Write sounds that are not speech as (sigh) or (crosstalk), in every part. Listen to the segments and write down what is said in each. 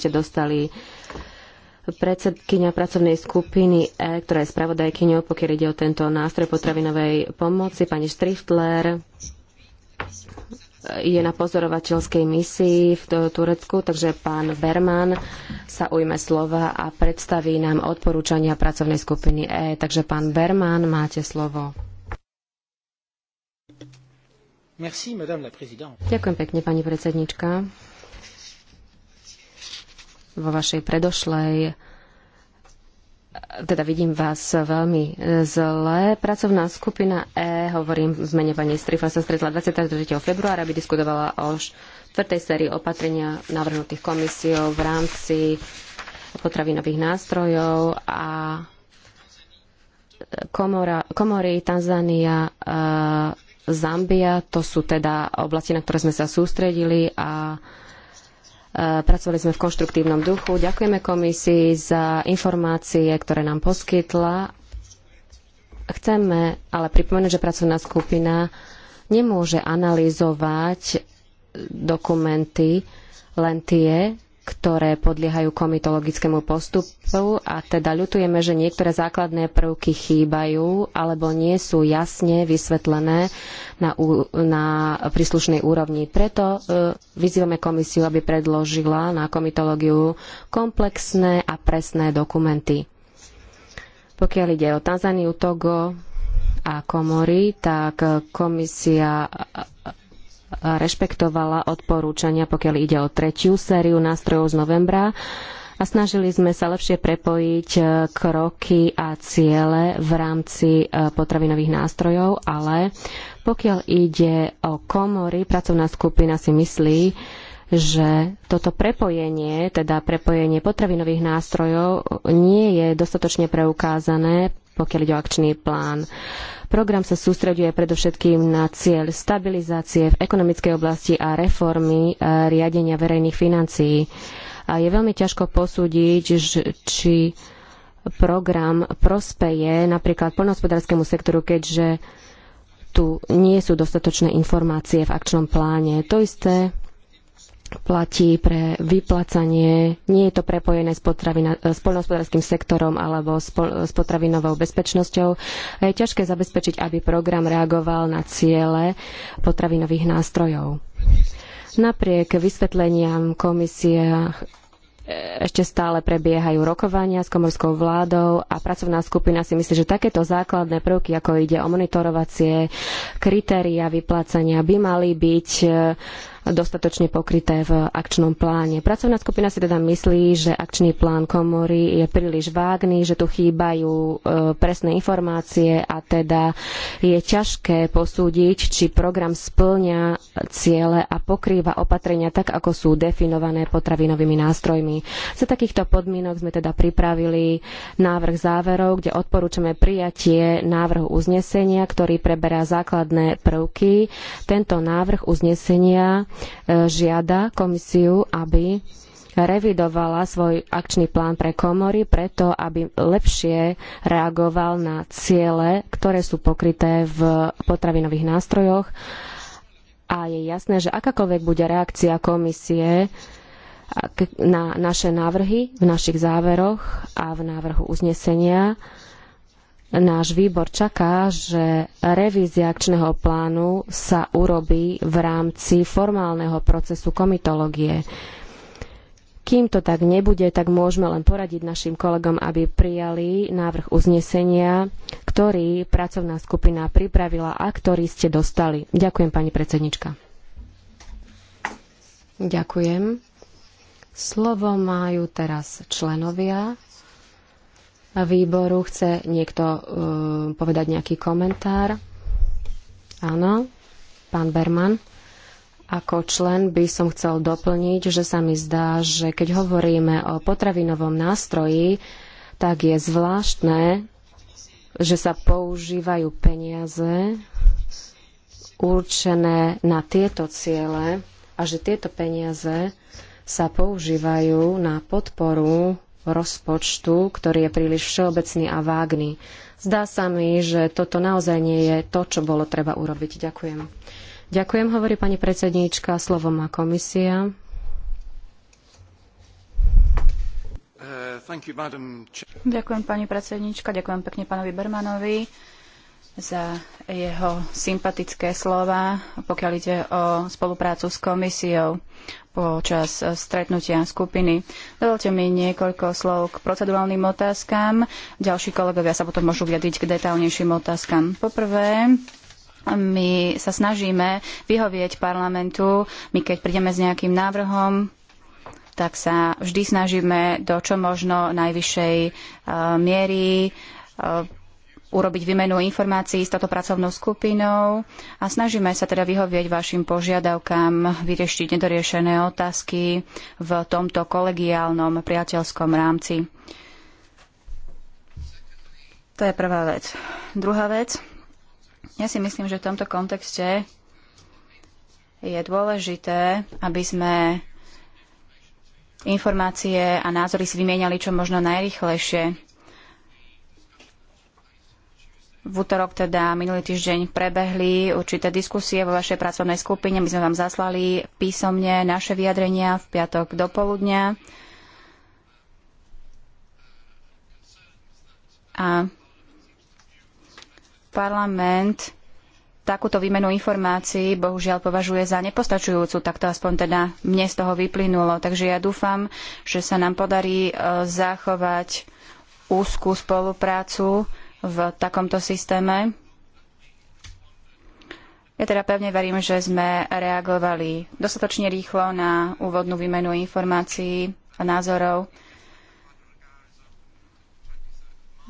ste dostali predsedkynia pracovnej skupiny E, ktorá je spravodajkyňou, pokiaľ ide o tento nástroj potravinovej pomoci, pani Štriftler je na pozorovateľskej misii v Turecku, takže pán Berman sa ujme slova a predstaví nám odporúčania pracovnej skupiny E. Takže pán Berman, máte slovo. Merci, Ďakujem pekne, pani predsednička vo vašej predošlej teda vidím vás veľmi zle. Pracovná skupina E, hovorím v zmene pani Strifa, sa stretla 23. februára, aby diskutovala o štvrtej sérii opatrenia navrhnutých komisiou v rámci potravinových nástrojov a komora, komory Tanzania, e, Zambia, to sú teda oblasti, na ktoré sme sa sústredili a Eh, pracovali sme v konštruktívnom duchu. Ďakujeme komisii za informácie, ktoré nám poskytla. Chceme ale pripomenúť, že pracovná skupina nemôže analyzovať dokumenty len tie, ktoré podliehajú komitologickému postupu a teda ľutujeme, že niektoré základné prvky chýbajú alebo nie sú jasne vysvetlené na, na príslušnej úrovni. Preto e, vyzývame komisiu, aby predložila na komitológiu komplexné a presné dokumenty. Pokiaľ ide o Tanzániu, Togo a komory, tak komisia rešpektovala odporúčania, pokiaľ ide o tretiu sériu nástrojov z novembra a snažili sme sa lepšie prepojiť e, kroky a ciele v rámci e, potravinových nástrojov, ale pokiaľ ide o komory, pracovná skupina si myslí, že toto prepojenie, teda prepojenie potravinových nástrojov, nie je dostatočne preukázané pokiaľ ide o akčný plán. Program sa sústreďuje predovšetkým na cieľ stabilizácie v ekonomickej oblasti a reformy e, riadenia verejných financií. A je veľmi ťažko posúdiť, či program prospeje napríklad poľnohospodárskému sektoru, keďže tu nie sú dostatočné informácie v akčnom pláne. To isté platí pre vyplacanie, nie je to prepojené s, potravina, s poľnohospodárským sektorom alebo s, po, s potravinovou bezpečnosťou. A je ťažké zabezpečiť, aby program reagoval na ciele potravinových nástrojov. Napriek vysvetleniam komisia e, ešte stále prebiehajú rokovania s komorskou vládou a pracovná skupina si myslí, že takéto základné prvky, ako ide o monitorovacie kritéria vyplácania, by mali byť e, dostatočne pokryté v akčnom pláne. Pracovná skupina si teda myslí, že akčný plán komory je príliš vágný, že tu chýbajú e, presné informácie a teda je ťažké posúdiť, či program splňa ciele a pokrýva opatrenia tak, ako sú definované potravinovými nástrojmi. Za takýchto podmienok sme teda pripravili návrh záverov, kde odporúčame prijatie návrhu uznesenia, ktorý preberá základné prvky. Tento návrh uznesenia E, žiada komisiu, aby revidovala svoj akčný plán pre komory preto, aby lepšie reagoval na ciele, ktoré sú pokryté v potravinových nástrojoch. A je jasné, že akákoľvek bude reakcia komisie na naše návrhy v našich záveroch a v návrhu uznesenia, náš výbor čaká, že revízia akčného plánu sa urobí v rámci formálneho procesu komitológie. Kým to tak nebude, tak môžeme len poradiť našim kolegom, aby prijali návrh uznesenia, ktorý pracovná skupina pripravila a ktorý ste dostali. Ďakujem, pani predsednička. Ďakujem. Slovo majú teraz členovia výboru. Chce niekto uh, povedať nejaký komentár? Áno, pán Berman. Ako člen by som chcel doplniť, že sa mi zdá, že keď hovoríme o potravinovom nástroji, tak je zvláštne, že sa používajú peniaze určené na tieto ciele a že tieto peniaze sa používajú na podporu rozpočtu, ktorý je príliš všeobecný a vágný. Zdá sa mi, že toto naozaj nie je to, čo bolo treba urobiť. Ďakujem. Ďakujem, hovorí pani predsedníčka. Slovo má komisia. Uh, ďakujem pani predsedníčka, ďakujem pekne pánovi Bermanovi za jeho sympatické slova, pokiaľ ide o spoluprácu s komisiou počas stretnutia skupiny. Dovolte mi niekoľko slov k procedurálnym otázkam. Ďalší kolegovia sa potom môžu vyjadriť k detailnejším otázkam. Poprvé, my sa snažíme vyhovieť parlamentu. My keď prídeme s nejakým návrhom, tak sa vždy snažíme do čo možno najvyššej eh, miery eh, urobiť výmenu informácií s touto pracovnou skupinou a snažíme sa teda vyhovieť vašim požiadavkám, vyriešiť nedoriešené otázky v tomto kolegiálnom priateľskom rámci. To je prvá vec. Druhá vec, ja si myslím, že v tomto kontexte je dôležité, aby sme informácie a názory si vymieniali čo možno najrychlejšie v útorok teda minulý týždeň prebehli určité diskusie vo vašej pracovnej skupine. My sme vám zaslali písomne naše vyjadrenia v piatok do poludnia. A parlament takúto výmenu informácií bohužiaľ považuje za nepostačujúcu, tak to aspoň teda mne z toho vyplynulo. Takže ja dúfam, že sa nám podarí e, zachovať úzkú spoluprácu v takomto systéme. Ja teda pevne verím, že sme reagovali dostatočne rýchlo na úvodnú výmenu informácií a názorov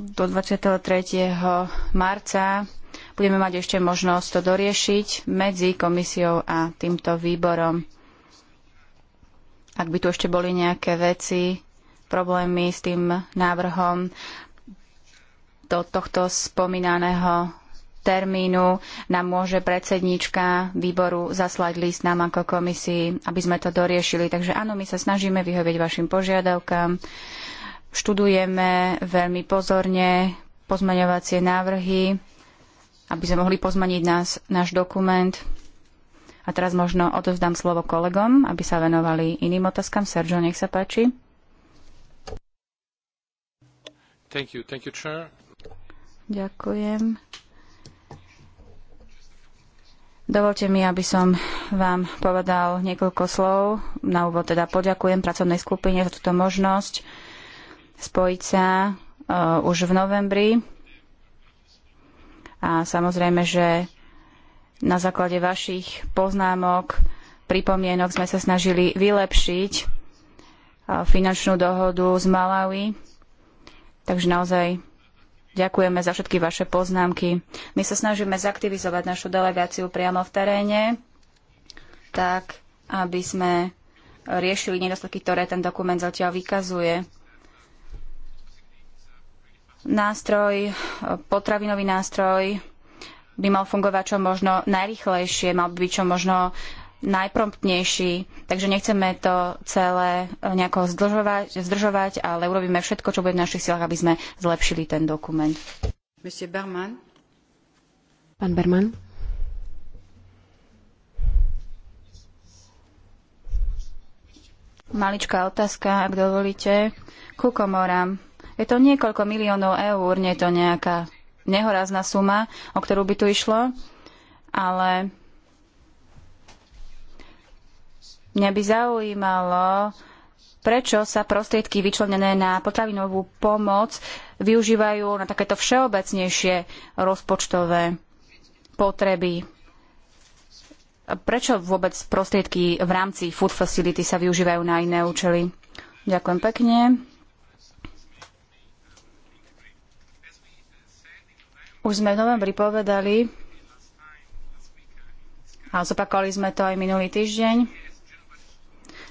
do 23. marca. Budeme mať ešte možnosť to doriešiť medzi komisiou a týmto výborom. Ak by tu ešte boli nejaké veci, problémy s tým návrhom, do tohto spomínaného termínu nám môže predsedníčka výboru zaslať list nám ako komisii, aby sme to doriešili. Takže áno, my sa snažíme vyhovieť vašim požiadavkám. Študujeme veľmi pozorne pozmaňovacie návrhy, aby sme mohli pozmaniť nás, náš dokument. A teraz možno odovzdám slovo kolegom, aby sa venovali iným otázkam. Sergio, nech sa páči. Thank you. Thank you, chair. Ďakujem. Dovolte mi, aby som vám povedal niekoľko slov. Na úvod teda poďakujem pracovnej skupine za túto možnosť spojiť sa uh, už v novembri. A samozrejme, že na základe vašich poznámok, pripomienok sme sa snažili vylepšiť uh, finančnú dohodu z Malawi. Takže naozaj Ďakujeme za všetky vaše poznámky. My sa snažíme zaktivizovať našu delegáciu priamo v teréne, tak aby sme riešili nedostatky, ktoré ten dokument zatiaľ vykazuje. Nástroj, potravinový nástroj by mal fungovať čo možno najrychlejšie, mal by byť čo možno najpromptnejší, takže nechceme to celé eh, nejako zdržovať, zdržovať ale urobíme všetko, čo bude v našich silách, aby sme zlepšili ten dokument. Berman. Pán Berman. Maličká otázka, ak dovolíte. Ku komorám. Je to niekoľko miliónov eur, nie je to nejaká nehorázna suma, o ktorú by tu išlo, ale Mňa by zaujímalo, prečo sa prostriedky vyčlenené na potravinovú pomoc využívajú na takéto všeobecnejšie rozpočtové potreby. Prečo vôbec prostriedky v rámci food facility sa využívajú na iné účely? Ďakujem pekne. Už sme v novembri povedali, a zopakovali sme to aj minulý týždeň,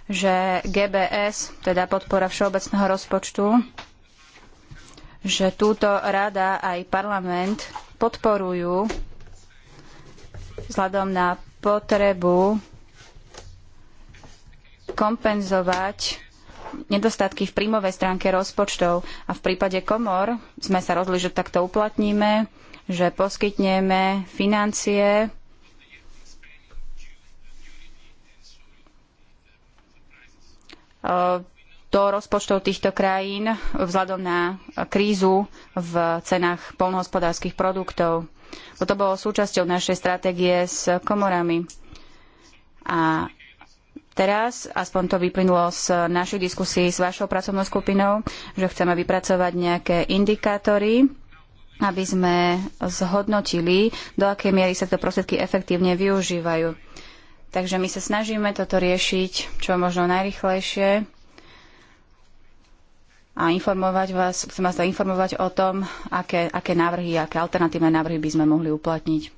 že GBS, teda podpora všeobecného rozpočtu, že túto rada aj parlament podporujú vzhľadom na potrebu kompenzovať nedostatky v príjmovej stránke rozpočtov. A v prípade komor sme sa rozhodli, že takto uplatníme, že poskytneme financie do rozpočtov týchto krajín vzhľadom na krízu v cenách polnohospodárskych produktov. Toto bolo súčasťou našej stratégie s komorami. A teraz, aspoň to vyplynulo z našich diskusí s vašou pracovnou skupinou, že chceme vypracovať nejaké indikátory, aby sme zhodnotili, do akej miery sa tieto prostriedky efektívne využívajú. Takže my sa snažíme toto riešiť čo možno najrychlejšie a informovať vás, chcem vás teda informovať o tom, aké, aké návrhy, aké alternatívne návrhy by sme mohli uplatniť.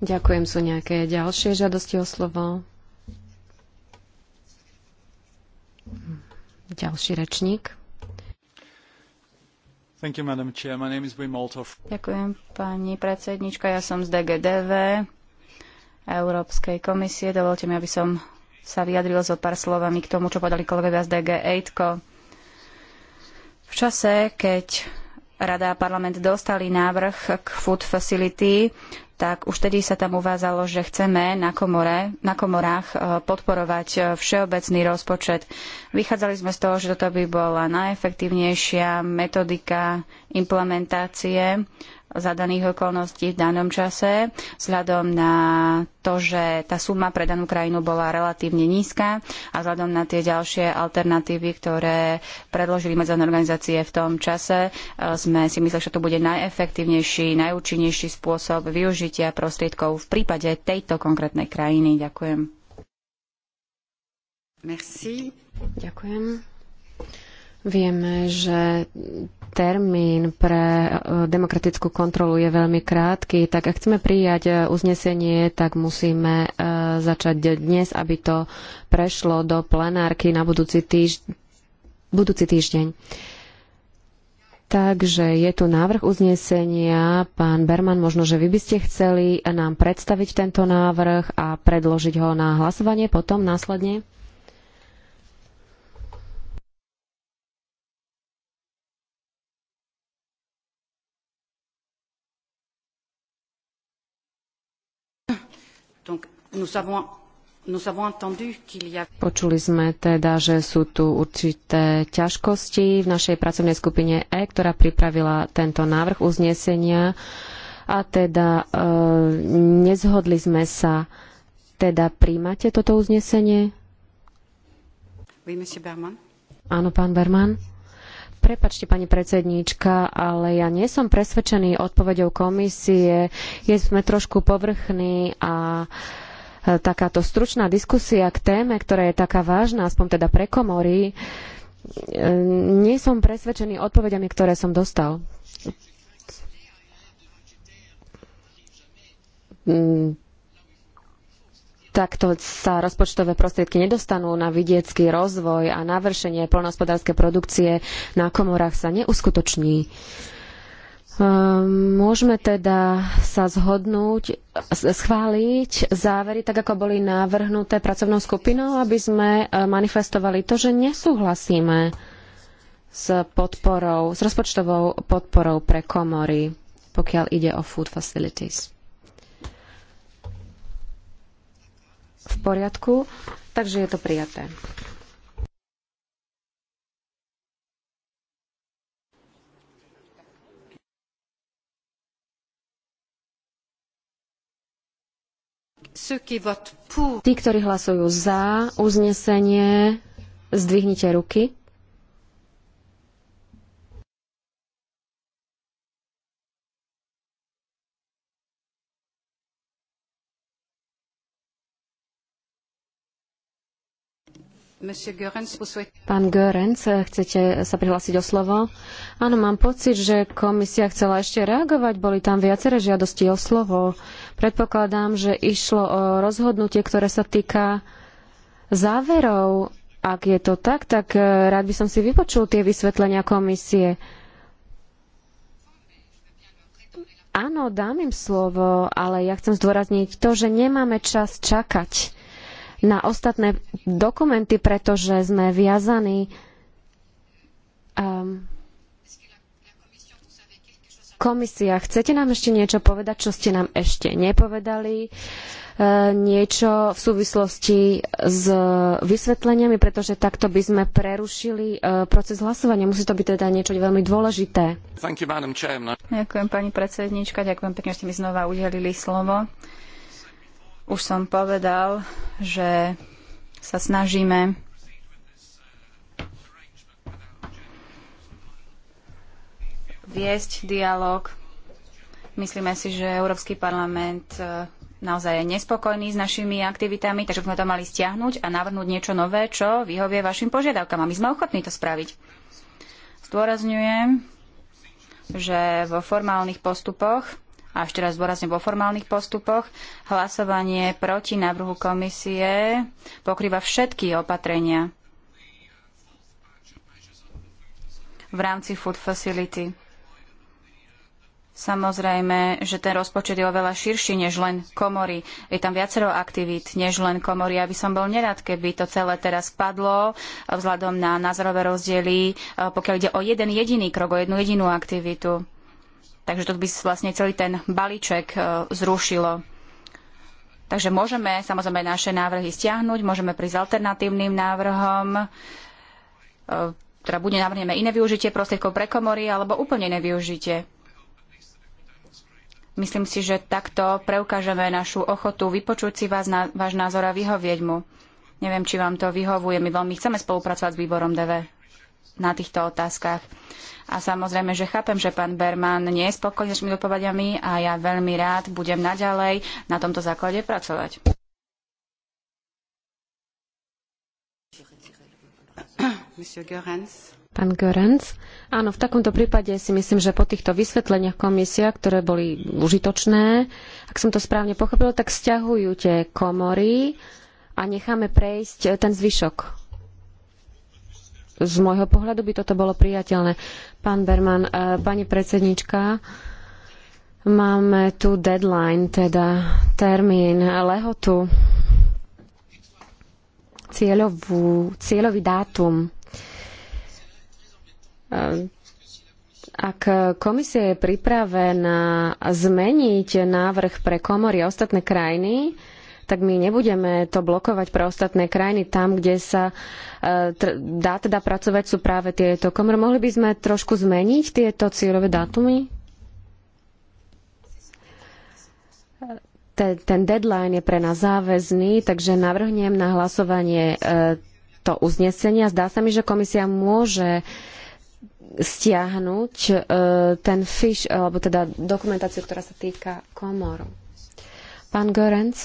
Ďakujem. Sú nejaké ďalšie žiadosti o slovo? Ďalší rečník. You, Ďakujem, pani predsednička. Ja som z DGDV Európskej komisie. Dovolte mi, aby som sa vyjadril so pár slovami k tomu, čo povedali kolegovia z DG EITKO. V čase, keď Rada a parlament dostali návrh k Food Facility, tak už tedy sa tam uvádzalo, že chceme na, komore, na komorách e, podporovať e, všeobecný rozpočet. Vychádzali sme z toho, že toto by bola najefektívnejšia metodika implementácie za daných okolností v danom čase, vzhľadom na to, že tá suma pre danú krajinu bola relatívne nízka a vzhľadom na tie ďalšie alternatívy, ktoré predložili medzinárodné organizácie v tom čase, e, sme si mysleli, že to bude najefektívnejší, najúčinnejší spôsob využitia prostriedkov v prípade tejto konkrétnej krajiny. Ďakujem. Merci. Ďakujem. Vieme, že termín pre e, demokratickú kontrolu je veľmi krátky, tak ak chceme prijať e, uznesenie, tak musíme e, začať dnes, aby to prešlo do plenárky na budúci, týž... budúci týždeň. Takže je tu návrh uznesenia. Pán Berman, možno, že vy by ste chceli nám predstaviť tento návrh a predložiť ho na hlasovanie potom následne? Počuli sme teda, že sú tu určité ťažkosti v našej pracovnej skupine E, ktorá pripravila tento návrh uznesenia a teda e, nezhodli sme sa. Teda príjmate toto uznesenie? Áno, pán Berman. Prepačte, pani predsedníčka, ale ja nie som presvedčený odpoveďou komisie. Je sme trošku povrchní a e, takáto stručná diskusia k téme, ktorá je taká vážna, aspoň teda pre komory, e, nie som presvedčený odpovediami, ktoré som dostal. Mm, takto sa rozpočtové prostriedky nedostanú na vidiecký rozvoj a navršenie poľnohospodárskej produkcie na komorách sa neuskutoční. Ehm, môžeme teda sa zhodnúť, schváliť závery, tak ako boli navrhnuté pracovnou skupinou, aby sme e, manifestovali to, že nesúhlasíme s podporou, s rozpočtovou podporou pre komory, pokiaľ ide o food facilities. V poriadku, takže je to prijaté. Tí, ktorí hlasujú za uznesenie, zdvihnite ruky. Pán Görens, chcete sa prihlásiť o slovo? Áno, mám pocit, že komisia chcela ešte reagovať. Boli tam viaceré žiadosti o slovo. Predpokladám, že išlo o rozhodnutie, ktoré sa týka záverov. Ak je to tak, tak e, rád by som si vypočul tie vysvetlenia komisie. Áno, dám im slovo, ale ja chcem zdôrazniť to, že nemáme čas čakať na ostatné dokumenty, pretože sme viazaní um, Komisia, chcete nám ešte niečo povedať, čo ste nám ešte nepovedali? E, niečo v súvislosti s vysvetleniami, pretože takto by sme prerušili e, proces hlasovania. Musí to byť teda niečo veľmi dôležité. You, ďakujem, pani predsednička, ďakujem pekne, že ste mi znova udelili slovo. Už som povedal, že sa snažíme viesť dialog. Myslíme si, že Európsky parlament e, naozaj je nespokojný s našimi aktivitami, takže sme to mali stiahnuť a navrhnúť niečo nové, čo vyhovie vašim požiadavkám. A my sme ochotní to spraviť. Zdôrazňujem, že vo formálnych postupoch a ešte raz dôrazne vo formálnych postupoch. Hlasovanie proti návrhu komisie pokrýva všetky opatrenia v rámci Food Facility. Samozrejme, že ten rozpočet je oveľa širší než len komory. Je tam viacero aktivít než len komory. Aby som bol nerad, keby to celé teraz padlo eh, vzhľadom na názorové rozdiely, eh, pokiaľ ide o jeden jediný krok, o jednu jedinú aktivitu. Takže to by vlastne celý ten balíček e, zrušilo. Takže môžeme samozrejme naše návrhy stiahnuť, môžeme prísť alternatívnym návrhom, ktorá e, teda bude navrhneme iné využitie prostriedkov pre komory, alebo úplne iné využitie. Myslím si, že takto preukážeme našu ochotu vypočuť si vás na, váš názor a vyhovieť mu. Neviem, či vám to vyhovuje. My veľmi chceme spolupracovať s výborom DV na týchto otázkach. A samozrejme, že chápem, že pán Berman nie je spokojný s tými odpovediami a ja veľmi rád budem naďalej na tomto základe pracovať. Pán Görens. Áno, v takomto prípade si myslím, že po týchto vysvetleniach komisia, ktoré boli užitočné, ak som to správne pochopil, tak stiahujú tie komory a necháme prejsť eh, ten zvyšok z môjho pohľadu by toto bolo priateľné. Pán Berman, e, pani predsednička, máme tu deadline, teda termín, lehotu, cieľovú, cieľový dátum. E, ak komisia je pripravená zmeniť návrh pre komory a ostatné krajiny, tak my nebudeme to blokovať pre ostatné krajiny. Tam, kde sa e, dá teda pracovať, sú práve tieto komory. Mohli by sme trošku zmeniť tieto cieľové dátumy? Ten, ten deadline je pre nás záväzný, takže navrhnem na hlasovanie e, to uznesenie. Zdá sa mi, že komisia môže stiahnuť e, ten fish, alebo teda dokumentáciu, ktorá sa týka komor. Pán Görenc?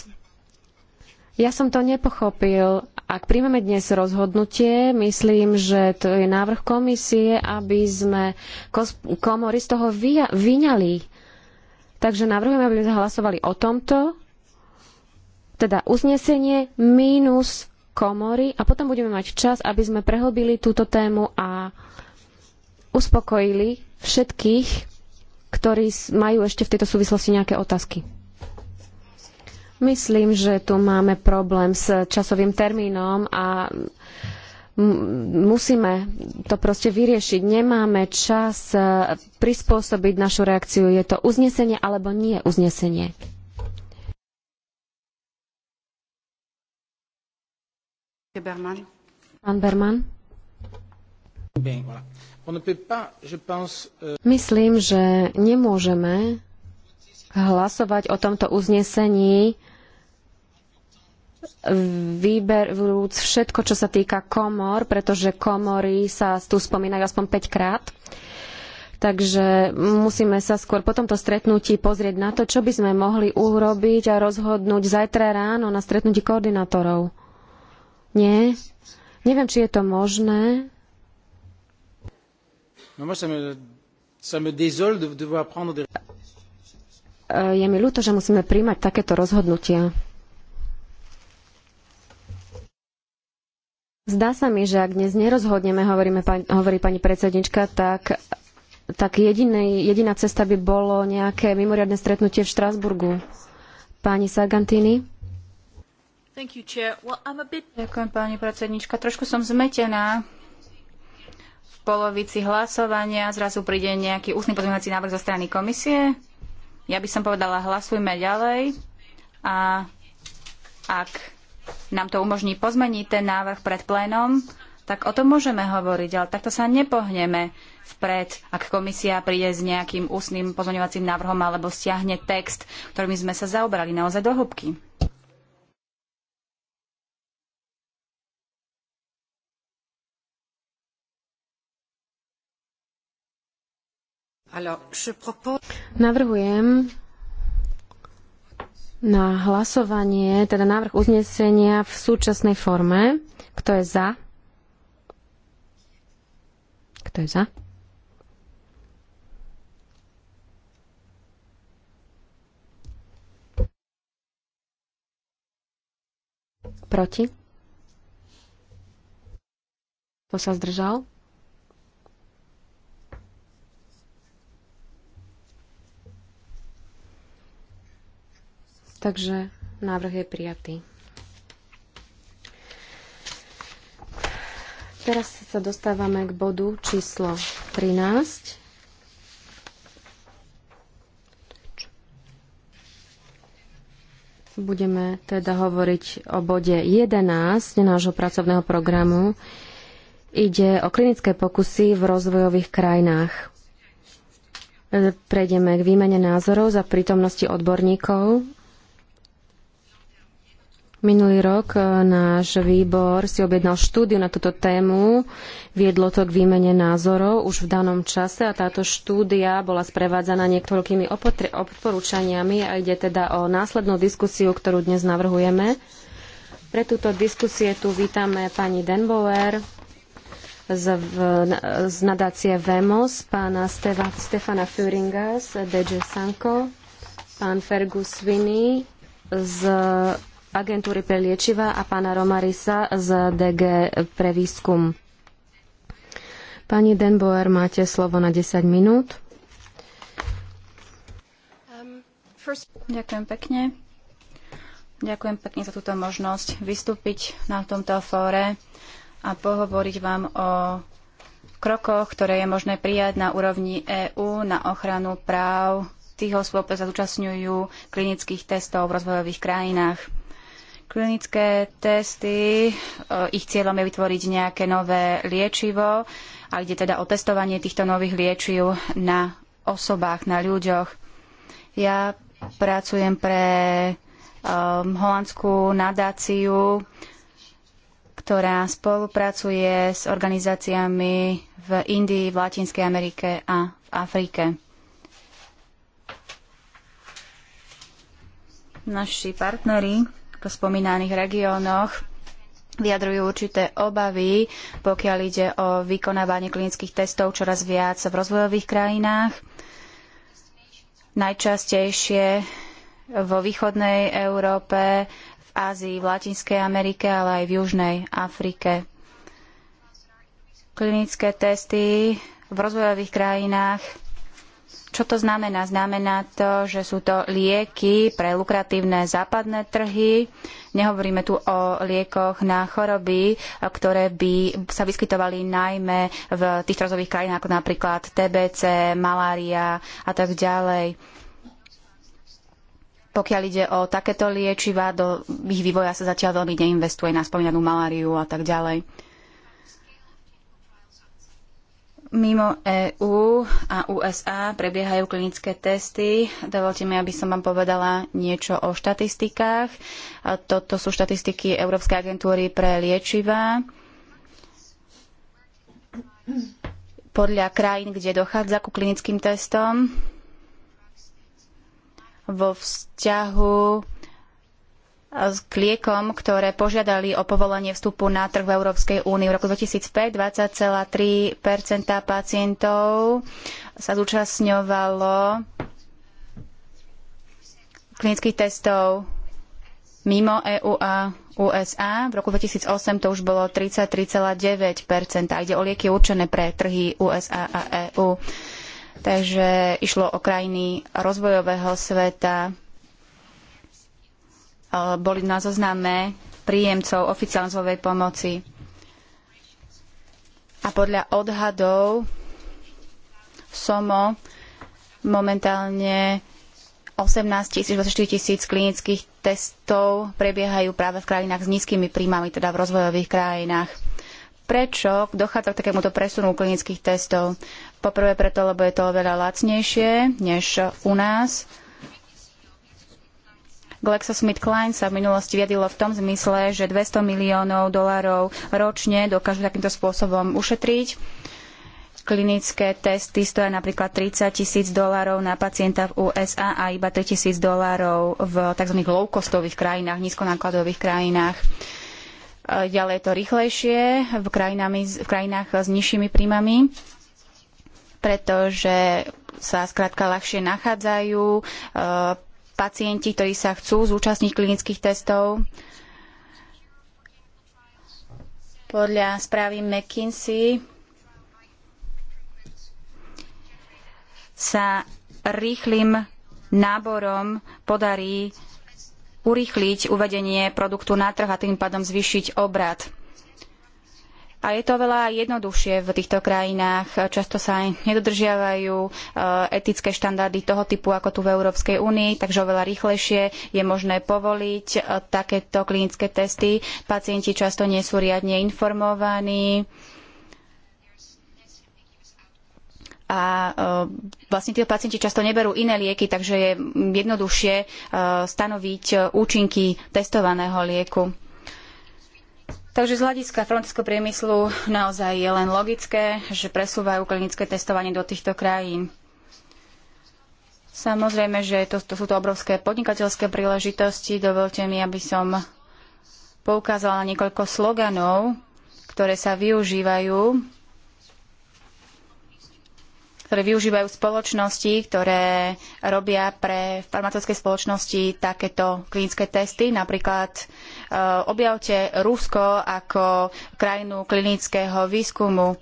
Ja som to nepochopil. Ak príjmeme dnes rozhodnutie, myslím, že to je návrh komisie, aby sme komory z toho vyňali. Takže navrhujem, aby sme hlasovali o tomto, teda uznesenie mínus komory a potom budeme mať čas, aby sme prehlbili túto tému a uspokojili všetkých, ktorí majú ešte v tejto súvislosti nejaké otázky. Myslím, že tu máme problém s časovým termínom a musíme to proste vyriešiť. Nemáme čas e, prispôsobiť našu reakciu. Je to uznesenie alebo nie uznesenie? Berman. Pán Berman. Euh, Myslím, že nemôžeme hlasovať o tomto uznesení vyberúc všetko, čo sa týka komor, pretože komory sa tu spomínajú aspoň 5 krát. Takže musíme sa skôr po tomto stretnutí pozrieť na to, čo by sme mohli urobiť a rozhodnúť zajtra ráno na stretnutí koordinátorov. Nie? Neviem, či je to možné. No, moi, ça me, ça me de des... Je mi ľúto, že musíme príjmať takéto rozhodnutia. Zdá sa mi, že ak dnes nerozhodneme, hovoríme, hovorí pani predsednička, tak, tak jediná cesta by bolo nejaké mimoriadne stretnutie v Štrásburgu. Pani Sargantini? Ďakujem, pani predsednička. Trošku som zmetená. V polovici hlasovania zrazu príde nejaký ústny pozmeňovací návrh zo strany komisie. Ja by som povedala, hlasujme ďalej. A ak nám to umožní pozmeniť ten návrh pred plénom, tak o tom môžeme hovoriť, ale takto sa nepohneme vpred, ak komisia príde s nejakým ústnym pozmeňovacím návrhom alebo stiahne text, ktorým sme sa zaobrali naozaj do hĺbky. Navrhujem, na hlasovanie, teda návrh uznesenia v súčasnej forme. Kto je za? Kto je za? Proti? Kto sa zdržal? Takže návrh je prijatý. Teraz sa dostávame k bodu číslo 13. Budeme teda hovoriť o bode 11 nášho pracovného programu. Ide o klinické pokusy v rozvojových krajinách. E, prejdeme k výmene názorov za prítomnosti odborníkov Minulý rok e, náš výbor si objednal štúdiu na túto tému. Viedlo to k výmene názorov už v danom čase a táto štúdia bola sprevádzaná niektorými odporúčaniami a ide teda o následnú diskusiu, ktorú dnes navrhujeme. Pre túto diskusie tu vítame pani Denbauer z, v, z nadácie VEMOS, pána Steva, Stefana Führinga z DG Sanko, pán Fergus Vini z agentúry pre liečiva a pána Romarisa z DG pre výskum. Pani Denboer, máte slovo na 10 minút. Um, Ďakujem pekne. Ďakujem pekne za túto možnosť vystúpiť na tomto fóre a pohovoriť vám o krokoch, ktoré je možné prijať na úrovni EÚ na ochranu práv tých osôb, ktoré sa zúčastňujú klinických testov v rozvojových krajinách. Klinické testy, e, ich cieľom je vytvoriť nejaké nové liečivo a ide teda o testovanie týchto nových liečiv na osobách, na ľuďoch. Ja pracujem pre um, holandskú nadáciu, ktorá spolupracuje s organizáciami v Indii, v Latinskej Amerike a v Afrike. Naši partneri spomínaných regiónoch vyjadrujú určité obavy, pokiaľ ide o vykonávanie klinických testov čoraz viac v rozvojových krajinách. Najčastejšie vo východnej Európe, v Ázii, v Latinskej Amerike, ale aj v Južnej Afrike. Klinické testy v rozvojových krajinách čo to znamená? Znamená to, že sú to lieky pre lukratívne západné trhy. Nehovoríme tu o liekoch na choroby, ktoré by sa vyskytovali najmä v tých rozových krajinách, ako napríklad TBC, malária a tak ďalej. Pokiaľ ide o takéto liečiva, do ich vývoja sa zatiaľ veľmi neinvestuje na spomínanú maláriu a tak ďalej. Mimo EÚ a USA prebiehajú klinické testy. Dovolte mi, aby som vám povedala niečo o štatistikách. Toto sú štatistiky Európskej agentúry pre liečivá. Podľa krajín, kde dochádza ku klinickým testom, vo vzťahu k liekom, ktoré požiadali o povolenie vstupu na trh v Európskej únii. V roku 2005 20,3 pacientov sa zúčastňovalo klinických testov mimo EU a USA. V roku 2008 to už bolo 33,9 Ide o lieky určené pre trhy USA a EÚ. Takže išlo o krajiny rozvojového sveta, Eh, boli na zozname príjemcov oficiálnej zlovej pomoci. A podľa odhadov SOMO momentálne 18 tisíc, 24 tisíc klinických testov prebiehajú práve v krajinách s nízkymi príjmami, teda v rozvojových krajinách. Prečo dochádza k takémuto presunu klinických testov? Poprvé preto, lebo je to oveľa lacnejšie než u nás GlaxoSmithKline sa v minulosti viedilo v tom zmysle, že 200 miliónov dolárov ročne dokážu takýmto spôsobom ušetriť. Klinické testy stoja napríklad 30 tisíc dolárov na pacienta v USA a iba 3 tisíc dolárov v tzv. low-costových krajinách, nízkonákladových krajinách. Ďalej je to rýchlejšie v, v krajinách s nižšími príjmami, pretože sa skrátka ľahšie nachádzajú, pacienti, ktorí sa chcú zúčastniť klinických testov. Podľa správy McKinsey sa rýchlým náborom podarí urýchliť uvedenie produktu na trh a tým pádom zvýšiť obrad. A je to veľa jednoduchšie v týchto krajinách. Často sa aj nedodržiavajú e, etické štandardy toho typu, ako tu v Európskej únii, takže oveľa rýchlejšie je možné povoliť e, takéto klinické testy. Pacienti často nie sú riadne informovaní. a e, vlastne tí pacienti často neberú iné lieky, takže je jednoduchšie stanoviť účinky testovaného lieku. Takže z hľadiska francúzského priemyslu naozaj je len logické, že presúvajú klinické testovanie do týchto krajín. Samozrejme, že to, to sú to obrovské podnikateľské príležitosti. Dovolte mi, aby som poukázala na niekoľko sloganov, ktoré sa využívajú ktoré využívajú spoločnosti, ktoré robia pre farmaceutické spoločnosti takéto klinické testy. Napríklad e, objavte Rusko ako krajinu klinického výskumu.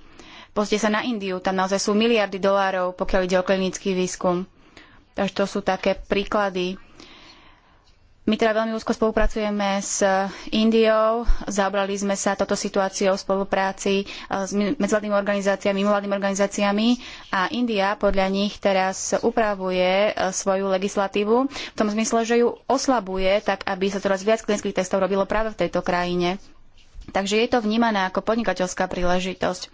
Pozrite sa na Indiu, tam naozaj sú miliardy dolárov, pokiaľ ide o klinický výskum. Takže to sú také príklady my teda veľmi úzko spolupracujeme s Indiou, zabrali sme sa toto situáciou v spolupráci e, s medzvládnymi organizáciami, mimovládnymi organizáciami a India podľa nich teraz upravuje e, svoju legislatívu v tom zmysle, že ju oslabuje, tak aby sa teraz viac klinických testov robilo práve v tejto krajine. Takže je to vnímané ako podnikateľská príležitosť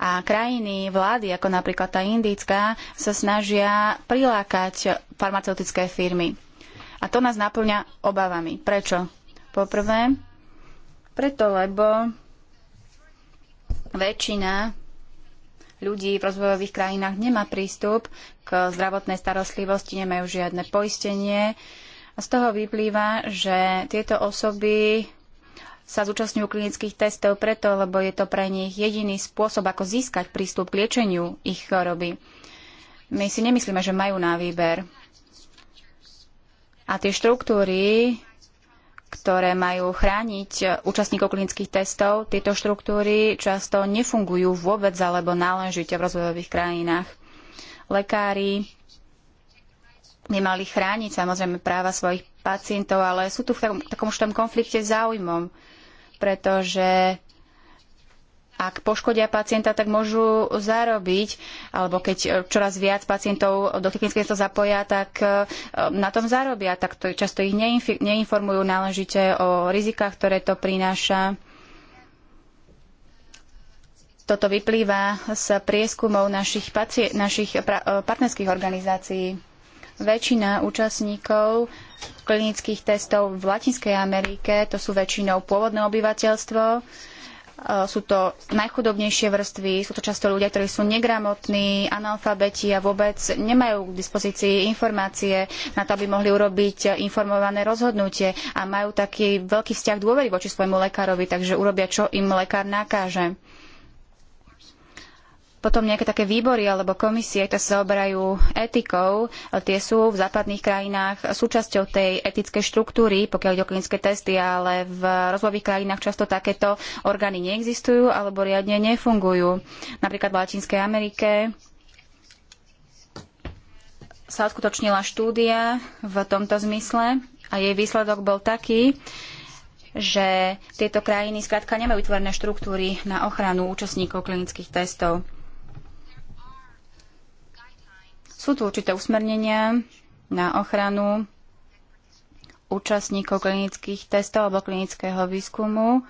a krajiny, vlády, ako napríklad tá indická, sa snažia prilákať farmaceutické firmy. A to nás naplňa obavami. Prečo? Poprvé, preto, lebo väčšina ľudí v rozvojových krajinách nemá prístup k zdravotnej starostlivosti, nemajú žiadne poistenie. A z toho vyplýva, že tieto osoby sa zúčastňujú klinických testov preto, lebo je to pre nich jediný spôsob, ako získať prístup k liečeniu ich choroby. My si nemyslíme, že majú na výber a tie štruktúry, ktoré majú chrániť účastníkov klinických testov, tieto štruktúry často nefungujú vôbec alebo náležite v rozvojových krajinách. Lekári by mali chrániť samozrejme práva svojich pacientov, ale sú tu v takom, takom konflikte záujmom, pretože ak poškodia pacienta, tak môžu zarobiť, alebo keď e, čoraz viac pacientov do technického sa zapoja, tak e, e, na tom zarobia, tak to, často ich neinformujú náležite o rizikách, ktoré to prináša. Toto vyplýva z prieskumov našich, paci- našich partnerských organizácií. Väčšina účastníkov klinických testov v Latinskej Amerike, to sú väčšinou pôvodné obyvateľstvo, Eh, sú to najchudobnejšie vrstvy, sú to často ľudia, ktorí sú negramotní, analfabeti a vôbec nemajú k dispozícii informácie na to, aby mohli urobiť eh, informované rozhodnutie a majú taký veľký vzťah dôvery voči svojmu lekárovi, takže urobia, čo im lekár nakáže. Potom nejaké také výbory alebo komisie, ktoré sa zaoberajú etikou, tie sú v západných krajinách súčasťou tej etickej štruktúry, pokiaľ ide o klinické testy, ale v rozvojových krajinách často takéto orgány neexistujú alebo riadne nefungujú. Napríklad v Latinskej Amerike sa uskutočnila štúdia v tomto zmysle a jej výsledok bol taký, že tieto krajiny skrátka nemajú vytvorené štruktúry na ochranu účastníkov klinických testov. Sú tu určité usmernenia na ochranu účastníkov klinických testov alebo klinického výskumu.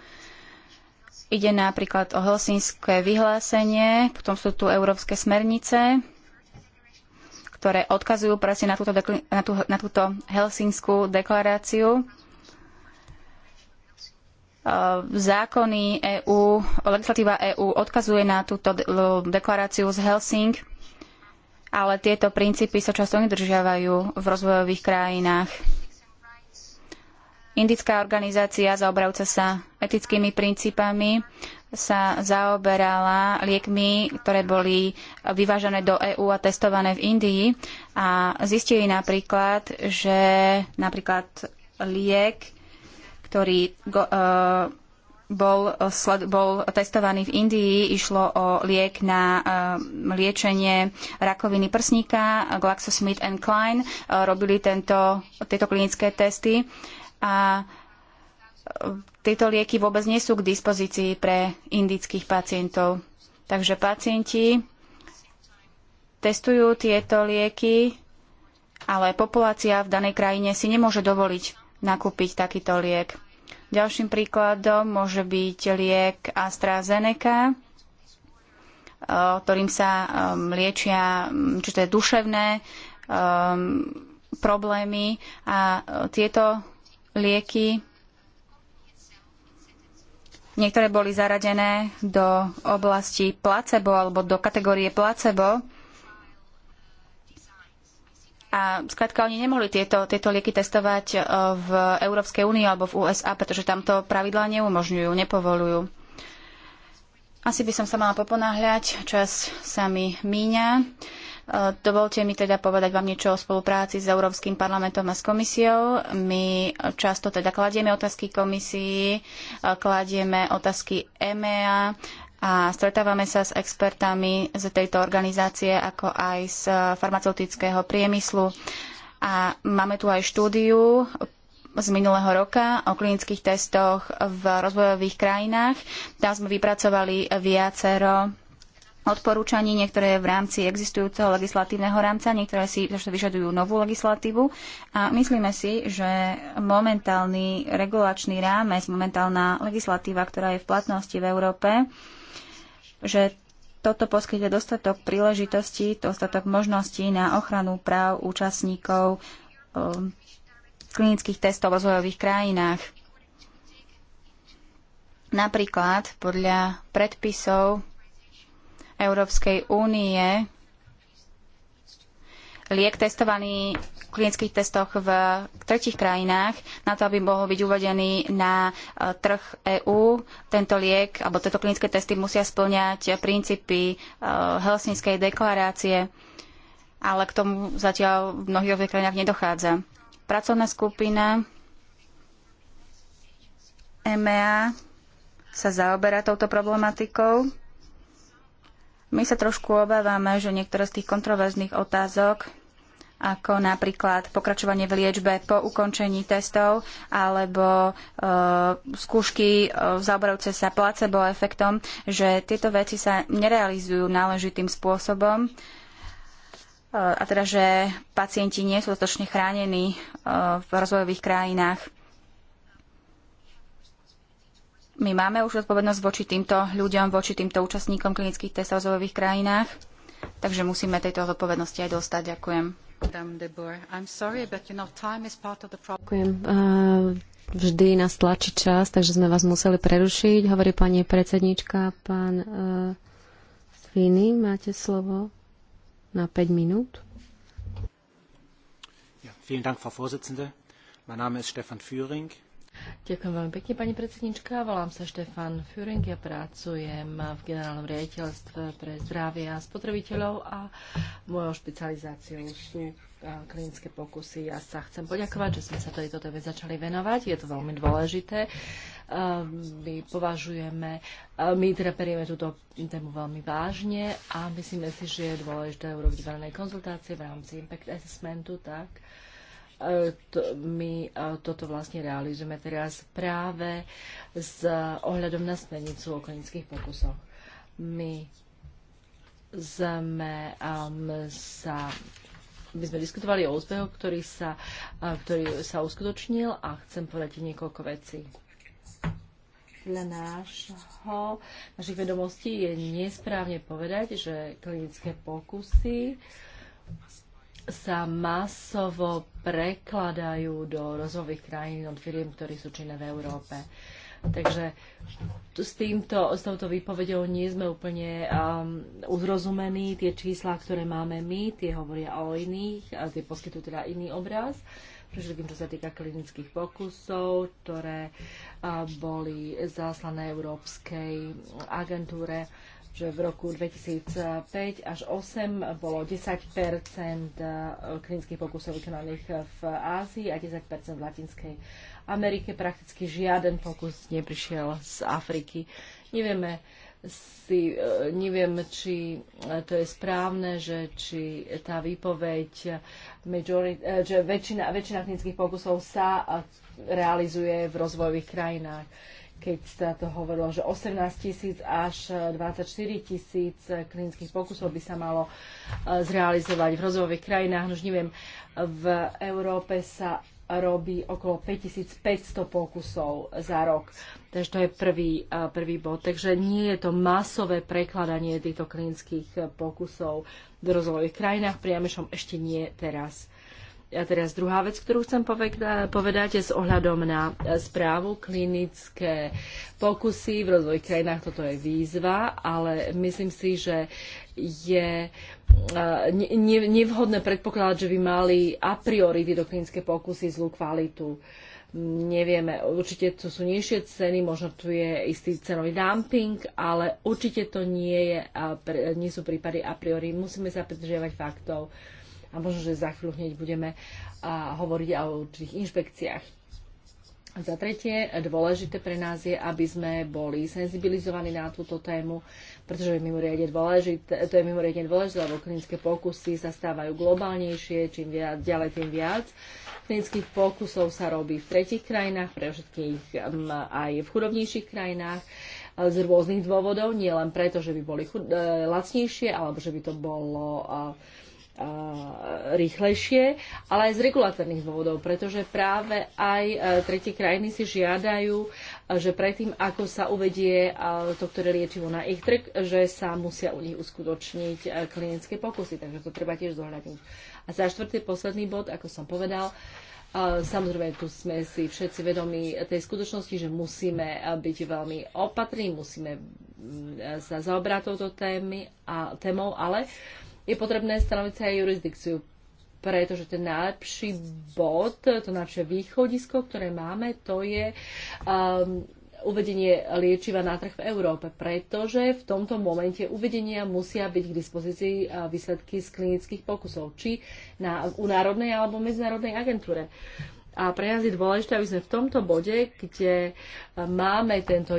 Ide napríklad o Helsinské vyhlásenie, potom sú tu európske smernice, ktoré odkazujú presne na túto, na tú, na túto Helsinskú deklaráciu. E, zákony EÚ, legislatíva EÚ odkazuje na túto deklaráciu z Helsing ale tieto princípy sa často nedržiavajú v rozvojových krajinách. Indická organizácia zaoberajúca sa etickými princípami sa zaoberala liekmi, ktoré boli vyvážené do EÚ a testované v Indii a zistili napríklad, že napríklad liek, ktorý go, uh, bol, eh, bol testovaný v Indii. Išlo o liek na eh, liečenie rakoviny prsníka GlaxoSmith Klein. Eh, robili tento, tieto klinické testy a tieto lieky vôbec nie sú k dispozícii pre indických pacientov. Takže pacienti testujú tieto lieky, ale populácia v danej krajine si nemôže dovoliť nakúpiť takýto liek. Ďalším príkladom môže byť liek AstraZeneca, eh, ktorým sa liečia určité mm, duševné problémy a eh, tieto lieky niektoré boli zaradené do oblasti placebo alebo do kategórie placebo a skrátka oni nemohli tieto, tieto lieky testovať e, v Európskej únii alebo v USA, pretože tam to pravidlá neumožňujú, nepovolujú. Asi by som sa mala poponáhľať, čas sa mi míňa. E, dovolte mi teda povedať vám niečo o spolupráci s Európskym parlamentom a s komisiou. My často teda kladieme otázky komisii, e, kladieme otázky EMEA, a stretávame sa s expertami z tejto organizácie, ako aj z farmaceutického priemyslu. A máme tu aj štúdiu z minulého roka o klinických testoch v rozvojových krajinách. Tam sme vypracovali viacero odporúčaní, niektoré v rámci existujúceho legislatívneho rámca, niektoré si vyžadujú novú legislatívu. A myslíme si, že momentálny regulačný rámec, momentálna legislatíva, ktorá je v platnosti v Európe, že toto poskytne dostatok príležitostí, dostatok možností na ochranu práv účastníkov um, klinických testov v rozvojových krajinách. Napríklad podľa predpisov Európskej únie liek testovaný v klinických testoch v tretich krajinách na to, aby mohol byť uvedený na e, trh EÚ. Tento liek, alebo tieto klinické testy musia splňať princípy e, Helsinskej deklarácie, ale k tomu zatiaľ v mnohých krajinách nedochádza. Pracovná skupina EMEA sa zaoberá touto problematikou. My sa trošku obávame, že niektoré z tých kontroverzných otázok ako napríklad pokračovanie v liečbe po ukončení testov alebo e, skúšky e, zaoberajúce sa placebo efektom, že tieto veci sa nerealizujú náležitým spôsobom e, a teda, že pacienti nie sú dostatočne chránení e, v rozvojových krajinách. My máme už odpovednosť voči týmto ľuďom, voči týmto účastníkom klinických testov v rozvojových krajinách, takže musíme tejto zodpovednosti aj dostať. Ďakujem. Ďakujem. Vždy nás tlačí čas, takže sme vás museli prerušiť. Hovorí pani predsednička, pán uh, Sviny, máte slovo na 5 minút. Ja, vielen Dank, Frau Vorsitzende. Mein Name ist Stefan Führing. Ďakujem veľmi pekne, pani predsednička. Volám sa Štefan Führing, ja pracujem v generálnom riaditeľstve pre zdravie a spotrebiteľov a mojou špecializáciou sú klinické pokusy. Ja sa chcem poďakovať, že sme sa tejto téme začali venovať. Je to veľmi dôležité. My považujeme, my teda perieme túto tému veľmi vážne a myslíme si, že je dôležité urobiť verejné konzultácie v rámci impact assessmentu tak, to, my toto vlastne realizujeme teraz práve s ohľadom na smernicu o klinických pokusoch. My sme um, sa my sme diskutovali o úspechu, ktorý sa, ktorý sa uskutočnil a chcem povedať niekoľko vecí podľa nášho, našich vedomostí je nesprávne povedať, že klinické pokusy sa masovo prekladajú do rozvojových krajín od firiem, ktorí sú činné v Európe. Takže s, týmto, s touto výpovedou nie sme úplne um, uzrozumení. Tie čísla, ktoré máme my, tie hovoria o iných, a tie poskytujú teda iný obraz. tým, čo sa týka klinických pokusov, ktoré uh, boli zaslané Európskej agentúre že v roku 2005 až 2008 bolo 10 eh, klinických pokusov vykonaných v Ázii a 10 v Latinskej Amerike. Prakticky žiaden pokus neprišiel z Afriky. Nevieme, si, eh, neviem, či eh, to je správne, že či tá výpoveď, majority, že väčšina, väčšina klinických pokusov sa realizuje v rozvojových krajinách keď sa to hovorilo, že 18 tisíc až 24 tisíc klinických pokusov by sa malo e, zrealizovať v rozvojových krajinách. No už neviem, v Európe sa robí okolo 5500 pokusov za rok. Takže to je prvý, e, prvý bod. Takže nie je to masové prekladanie týchto klinických e, pokusov v rozvojových krajinách, priamešom ešte nie teraz. A teraz druhá vec, ktorú chcem povedať, je s ohľadom na správu klinické pokusy v rozvojových krajinách. Toto je výzva, ale myslím si, že je eh, nevhodné predpokladať, že by mali a priori klinické pokusy zlú kvalitu. Nevieme, určite tu sú nižšie ceny, možno tu je istý cenový dumping, ale určite to nie, je, nie sú prípady a priori. Musíme sa pridržiavať faktov a možno, že za chvíľu hneď budeme hovoriť o určitých inšpekciách. Za tretie, dôležité pre nás je, aby sme boli senzibilizovaní na túto tému, pretože je dôležité, to je mimoriadne dôležité, lebo klinické pokusy sa stávajú globálnejšie, čím viac, ďalej tým viac. Klinických pokusov sa robí v tretich krajinách, pre všetkých um, aj v chudobnejších krajinách z rôznych dôvodov, nielen preto, že by boli chud- e, lacnejšie, alebo že by to bolo Eh, rýchlejšie, ale aj z regulatórnych dôvodov, pretože práve aj eh, tretie krajiny si žiadajú, eh, že predtým, ako sa uvedie to, ktoré liečivo na ich trh, že sa musia u nich uskutočniť klinické pokusy, takže to treba tiež zohľadniť. A za štvrtý, posledný bod, ako som povedal, Samozrejme, tu sme si všetci vedomi tej skutočnosti, že musíme byť veľmi opatrní, musíme mm, sa zaobrať touto témy a, témou, ale uh, je potrebné stanoviť sa aj jurisdikciu, pretože ten najlepší bod, to najlepšie východisko, ktoré máme, to je um, uvedenie liečiva na trh v Európe, pretože v tomto momente uvedenia musia byť k dispozícii uh, výsledky z klinických pokusov, či na, u národnej alebo medzinárodnej agentúre. A pre nás je dôležité, aby sme v tomto bode, kde máme tento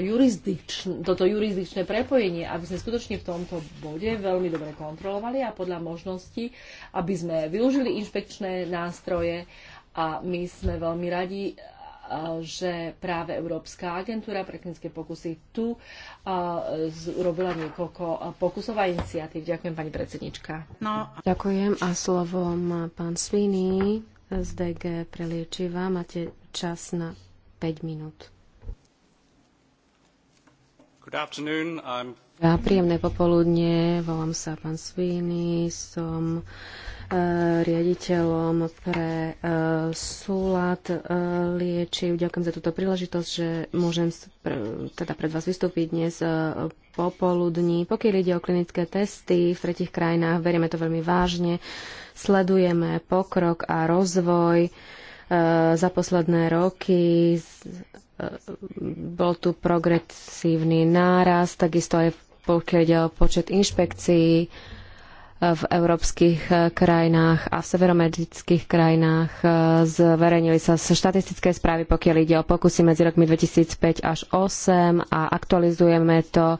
toto jurisdikčné prepojenie, aby sme skutočne v tomto bode veľmi dobre kontrolovali a podľa možností, aby sme využili inšpekčné nástroje a my sme veľmi radi, že práve Európska agentúra pre klinické pokusy tu urobila niekoľko pokusov a iniciatív. Ďakujem, pani predsednička. No. Ďakujem a slovo má pán sviny z DG pre liečiva. Máte čas na 5 minút. Ja, príjemné popoludne, volám sa pán Svíny, som riaditeľom pre eh, súlad eh, liečiv. Ďakujem za túto príležitosť, že môžem teda pred vás vystúpiť dnes eh, popoludní. Pokiaľ ide o klinické testy v tretich krajinách, verieme to veľmi vážne. Sledujeme pokrok a rozvoj za posledné roky. Bol tu progresívny náraz, takisto aj pokiaľ ide o počet inšpekcií v európskych krajinách a v severoamerických krajinách. E, zverejnili sa štatistické správy, pokiaľ ide o pokusy medzi rokmi 2005 až 2008 a aktualizujeme to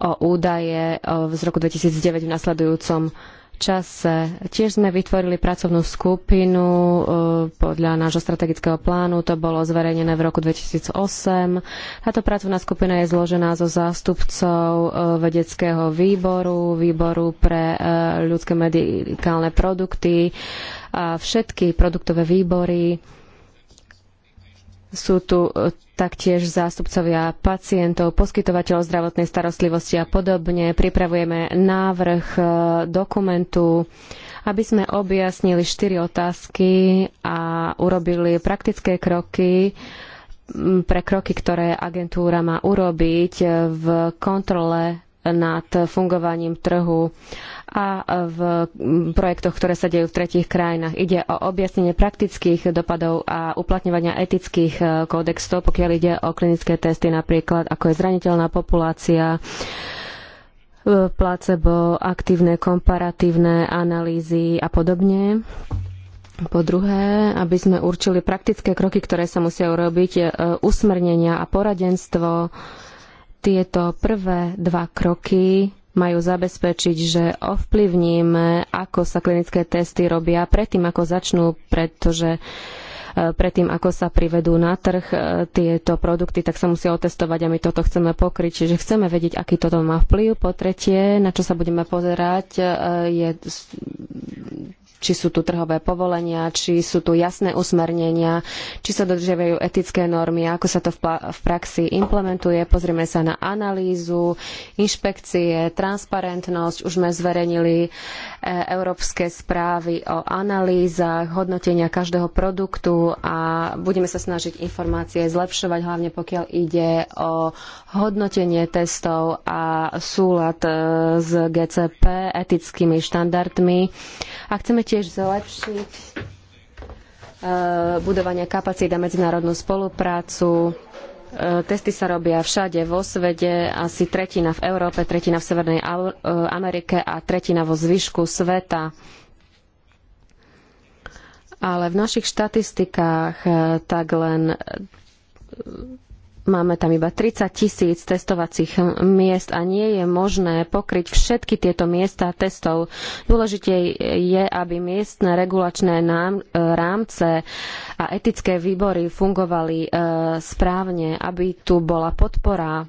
o údaje e, z roku 2009 v nasledujúcom čase. Tiež sme vytvorili pracovnú skupinu eh, podľa nášho strategického plánu. To bolo zverejnené v roku 2008. Táto pracovná skupina je zložená zo zástupcov eh, vedeckého výboru, výboru pre eh, ľudské medikálne produkty a všetky produktové výbory sú tu e, taktiež zástupcovia pacientov, poskytovateľov zdravotnej starostlivosti a podobne. Pripravujeme návrh e, dokumentu, aby sme objasnili štyri otázky a urobili praktické kroky pre kroky, ktoré agentúra má urobiť e, v kontrole nad fungovaním trhu a v projektoch, ktoré sa dejú v tretích krajinách. Ide o objasnenie praktických dopadov a uplatňovania etických eh, kódexov, pokiaľ ide o klinické testy napríklad, ako je zraniteľná populácia, eh, placebo, aktívne komparatívne analýzy a podobne. Po druhé, aby sme určili praktické kroky, ktoré sa musia urobiť, eh, usmernenia a poradenstvo tieto prvé dva kroky majú zabezpečiť, že ovplyvníme, ako sa klinické testy robia predtým, ako začnú, pretože e, predtým, ako sa privedú na trh e, tieto produkty, tak sa musia otestovať a my toto chceme pokryť. Čiže chceme vedieť, aký toto má vplyv. Po tretie, na čo sa budeme pozerať, e, je či sú tu trhové povolenia, či sú tu jasné usmernenia, či sa dodržiavajú etické normy, ako sa to v, praxi implementuje. Pozrieme sa na analýzu, inšpekcie, transparentnosť. Už sme zverejnili e, európske správy o analýzach, hodnotenia každého produktu a budeme sa snažiť informácie zlepšovať, hlavne pokiaľ ide o hodnotenie testov a súlad e, s GCP, etickými štandardmi. A chceme tiež zlepšiť e, budovanie kapacít a medzinárodnú spoluprácu. E, testy sa robia všade vo svete, asi tretina v Európe, tretina v Severnej e, Amerike a tretina vo zvyšku sveta. Ale v našich štatistikách tak len Máme tam iba 30 tisíc testovacích miest a nie je možné pokryť všetky tieto miesta testov. Dôležité je, aby miestne regulačné e, rámce a etické výbory fungovali e, správne, aby tu bola podpora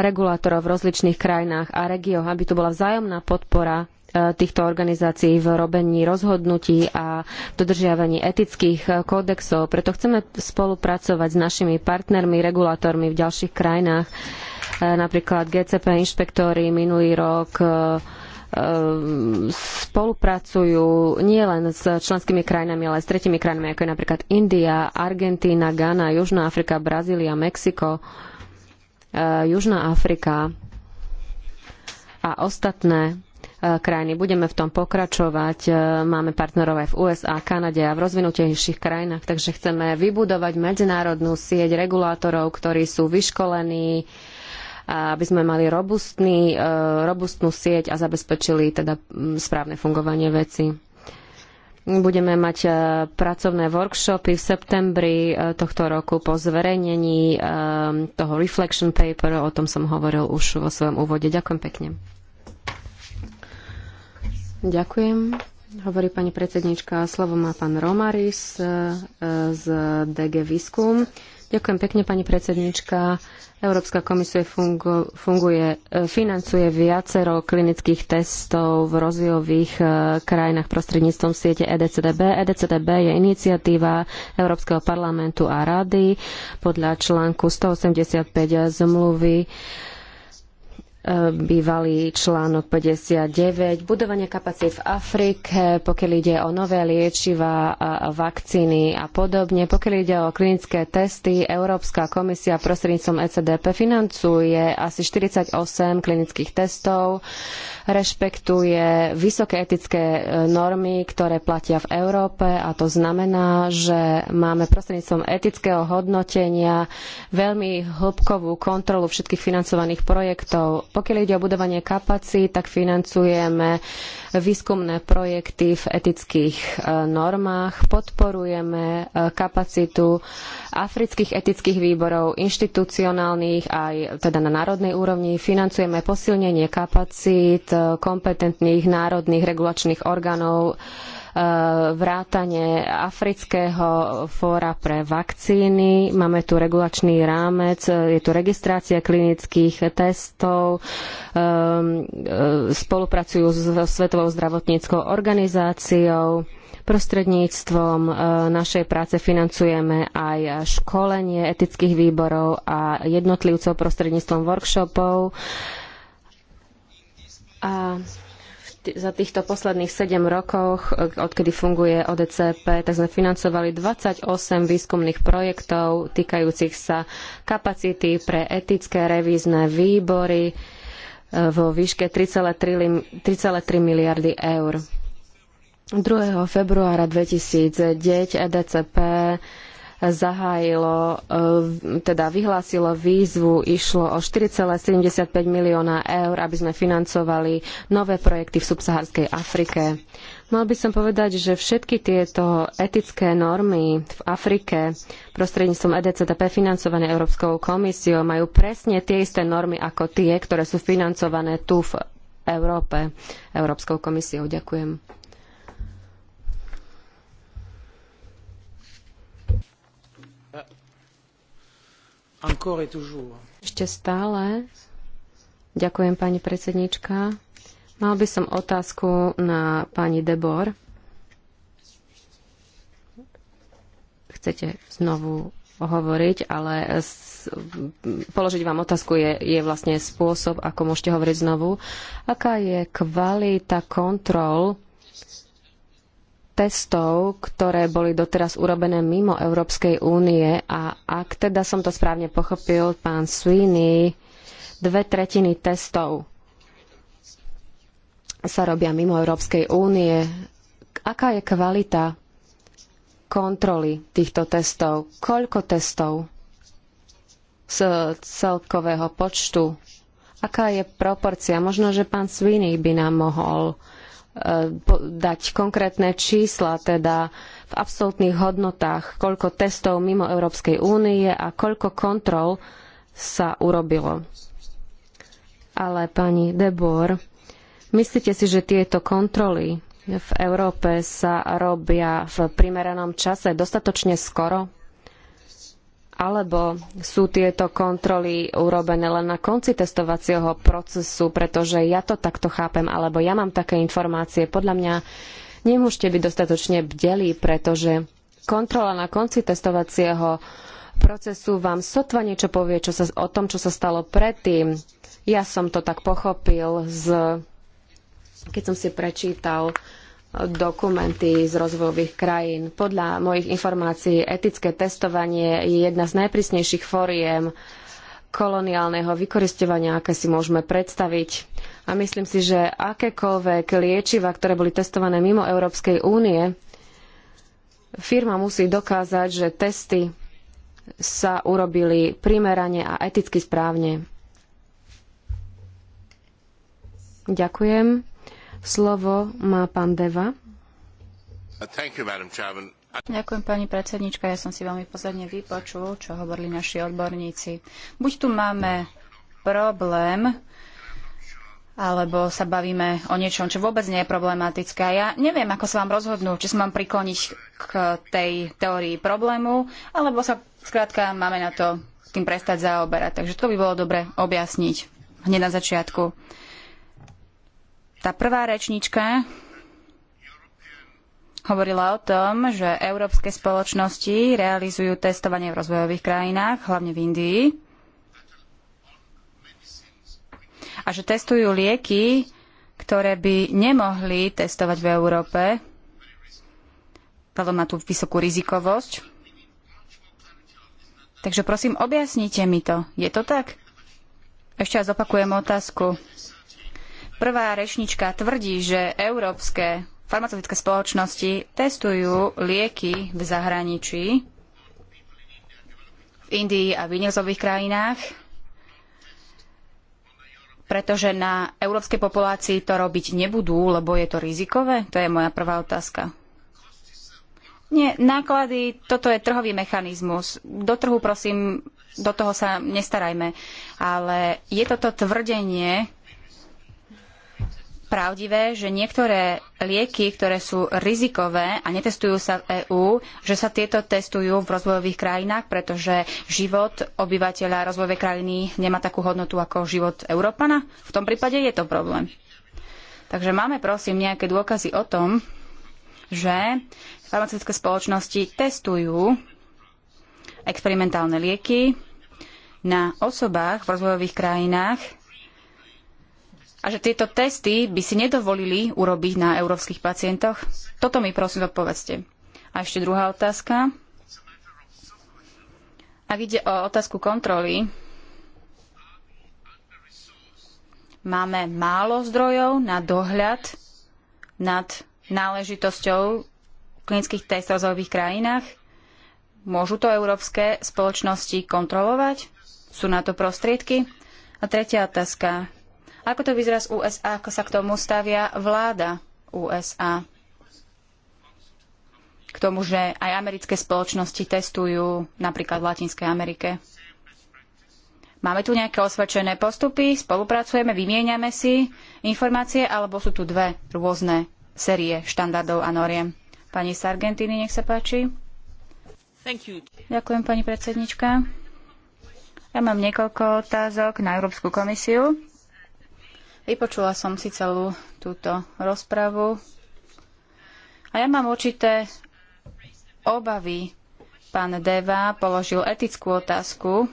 regulátorov v rozličných krajinách a regióch, aby tu bola vzájomná podpora E, týchto organizácií v robení rozhodnutí a dodržiavaní etických kódexov. Preto chceme spolupracovať s našimi partnermi, regulátormi v ďalších krajinách, e, napríklad GCP inšpektóri minulý rok e, spolupracujú nielen s členskými krajinami, ale aj s tretimi krajinami, ako je napríklad India, Argentína, Ghana, Južná Afrika, Brazília, Mexiko, Južná Afrika a ostatné E, krajiny. Budeme v tom pokračovať. E, máme partnerov aj v USA, Kanade a v rozvinutejších krajinách, takže chceme vybudovať medzinárodnú sieť regulátorov, ktorí sú vyškolení, aby sme mali robustný, e, robustnú sieť a zabezpečili teda správne fungovanie veci. Budeme mať pracovné workshopy v septembri tohto roku po zverejnení toho reflection paper, o tom som hovoril už vo svojom úvode. Ďakujem pekne. Ďakujem. Hovorí pani predsednička, slovo má pán Romaris e, z DG Viskum. Ďakujem pekne, pani predsednička. Európska komisia funguje, e, financuje viacero klinických testov v rozvojových e, krajinách prostredníctvom siete EDCDB. EDCDB je iniciatíva Európskeho parlamentu a rady podľa článku 185 zmluvy bývalý článok 59, budovanie kapacít v Afrike, pokiaľ ide o nové liečiva, vakcíny a podobne. Pokiaľ ide o klinické testy, Európska komisia prostredníctvom ECDP financuje asi 48 klinických testov rešpektuje vysoké etické e, normy, ktoré platia v Európe a to znamená, že máme prostredníctvom etického hodnotenia veľmi hĺbkovú kontrolu všetkých financovaných projektov. Pokiaľ ide o budovanie kapacít, tak financujeme výskumné projekty v etických e, normách, podporujeme e, kapacitu afrických etických výborov, inštitucionálnych aj teda na národnej úrovni, financujeme posilnenie kapacít e, kompetentných národných regulačných orgánov, vrátane Afrického fóra pre vakcíny. Máme tu regulačný rámec, je tu registrácia klinických testov, ehm, e, spolupracujú s Svetovou zdravotníckou organizáciou. Prostredníctvom e, našej práce financujeme aj školenie etických výborov a jednotlivcov prostredníctvom workshopov. A za týchto posledných 7 rokoch, e, odkedy funguje ODCP, tak sme financovali 28 výskumných projektov týkajúcich sa kapacity pre etické revízne výbory e, vo výške 3,3 miliardy eur. 2. februára 2009 EDCP zahájilo, e, teda vyhlásilo výzvu, išlo o 4,75 milióna eur, aby sme financovali nové projekty v subsaharskej Afrike. Mal by som povedať, že všetky tieto etické normy v Afrike prostredníctvom EDCTP financované Európskou komisiou majú presne tie isté normy ako tie, ktoré sú financované tu v Európe Európskou komisiou. Ďakujem. Ešte stále. Ďakujem, pani predsednička. Mal by som otázku na pani Debor. Chcete znovu hovoriť, ale položiť vám otázku je, je vlastne spôsob, ako môžete hovoriť znovu. Aká je kvalita kontrol testov, ktoré boli doteraz urobené mimo Európskej únie a ak teda som to správne pochopil, pán Sweeney, dve tretiny testov sa robia mimo Európskej únie. Aká je kvalita kontroly týchto testov? Koľko testov z celkového počtu? Aká je proporcia? Možno, že pán Sweeney by nám mohol uh, dať konkrétne čísla, teda v absolútnych hodnotách, koľko testov mimo Európskej únie a koľko kontrol sa urobilo. Ale pani Debor, myslíte si, že tieto kontroly v Európe sa robia v primeranom čase dostatočne skoro? alebo sú tieto kontroly urobené len na konci testovacieho procesu, pretože ja to takto chápem, alebo ja mám také informácie. Podľa mňa nemôžete byť dostatočne bdelí, pretože kontrola na konci testovacieho procesu vám sotva niečo povie čo sa, o tom, čo sa stalo predtým. Ja som to tak pochopil, z, keď som si prečítal uh, dokumenty z rozvojových krajín. Podľa mojich informácií etické testovanie je jedna z najprísnejších foriem koloniálneho vykoristovania, aké si môžeme predstaviť. A myslím si, že akékoľvek liečiva, ktoré boli testované mimo Európskej únie, firma musí dokázať, že testy sa urobili primerane a eticky správne. Ďakujem. Slovo má pán Deva. Ďakujem, pani predsednička. Ja som si veľmi pozorne vypočul, čo hovorili naši odborníci. Buď tu máme problém, alebo sa bavíme o niečom, čo vôbec nie je problematické. Ja neviem, ako sa vám rozhodnú, či sa mám prikloniť k tej teórii problému, alebo sa skrátka máme na to tým prestať zaoberať. Takže to by bolo dobre objasniť hneď na začiatku. Tá prvá rečnička hovorila o tom, že európske spoločnosti realizujú testovanie v rozvojových krajinách, hlavne v Indii, a že testujú lieky, ktoré by nemohli testovať v Európe, vzhľadom na tú vysokú rizikovosť. Takže prosím, objasnite mi to. Je to tak? Ešte raz opakujem otázku. Prvá rečnička tvrdí, že európske farmaceutické spoločnosti testujú lieky v zahraničí, v Indii a v iných krajinách, pretože na európskej populácii to robiť nebudú, lebo je to rizikové? To je moja prvá otázka. Nie, náklady, toto je trhový mechanizmus. Do trhu, prosím, do toho sa nestarajme. Ale je toto tvrdenie pravdivé, že niektoré lieky, ktoré sú rizikové a netestujú sa v EÚ, že sa tieto testujú v rozvojových krajinách, pretože život obyvateľa rozvojovej krajiny nemá takú hodnotu ako život Európana? V tom prípade je to problém. Takže máme prosím nejaké dôkazy o tom, že farmaceutické spoločnosti testujú experimentálne lieky na osobách v rozvojových krajinách, a že tieto testy by si nedovolili urobiť na európskych pacientoch? Toto mi prosím odpovedzte. A ešte druhá otázka. Ak ide o otázku kontroly, máme málo zdrojov na dohľad nad náležitosťou klinických testov v rozvojových krajinách. Môžu to európske spoločnosti kontrolovať? Sú na to prostriedky? A tretia otázka. Ako to vyzerá z USA, ako sa k tomu stavia vláda USA? K tomu, že aj americké spoločnosti testujú napríklad v Latinskej Amerike. Máme tu nejaké osvedčené postupy, spolupracujeme, vymieňame si informácie, alebo sú tu dve rôzne série štandardov a noriem. Pani z Argentíny, nech sa páči. Ďakujem, pani predsednička. Ja mám niekoľko otázok na Európsku komisiu. Vypočula som si celú túto rozpravu a ja mám určité obavy. Pán Deva položil etickú otázku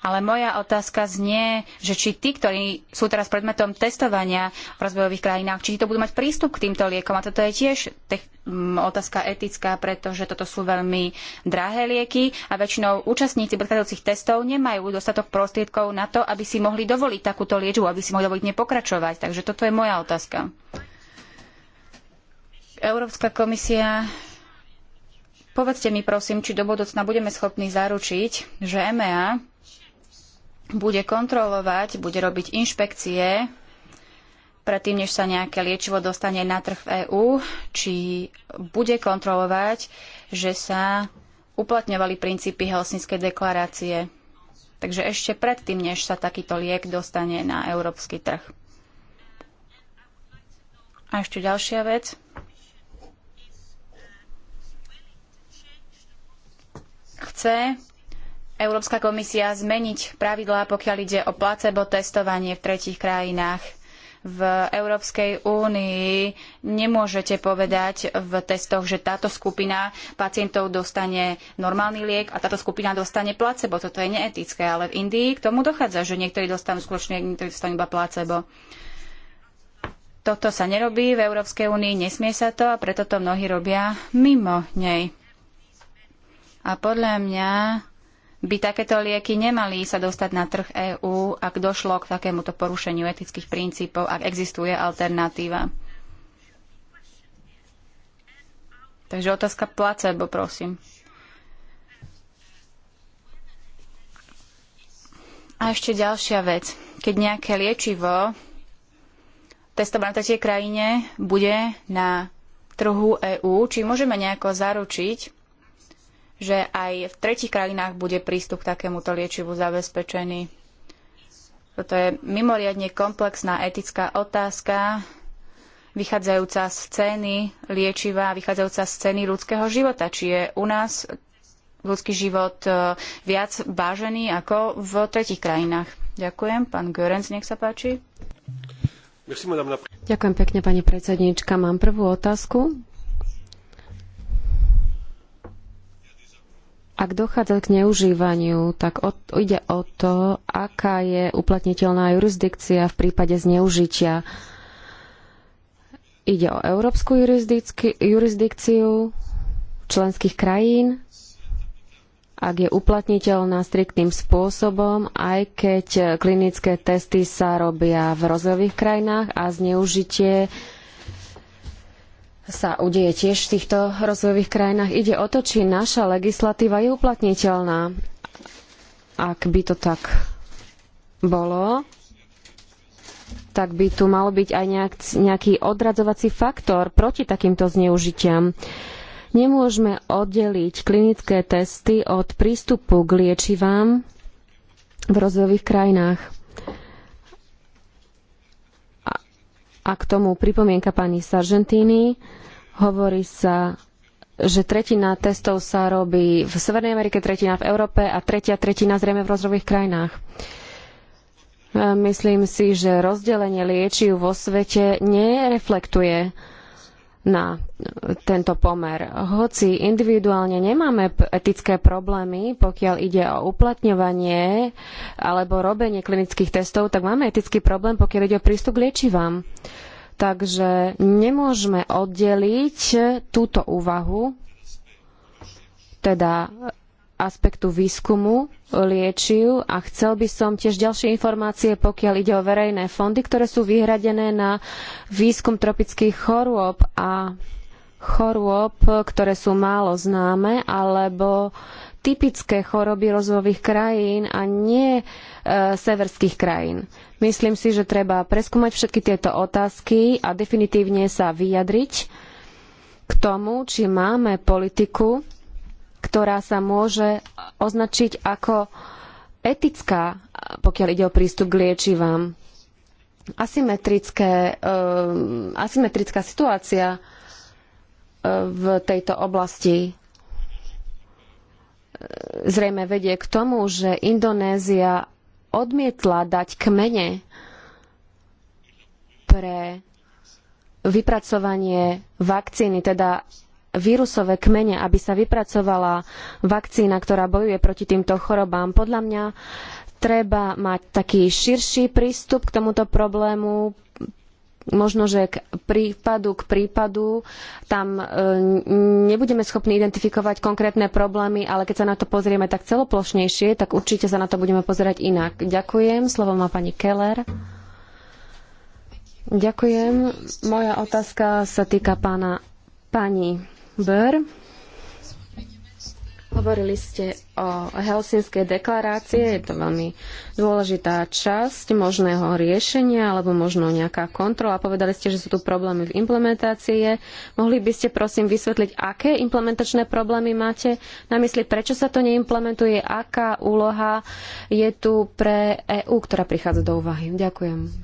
Ale moja otázka znie, že či tí, ktorí sú teraz predmetom testovania v rozvojových krajinách, či to budú mať prístup k týmto liekom. A toto je tiež otázka etická, pretože toto sú veľmi drahé lieky a väčšinou účastníci predchádzajúcich testov nemajú dostatok prostriedkov na to, aby si mohli dovoliť takúto liečbu, aby si mohli dovoliť nepokračovať. Takže toto je moja otázka. Európska komisia Povedzte mi prosím, či do budúcna budeme schopní zaručiť, že EMEA bude kontrolovať, bude robiť inšpekcie predtým, než sa nejaké liečivo dostane na trh v EÚ, či bude kontrolovať, že sa uplatňovali princípy Helsinskej deklarácie. Takže ešte predtým, než sa takýto liek dostane na európsky trh. A ešte ďalšia vec. Chce Európska komisia zmeniť pravidlá, pokiaľ ide o placebo testovanie v tretích krajinách. V Európskej únii nemôžete povedať v testoch, že táto skupina pacientov dostane normálny liek a táto skupina dostane placebo. Toto je neetické, ale v Indii k tomu dochádza, že niektorí dostanú skutočne, niektorí dostanú iba placebo. Toto sa nerobí v Európskej únii, nesmie sa to a preto to mnohí robia mimo nej. A podľa mňa by takéto lieky nemali sa dostať na trh EÚ, ak došlo k takémuto porušeniu etických princípov, ak existuje alternatíva. Takže otázka placebo, prosím. A ešte ďalšia vec. Keď nejaké liečivo testované v tretej krajine bude na trhu EÚ, či môžeme nejako zaručiť, že aj v tretich krajinách bude prístup k takémuto liečivu zabezpečený. Toto je mimoriadne komplexná etická otázka, vychádzajúca z ceny liečiva, vychádzajúca z ceny ľudského života. Či je u nás ľudský život e, viac vážený ako v tretich krajinách. Ďakujem. Pán Görenc, nech sa páči. Ďakujem pekne, pani predsedníčka. Mám prvú otázku Ak dochádza k neužívaniu, tak o, ide o to, aká je uplatniteľná jurisdikcia v prípade zneužitia. Ide o európsku jurisdikciu členských krajín, ak je uplatniteľná striktným spôsobom, aj keď klinické testy sa robia v rozvojových krajinách a zneužitie sa udeje tiež v týchto rozvojových krajinách. Ide o to, či naša legislatíva je uplatniteľná. Ak by to tak bolo, tak by tu mal byť aj nejak, nejaký odradzovací faktor proti takýmto zneužitiam. Nemôžeme oddeliť klinické testy od prístupu k liečivám v rozvojových krajinách. A k tomu pripomienka pani Sargentini. Hovorí sa, že tretina testov sa robí v Severnej Amerike, tretina v Európe a tretia tretina zrejme v rozvojových krajinách. Myslím si, že rozdelenie liečiv vo svete nereflektuje na tento pomer. Hoci individuálne nemáme etické problémy, pokiaľ ide o uplatňovanie alebo robenie klinických testov, tak máme etický problém, pokiaľ ide o prístup k liečivám. Takže nemôžeme oddeliť túto úvahu, teda aspektu výskumu liečiv a chcel by som tiež ďalšie informácie, pokiaľ ide o verejné fondy, ktoré sú vyhradené na výskum tropických chorôb a chorôb, ktoré sú málo známe, alebo typické choroby rozvojových krajín a nie e, severských krajín. Myslím si, že treba preskúmať všetky tieto otázky a definitívne sa vyjadriť k tomu, či máme politiku ktorá sa môže označiť ako etická, pokiaľ ide o prístup k liečivám. Asymetrické, eh, asymetrická situácia eh, v tejto oblasti eh, zrejme vedie k tomu, že Indonézia odmietla dať kmene pre vypracovanie vakcíny, teda vírusové kmene, aby sa vypracovala vakcína, ktorá bojuje proti týmto chorobám. Podľa mňa treba mať taký širší prístup k tomuto problému, možno, že k prípadu k prípadu tam e, nebudeme schopní identifikovať konkrétne problémy, ale keď sa na to pozrieme tak celoplošnejšie, tak určite sa na to budeme pozerať inak. Ďakujem. Slovo má pani Keller. Ďakujem. Moja otázka sa týka pána pani Ber. Hovorili ste o Helsinskej deklarácie, je to veľmi dôležitá časť možného riešenia alebo možno nejaká kontrola. Povedali ste, že sú tu problémy v implementácii. Mohli by ste prosím vysvetliť, aké implementačné problémy máte na mysli, prečo sa to neimplementuje, aká úloha je tu pre EÚ, ktorá prichádza do úvahy. Ďakujem.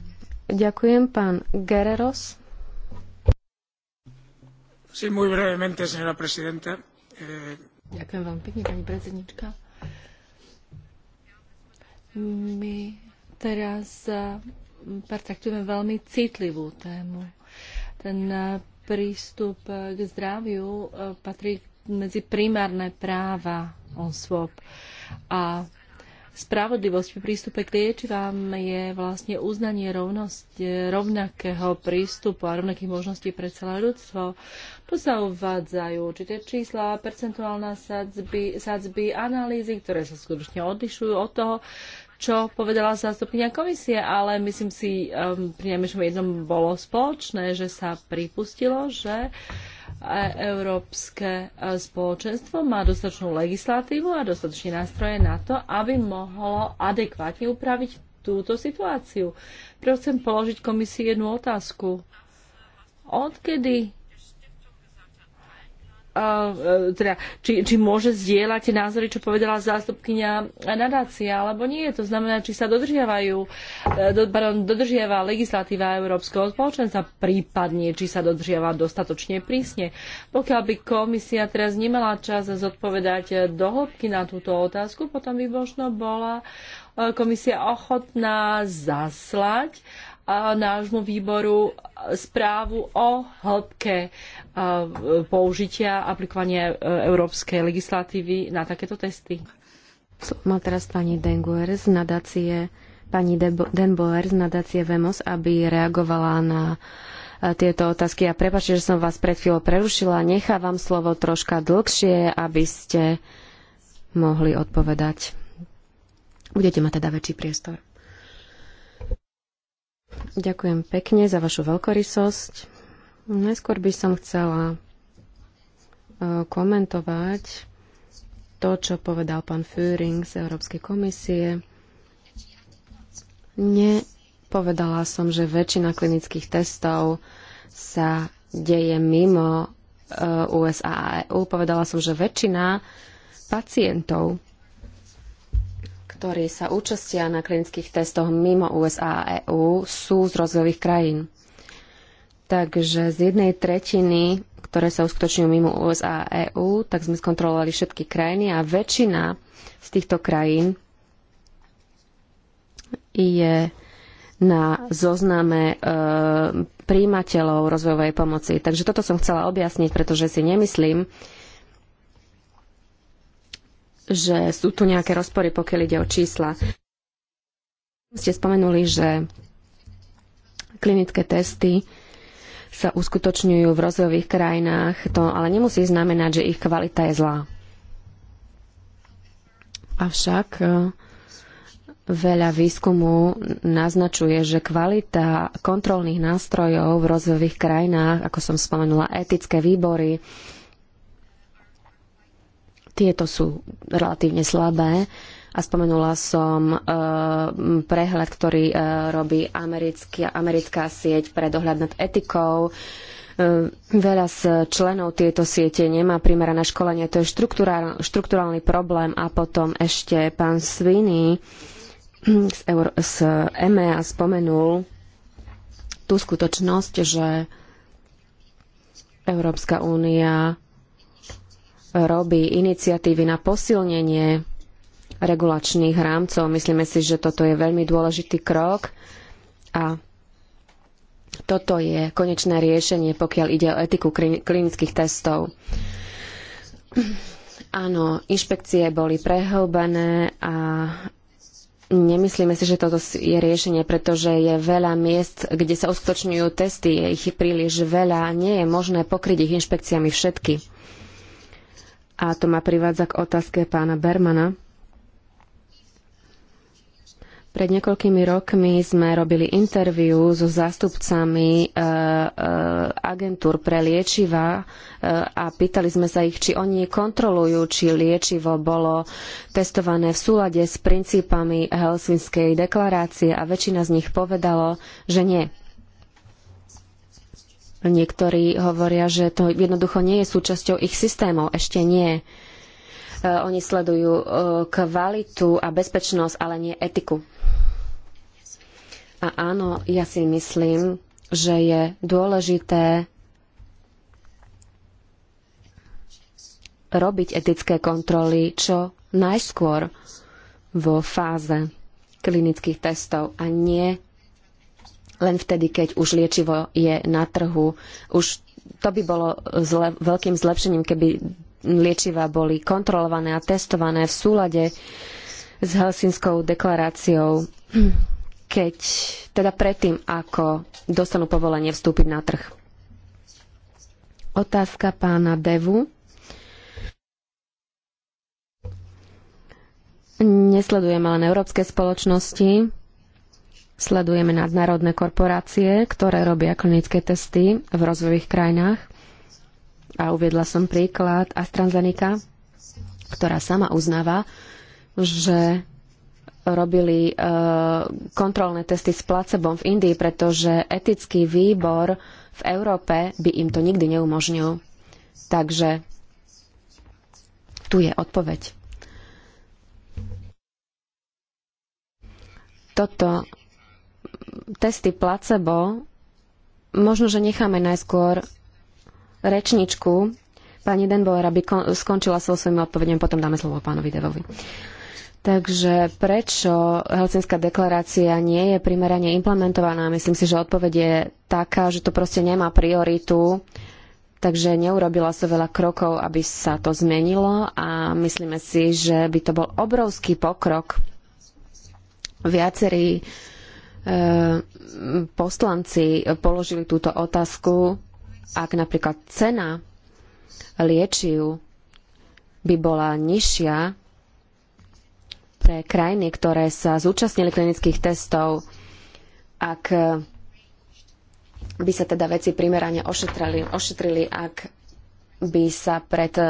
Ďakujem, pán Gereros. Eh, My teraz eh, pertraktujeme veľmi citlivú tému. Ten eh, prístup k zdraviu patrí medzi primárne práva osôb. A spravodlivosť pri prístupe k liečivám je vlastne uznanie rovnosť, e, rovnakého prístupu a rovnakých možností pre celé ľudstvo. Tu sa uvádzajú určité čísla, percentuálna sadzby, sadzby, analýzy, ktoré sa skutočne odlišujú od toho, čo povedala zástupkynia komisie, ale myslím si, um, pri najmenšom jednom bolo spoločné, že sa pripustilo, že uh, Európske e, spoločenstvo má dostatočnú legislatívu a dostatočné nástroje na to, aby mohlo adekvátne upraviť túto situáciu. Preto chcem položiť komisii jednu otázku. Odkedy E, teda, či, či môže zdieľať tie názory, čo povedala zástupkynia nadácia, alebo nie. To znamená, či sa dodržiavajú, e, do, pardon, dodržiava legislatíva Európskeho spoločenstva, prípadne, či sa dodržiava dostatočne prísne. Pokiaľ by komisia teraz nemala čas zodpovedať dohlbky na túto otázku, potom by možno bola e, komisia ochotná zaslať uh, nášmu výboru správu o hĺbke použitia aplikovania e, európskej legislatívy na takéto testy. Má teraz pani Denguer z nadácie pani Denboer z nadácie VEMOS, aby reagovala na e, tieto otázky. A ja prepáčte, že som vás pred chvíľou prerušila. Nechávam slovo troška dlhšie, aby ste mohli odpovedať. Budete mať teda väčší priestor. Ďakujem pekne za vašu veľkorysosť. Najskôr by som chcela e, komentovať to, čo povedal pán Führing z Európskej komisie. Nepovedala som, že väčšina klinických testov sa deje mimo e, USA a EU. Povedala som, že väčšina pacientov ktorí sa účastia na klinických testoch mimo USA a EÚ, sú z rozvojových krajín. Takže z jednej tretiny, ktoré sa uskutočňujú mimo USA a EÚ, tak sme skontrolovali všetky krajiny a väčšina z týchto krajín je na zozname e, príjimateľov rozvojovej pomoci. Takže toto som chcela objasniť, pretože si nemyslím, že sú tu nejaké rozpory, pokiaľ ide o čísla. Ste spomenuli, že klinické testy sa uskutočňujú v rozvojových krajinách, to ale nemusí znamenať, že ich kvalita je zlá. Avšak e, veľa výskumu naznačuje, že kvalita kontrolných nástrojov v rozvojových krajinách, ako som spomenula, etické výbory, tieto sú relatívne slabé a spomenula som e, prehľad, ktorý e, robí americký, americká sieť pre dohľad nad etikou. E, veľa z členov tieto siete nemá primerané školenie. To je štruktúrál, štruktúrálny problém. A potom ešte pán Sviny z, Euro, z EMEA spomenul tú skutočnosť, že Európska únia robí iniciatívy na posilnenie regulačných rámcov. Myslíme si, že toto je veľmi dôležitý krok a toto je konečné riešenie, pokiaľ ide o etiku klinických testov. Áno, inšpekcie boli prehlbené a nemyslíme si, že toto je riešenie, pretože je veľa miest, kde sa uskutočňujú testy, je ich príliš veľa, nie je možné pokryť ich inšpekciami všetky. A to ma privádza k otázke pána Bermana. Pred niekoľkými rokmi sme robili interviu so zástupcami e, e, agentúr pre liečiva e, a pýtali sme sa ich, či oni kontrolujú, či liečivo bolo testované v súlade s princípami Helsinskej deklarácie a väčšina z nich povedalo, že nie Niektorí hovoria, že to jednoducho nie je súčasťou ich systémov. Ešte nie. E, oni sledujú e, kvalitu a bezpečnosť, ale nie etiku. A áno, ja si myslím, že je dôležité robiť etické kontroly čo najskôr vo fáze klinických testov a nie len vtedy, keď už liečivo je na trhu. Už to by bolo zle, veľkým zlepšením, keby liečiva boli kontrolované a testované v súlade s Helsinskou deklaráciou, keď teda predtým, ako dostanú povolenie vstúpiť na trh. Otázka pána Devu. Nesledujem len európske spoločnosti. Sledujeme nadnárodné korporácie, ktoré robia klinické testy v rozvojových krajinách. A uviedla som príklad AstraZeneca, ktorá sama uznáva, že robili e, kontrolné testy s placebom v Indii, pretože etický výbor v Európe by im to nikdy neumožnil. Takže tu je odpoveď. Toto testy placebo, možno, že necháme najskôr rečničku, pani Denboer, aby skončila so svojím odpovedom, potom dáme slovo pánovi Devovi. Takže prečo Helsinská deklarácia nie je primerane implementovaná? Myslím si, že odpoveď je taká, že to proste nemá prioritu, takže neurobila sa so veľa krokov, aby sa to zmenilo a myslíme si, že by to bol obrovský pokrok. Viacerí Ehm, poslanci položili túto otázku, ak napríklad cena liečiv by bola nižšia pre krajiny, ktoré sa zúčastnili klinických testov, ak by sa teda veci primerane ošetrili, ošetrili ak by sa pred e,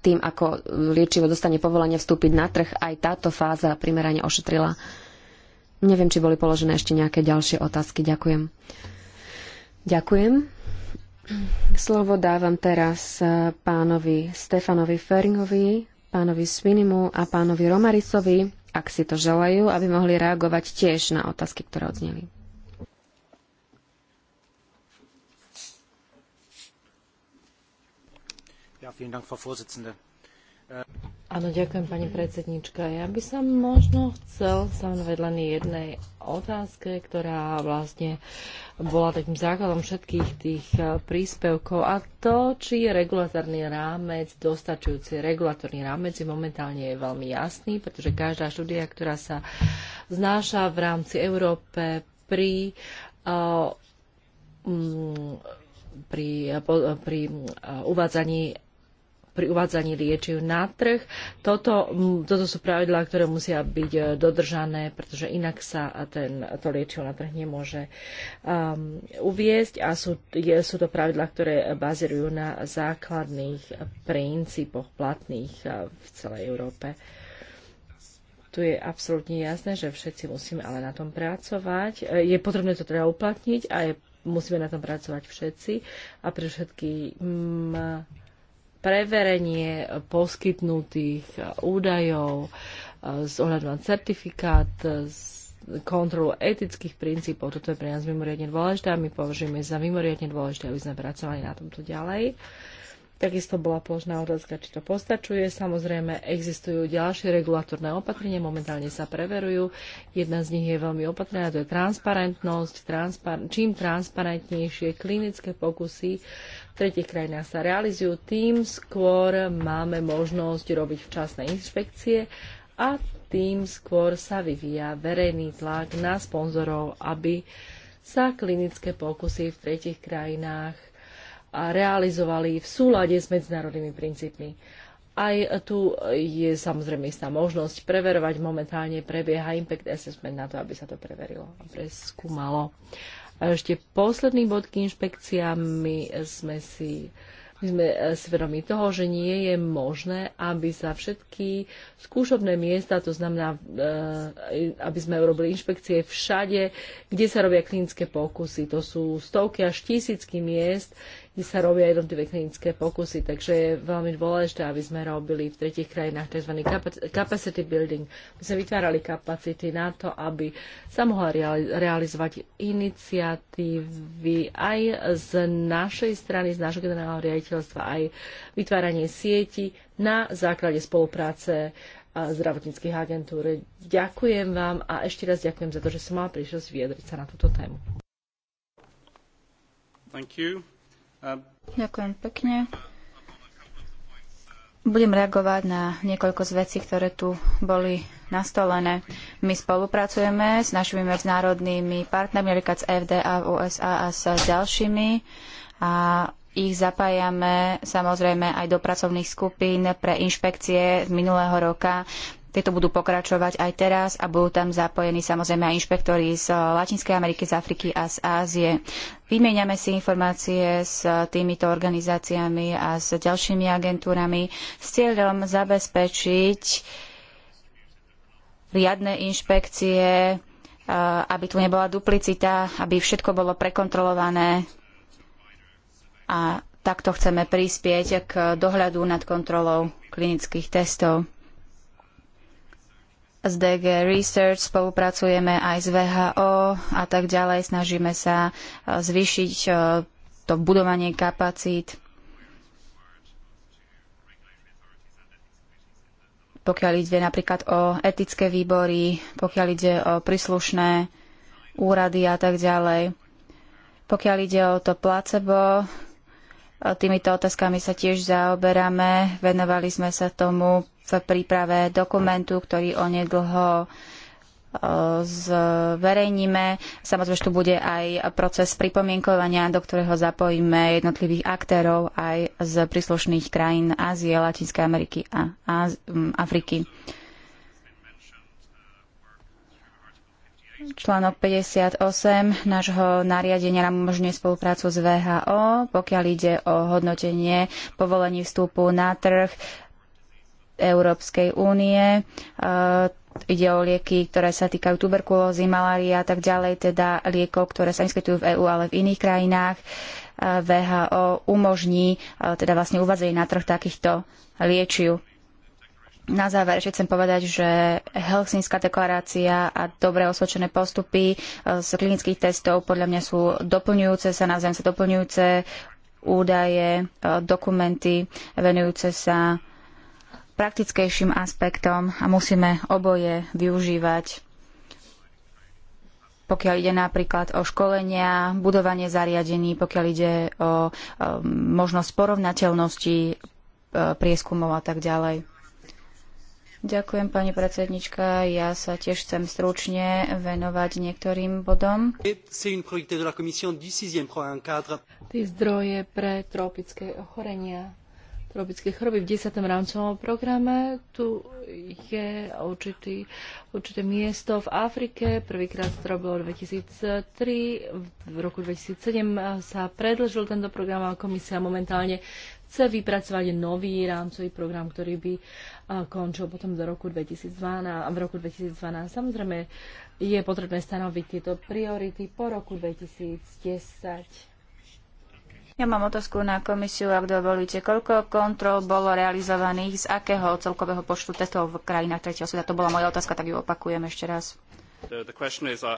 tým, ako liečivo dostane povolenie vstúpiť na trh, aj táto fáza primerane ošetrila. Neviem, či boli položené ešte nejaké ďalšie otázky. Ďakujem. Ďakujem. Slovo dávam teraz e, pánovi Stefanovi Feringovi, pánovi Svinimu a pánovi Romarisovi, ak si to želajú, aby mohli reagovať tiež na otázky, ktoré odzneli. Ja, vielen Dank, Frau Vorsitzende. Áno, ďakujem pani predsednička. Ja by som možno chcel sa venovať len jednej otázke, ktorá vlastne bola takým základom všetkých tých eh, príspevkov a to, či je regulatórny rámec dostačujúci. Regulatórny rámec je momentálne je veľmi jasný, pretože každá štúdia, ktorá sa znáša v rámci Európe pri uh, pri, eh, pri uvádzaní pri uvádzaní liečiv na trh. Toto, toto sú pravidlá, ktoré musia byť e, dodržané, pretože inak sa ten, to liečivo na trh nemôže um, uviezť a sú, je, sú to pravidlá, ktoré bazirujú na základných princípoch platných e, v celej Európe. Tu je absolútne jasné, že všetci musíme ale na tom pracovať. E, je potrebné to teda uplatniť a je, musíme na tom pracovať všetci a pre všetky preverenie poskytnutých údajov e, s ohľadom na certifikát, e, kontrolu etických princípov. Toto je pre nás mimoriadne dôležité a my považujeme za mimoriadne dôležité, aby sme pracovali na tomto ďalej. Takisto bola položená otázka, či to postačuje. Samozrejme, existujú ďalšie regulatorné opatrenia, momentálne sa preverujú. Jedna z nich je veľmi opatrená, to je transparentnosť. Transpar- čím transparentnejšie klinické pokusy v tretich krajinách sa realizujú, tým skôr máme možnosť robiť včasné inšpekcie a tým skôr sa vyvíja verejný tlak na sponzorov, aby sa klinické pokusy v tretich krajinách realizovali v súlade s medzinárodnými princípmi. Aj tu je samozrejme istá možnosť preverovať. Momentálne prebieha impact assessment na to, aby sa to preverilo a preskúmalo. Uh, a ešte posledný bod k inšpekciám. My sme si my sme e, si vedomi toho, že nie je možné, aby sa všetky skúšobné miesta, to znamená, e, aby sme urobili inšpekcie všade, kde sa robia klinické pokusy. To sú stovky až tisícky miest, kde sa robia jednotlivé klinické pokusy. Takže je veľmi dôležité, aby sme robili v tretich krajinách tzv. capacity building. My sme vytvárali kapacity na to, aby sa mohla realizovať iniciatívy aj z našej strany, z nášho generálneho riaditeľstva, aj vytváranie sieti na základe spolupráce a zdravotníckých agentúr. Ďakujem vám a ešte raz ďakujem za to, že som mala príležitosť vyjadriť sa na túto tému. Thank you. Ďakujem pekne. Budem reagovať na niekoľko z vecí, ktoré tu boli nastolené. My spolupracujeme s našimi medzinárodnými partnermi, napríklad s FDA v USA a s ďalšími a ich zapájame samozrejme aj do pracovných skupín pre inšpekcie z minulého roka. Tieto budú pokračovať aj teraz a budú tam zapojení samozrejme aj inšpektori z Latinskej Ameriky, z Afriky a z Ázie. Vymieňame si informácie s týmito organizáciami a s ďalšími agentúrami s cieľom zabezpečiť riadne inšpekcie, eh, aby tu nebola duplicita, aby všetko bolo prekontrolované a takto chceme prispieť k dohľadu nad kontrolou klinických testov s DG Research, spolupracujeme aj s VHO a tak ďalej. Snažíme sa e, zvýšiť e, to budovanie kapacít. Pokiaľ ide napríklad o etické výbory, pokiaľ ide o príslušné úrady a tak ďalej. Pokiaľ ide o to placebo, e, týmito otázkami sa tiež zaoberáme. Venovali sme sa tomu v príprave dokumentu, ktorý onedlho e, zverejníme. Samozrejme, že tu bude aj proces pripomienkovania, do ktorého zapojíme jednotlivých aktérov aj z príslušných krajín Ázie, Latinskej Ameriky a Afriky. Článok 58 nášho nariadenia nám umožňuje spoluprácu s VHO, pokiaľ ide o hodnotenie povolení vstupu na trh, Európskej únie. E, ide o lieky, ktoré sa týkajú tuberkulózy, malária a tak ďalej, teda liekov, ktoré sa inskytujú v EÚ, ale v iných krajinách. E, VHO umožní, e, teda vlastne uvádzanie na trh takýchto liečiv. Na záver ešte chcem povedať, že Helsinská deklarácia a dobre osvedčené postupy z klinických testov podľa mňa sú doplňujúce sa, navzájom sa doplňujúce údaje, dokumenty venujúce sa praktickejším aspektom a musíme oboje využívať pokiaľ ide napríklad o školenia, budovanie zariadení, pokiaľ ide o, možnosť porovnateľnosti e, prieskumov a tak ďalej. Ďakujem, pani predsednička. Ja sa tiež chcem stručne venovať niektorým bodom. Tie zdroje pre tropické ochorenia tropické choroby v 10. rámcovom programe. Tu je určitý, určité miesto v Afrike. Prvýkrát to bolo 2003. V roku 2007 sa predlžil tento program a komisia momentálne chce vypracovať nový rámcový program, ktorý by končil potom do roku 2012. V roku 2012 samozrejme je potrebné stanoviť tieto priority po roku 2010 ja mám otázku na komisiu, ak dovolíte. Koľko kontrol bolo realizovaných, z akého celkového počtu testov v krajinách tretieho sveta? To bola moja otázka, tak ju opakujem ešte raz. The, the is... Uh,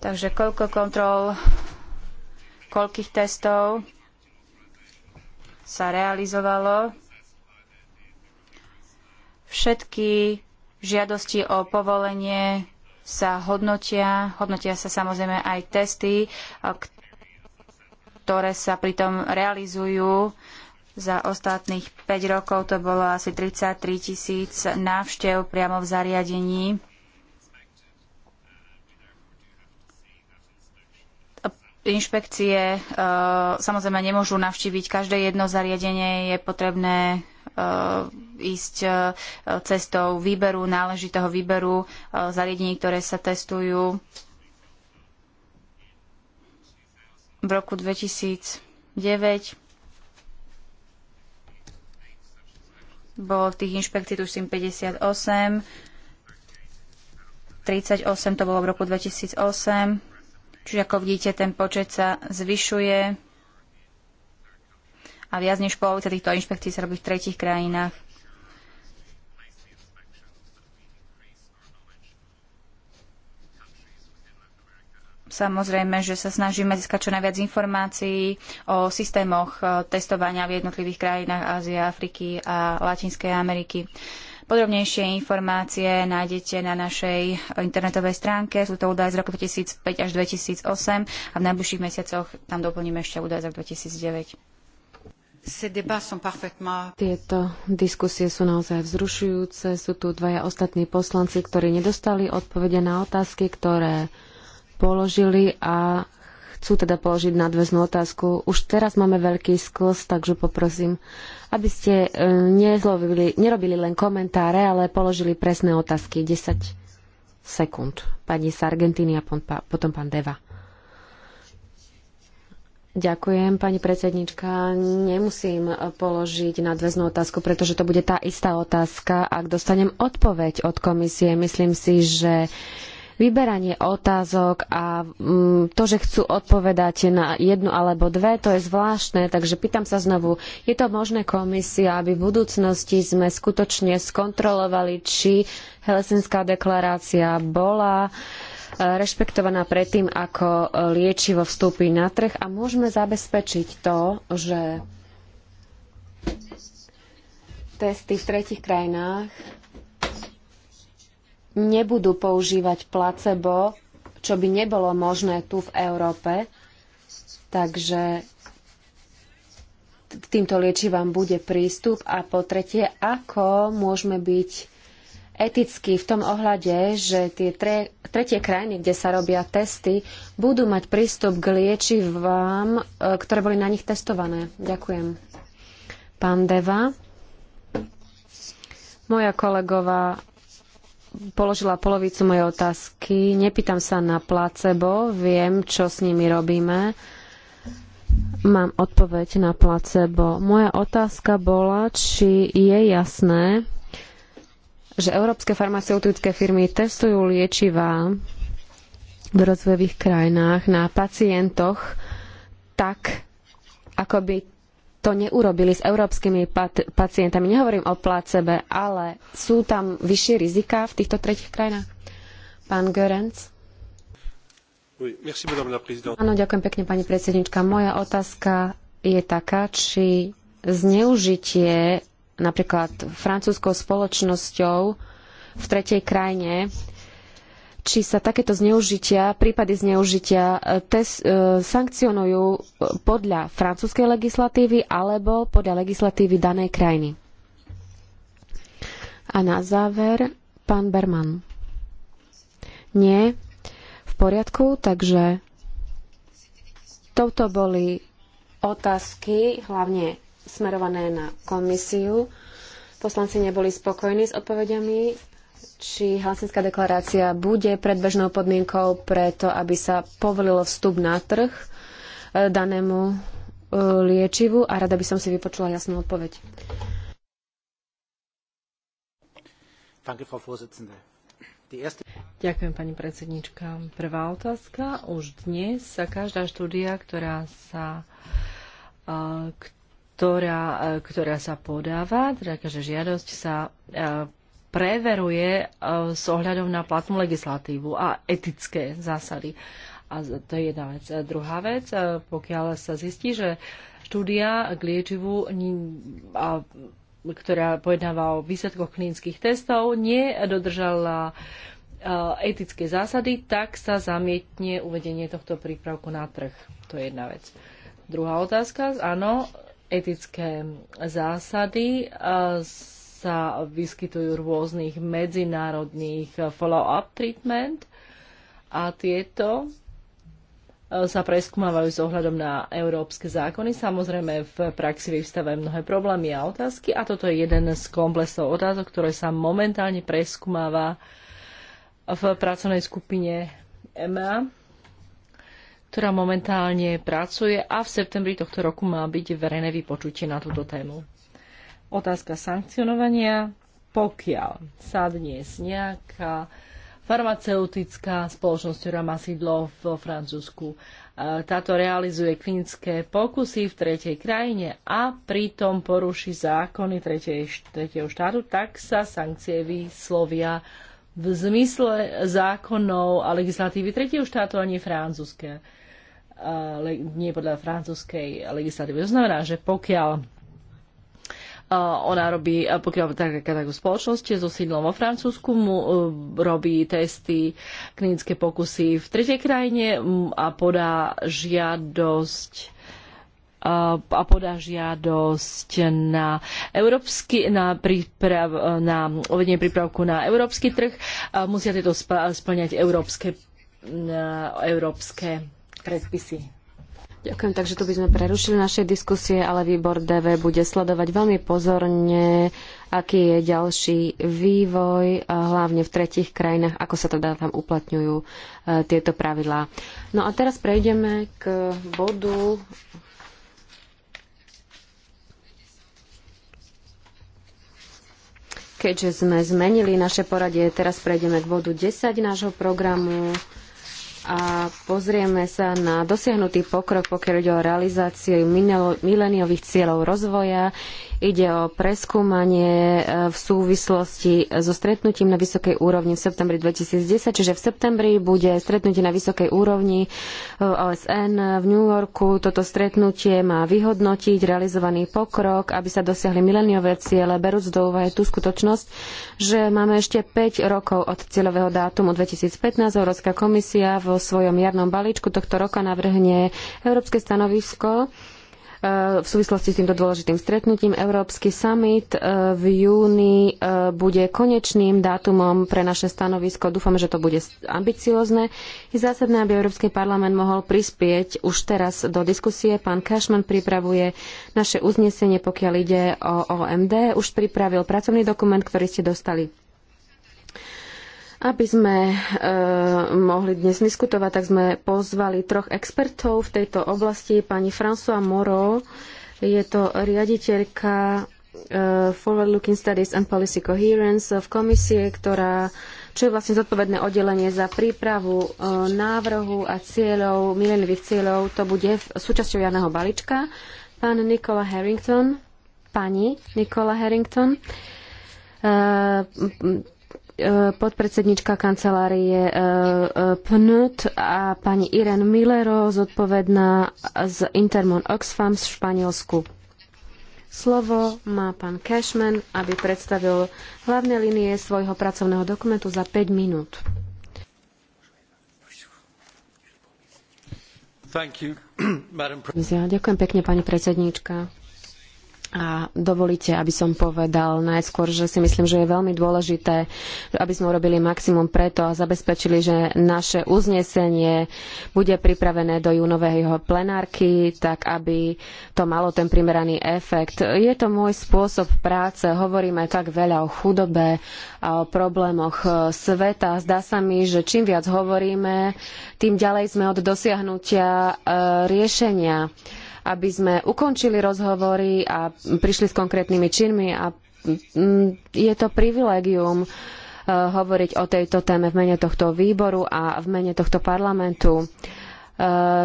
Takže koľko kontrol, koľkých testov sa realizovalo? Všetky žiadosti o povolenie sa hodnotia, hodnotia sa samozrejme aj testy, ktoré ktoré sa pritom realizujú. Za ostatných 5 rokov to bolo asi 33 tisíc návštev priamo v zariadení. Inšpekcie e, samozrejme nemôžu navštíviť každé jedno zariadenie, je potrebné e, ísť e, cestou výberu, náležitého výberu zariadení, ktoré sa testujú. v roku 2009 bolo tých inšpekcií tuším 58, 38 to bolo v roku 2008, čiže ako vidíte, ten počet sa zvyšuje a viac než polovica týchto inšpekcií sa robí v tretich krajinách. Samozrejme, že sa snažíme získať čo najviac informácií o systémoch e, testovania v jednotlivých krajinách Ázie, Afriky a Latinskej Ameriky. Podrobnejšie informácie nájdete na našej internetovej stránke. Sú to údaje z roku 2005 až 2008 a v najbližších mesiacoch tam doplníme ešte údaje z roku 2009. Tieto diskusie sú naozaj vzrušujúce. Sú tu dvaja ostatní poslanci, ktorí nedostali odpovede na otázky, ktoré položili a chcú teda položiť nadväznú otázku. Už teraz máme veľký sklos, takže poprosím, aby ste e, nezlovili, nerobili len komentáre, ale položili presné otázky. 10 sekúnd. Pani z Argentíny a potom pán Deva. Ďakujem, pani predsednička. Nemusím položiť nadväznú otázku, pretože to bude tá istá otázka, ak dostanem odpoveď od komisie. Myslím si, že vyberanie otázok a mm, to, že chcú odpovedať na jednu alebo dve, to je zvláštne. Takže pýtam sa znovu, je to možné komisia, aby v budúcnosti sme skutočne skontrolovali, či Helsinská deklarácia bola e, rešpektovaná predtým, ako e, liečivo vstúpi na trh a môžeme zabezpečiť to, že testy v tretich krajinách nebudú používať placebo, čo by nebolo možné tu v Európe. Takže k týmto liečivám bude prístup. A po tretie, ako môžeme byť eticky v tom ohľade, že tie tre, tretie krajiny, kde sa robia testy, budú mať prístup k liečivám, e, ktoré boli na nich testované. Ďakujem. Pán Deva. Moja kolegová položila polovicu mojej otázky. Nepýtam sa na placebo, viem, čo s nimi robíme. Mám odpoveď na placebo. Moja otázka bola, či je jasné, že európske farmaceutické firmy testujú liečivá v rozvojových krajinách na pacientoch tak, ako by to neurobili s európskymi pacientami. Nehovorím o placebe, ale sú tam vyššie rizika v týchto tretich krajinách? Pán Görenc? Oui, merci, Áno, ďakujem pekne, pani predsednička. Moja otázka je taká, či zneužitie napríklad francúzskou spoločnosťou v tretej krajine či sa takéto zneužitia, prípady zneužitia e, tes, e, sankcionujú e, podľa francúzskej legislatívy alebo podľa legislatívy danej krajiny. A na záver pán Berman. Nie, v poriadku, takže touto boli otázky, hlavne smerované na komisiu. Poslanci neboli spokojní s odpovediami či Helsinská deklarácia bude predbežnou podmienkou pre to, aby sa povolilo vstup na trh e, danému e, liečivu a rada by som si vypočula jasnú odpoveď. Ďakujem, pani predsednička. Prvá otázka. Už dnes sa každá štúdia, ktorá sa, e, ktorá, ktorá sa podáva, teda každá žiadosť sa preveruje e, s ohľadom na platnú legislatívu a etické zásady. A to je jedna vec. Druhá vec, e, pokiaľ sa zistí, že štúdia k liečivu, ktorá pojednáva o výsledkoch klinických testov, nedodržala e, etické zásady, tak sa zamietne uvedenie tohto prípravku na trh. To je jedna vec. Druhá otázka, áno, etické zásady sa vyskytujú rôznych medzinárodných eh, follow-up treatment a tieto eh, sa preskúmavajú s ohľadom na európske zákony. Samozrejme, v praxi vyvstávajú mnohé problémy a otázky a toto je jeden z komplexov otázok, ktoré sa momentálne preskúmava v pracovnej skupine EMA, ktorá momentálne pracuje a v septembri tohto roku má byť verejné vypočutie na túto tému otázka sankcionovania, pokiaľ sa dnes nejaká farmaceutická spoločnosť, ktorá má sídlo vo Francúzsku, e, táto realizuje klinické pokusy v tretej krajine a pritom poruší zákony tretej, tretieho štátu, tak sa sankcie vyslovia v zmysle zákonov a legislatívy tretieho štátu a nie francúzske. E, nie podľa francúzskej legislatívy. To znamená, že pokiaľ Eh, ona robí, eh, pokiaľ tak, tak, spoločnosť so sídlom vo Francúzsku, mu eh, robí testy, klinické pokusy v tretej krajine a podá žiadosť a podá žiadosť na, európsky, na, príprav, na uvedenie prípravku na európsky trh. Musia tieto splňať európske, európske predpisy. Ďakujem, takže tu by sme prerušili naše diskusie, ale výbor DV bude sledovať veľmi pozorne, aký je ďalší vývoj, hlavne v tretich krajinách, ako sa teda tam uplatňujú e, tieto pravidlá. No a teraz prejdeme k bodu Keďže sme zmenili naše poradie, teraz prejdeme k bodu 10 nášho programu a pozrieme sa na dosiahnutý pokrok, pokiaľ ide o realizáciu mileniových cieľov rozvoja, Ide o preskúmanie e, v súvislosti so stretnutím na vysokej úrovni v septembri 2010, čiže v septembri bude stretnutie na vysokej úrovni v e, OSN v New Yorku. Toto stretnutie má vyhodnotiť realizovaný pokrok, aby sa dosiahli mileniové ciele, berúc do úvahy tú skutočnosť, že máme ešte 5 rokov od cieľového dátumu 2015. Európska komisia vo svojom jarnom balíčku tohto roka navrhne európske stanovisko Eh, v súvislosti s týmto dôležitým stretnutím. Európsky summit eh, v júni eh, bude konečným dátumom pre naše stanovisko. Dúfame, že to bude ambiciozne. Je zásadné, aby Európsky parlament mohol prispieť už teraz do diskusie. Pán Cashman pripravuje naše uznesenie, pokiaľ ide o OMD. Už pripravil pracovný dokument, ktorý ste dostali aby sme e, mohli dnes diskutovať, tak sme pozvali troch expertov v tejto oblasti. Pani François Moro je to riaditeľka e, Forward Looking Studies and Policy Coherence v komisie, ktorá čo je vlastne zodpovedné oddelenie za prípravu e, návrhu a cieľov, milenových cieľov, to bude súčasťou Janého balíčka. Pán Nikola Harrington, pani Nikola Harrington, e, Eh, podpredsednička kancelárie eh, eh, PNUT a pani Irene Millero, zodpovedná z Intermon Oxfam v Španielsku. Slovo má pán Cashman, aby predstavil hlavné linie svojho pracovného dokumentu za 5 minút. You, (clears throat) Ďakujem pekne, pani predsedníčka. A dovolíte, aby som povedal najskôr, že si myslím, že je veľmi dôležité, aby sme urobili maximum preto a zabezpečili, že naše uznesenie bude pripravené do júnového plenárky, tak aby to malo ten primeraný efekt. Je to môj spôsob práce. Hovoríme tak veľa o chudobe a o problémoch sveta. Zdá sa mi, že čím viac hovoríme, tým ďalej sme od dosiahnutia e, riešenia aby sme ukončili rozhovory a prišli s konkrétnymi činmi a mm, je to privilégium eh, hovoriť o tejto téme v mene tohto výboru a v mene tohto parlamentu. Eh,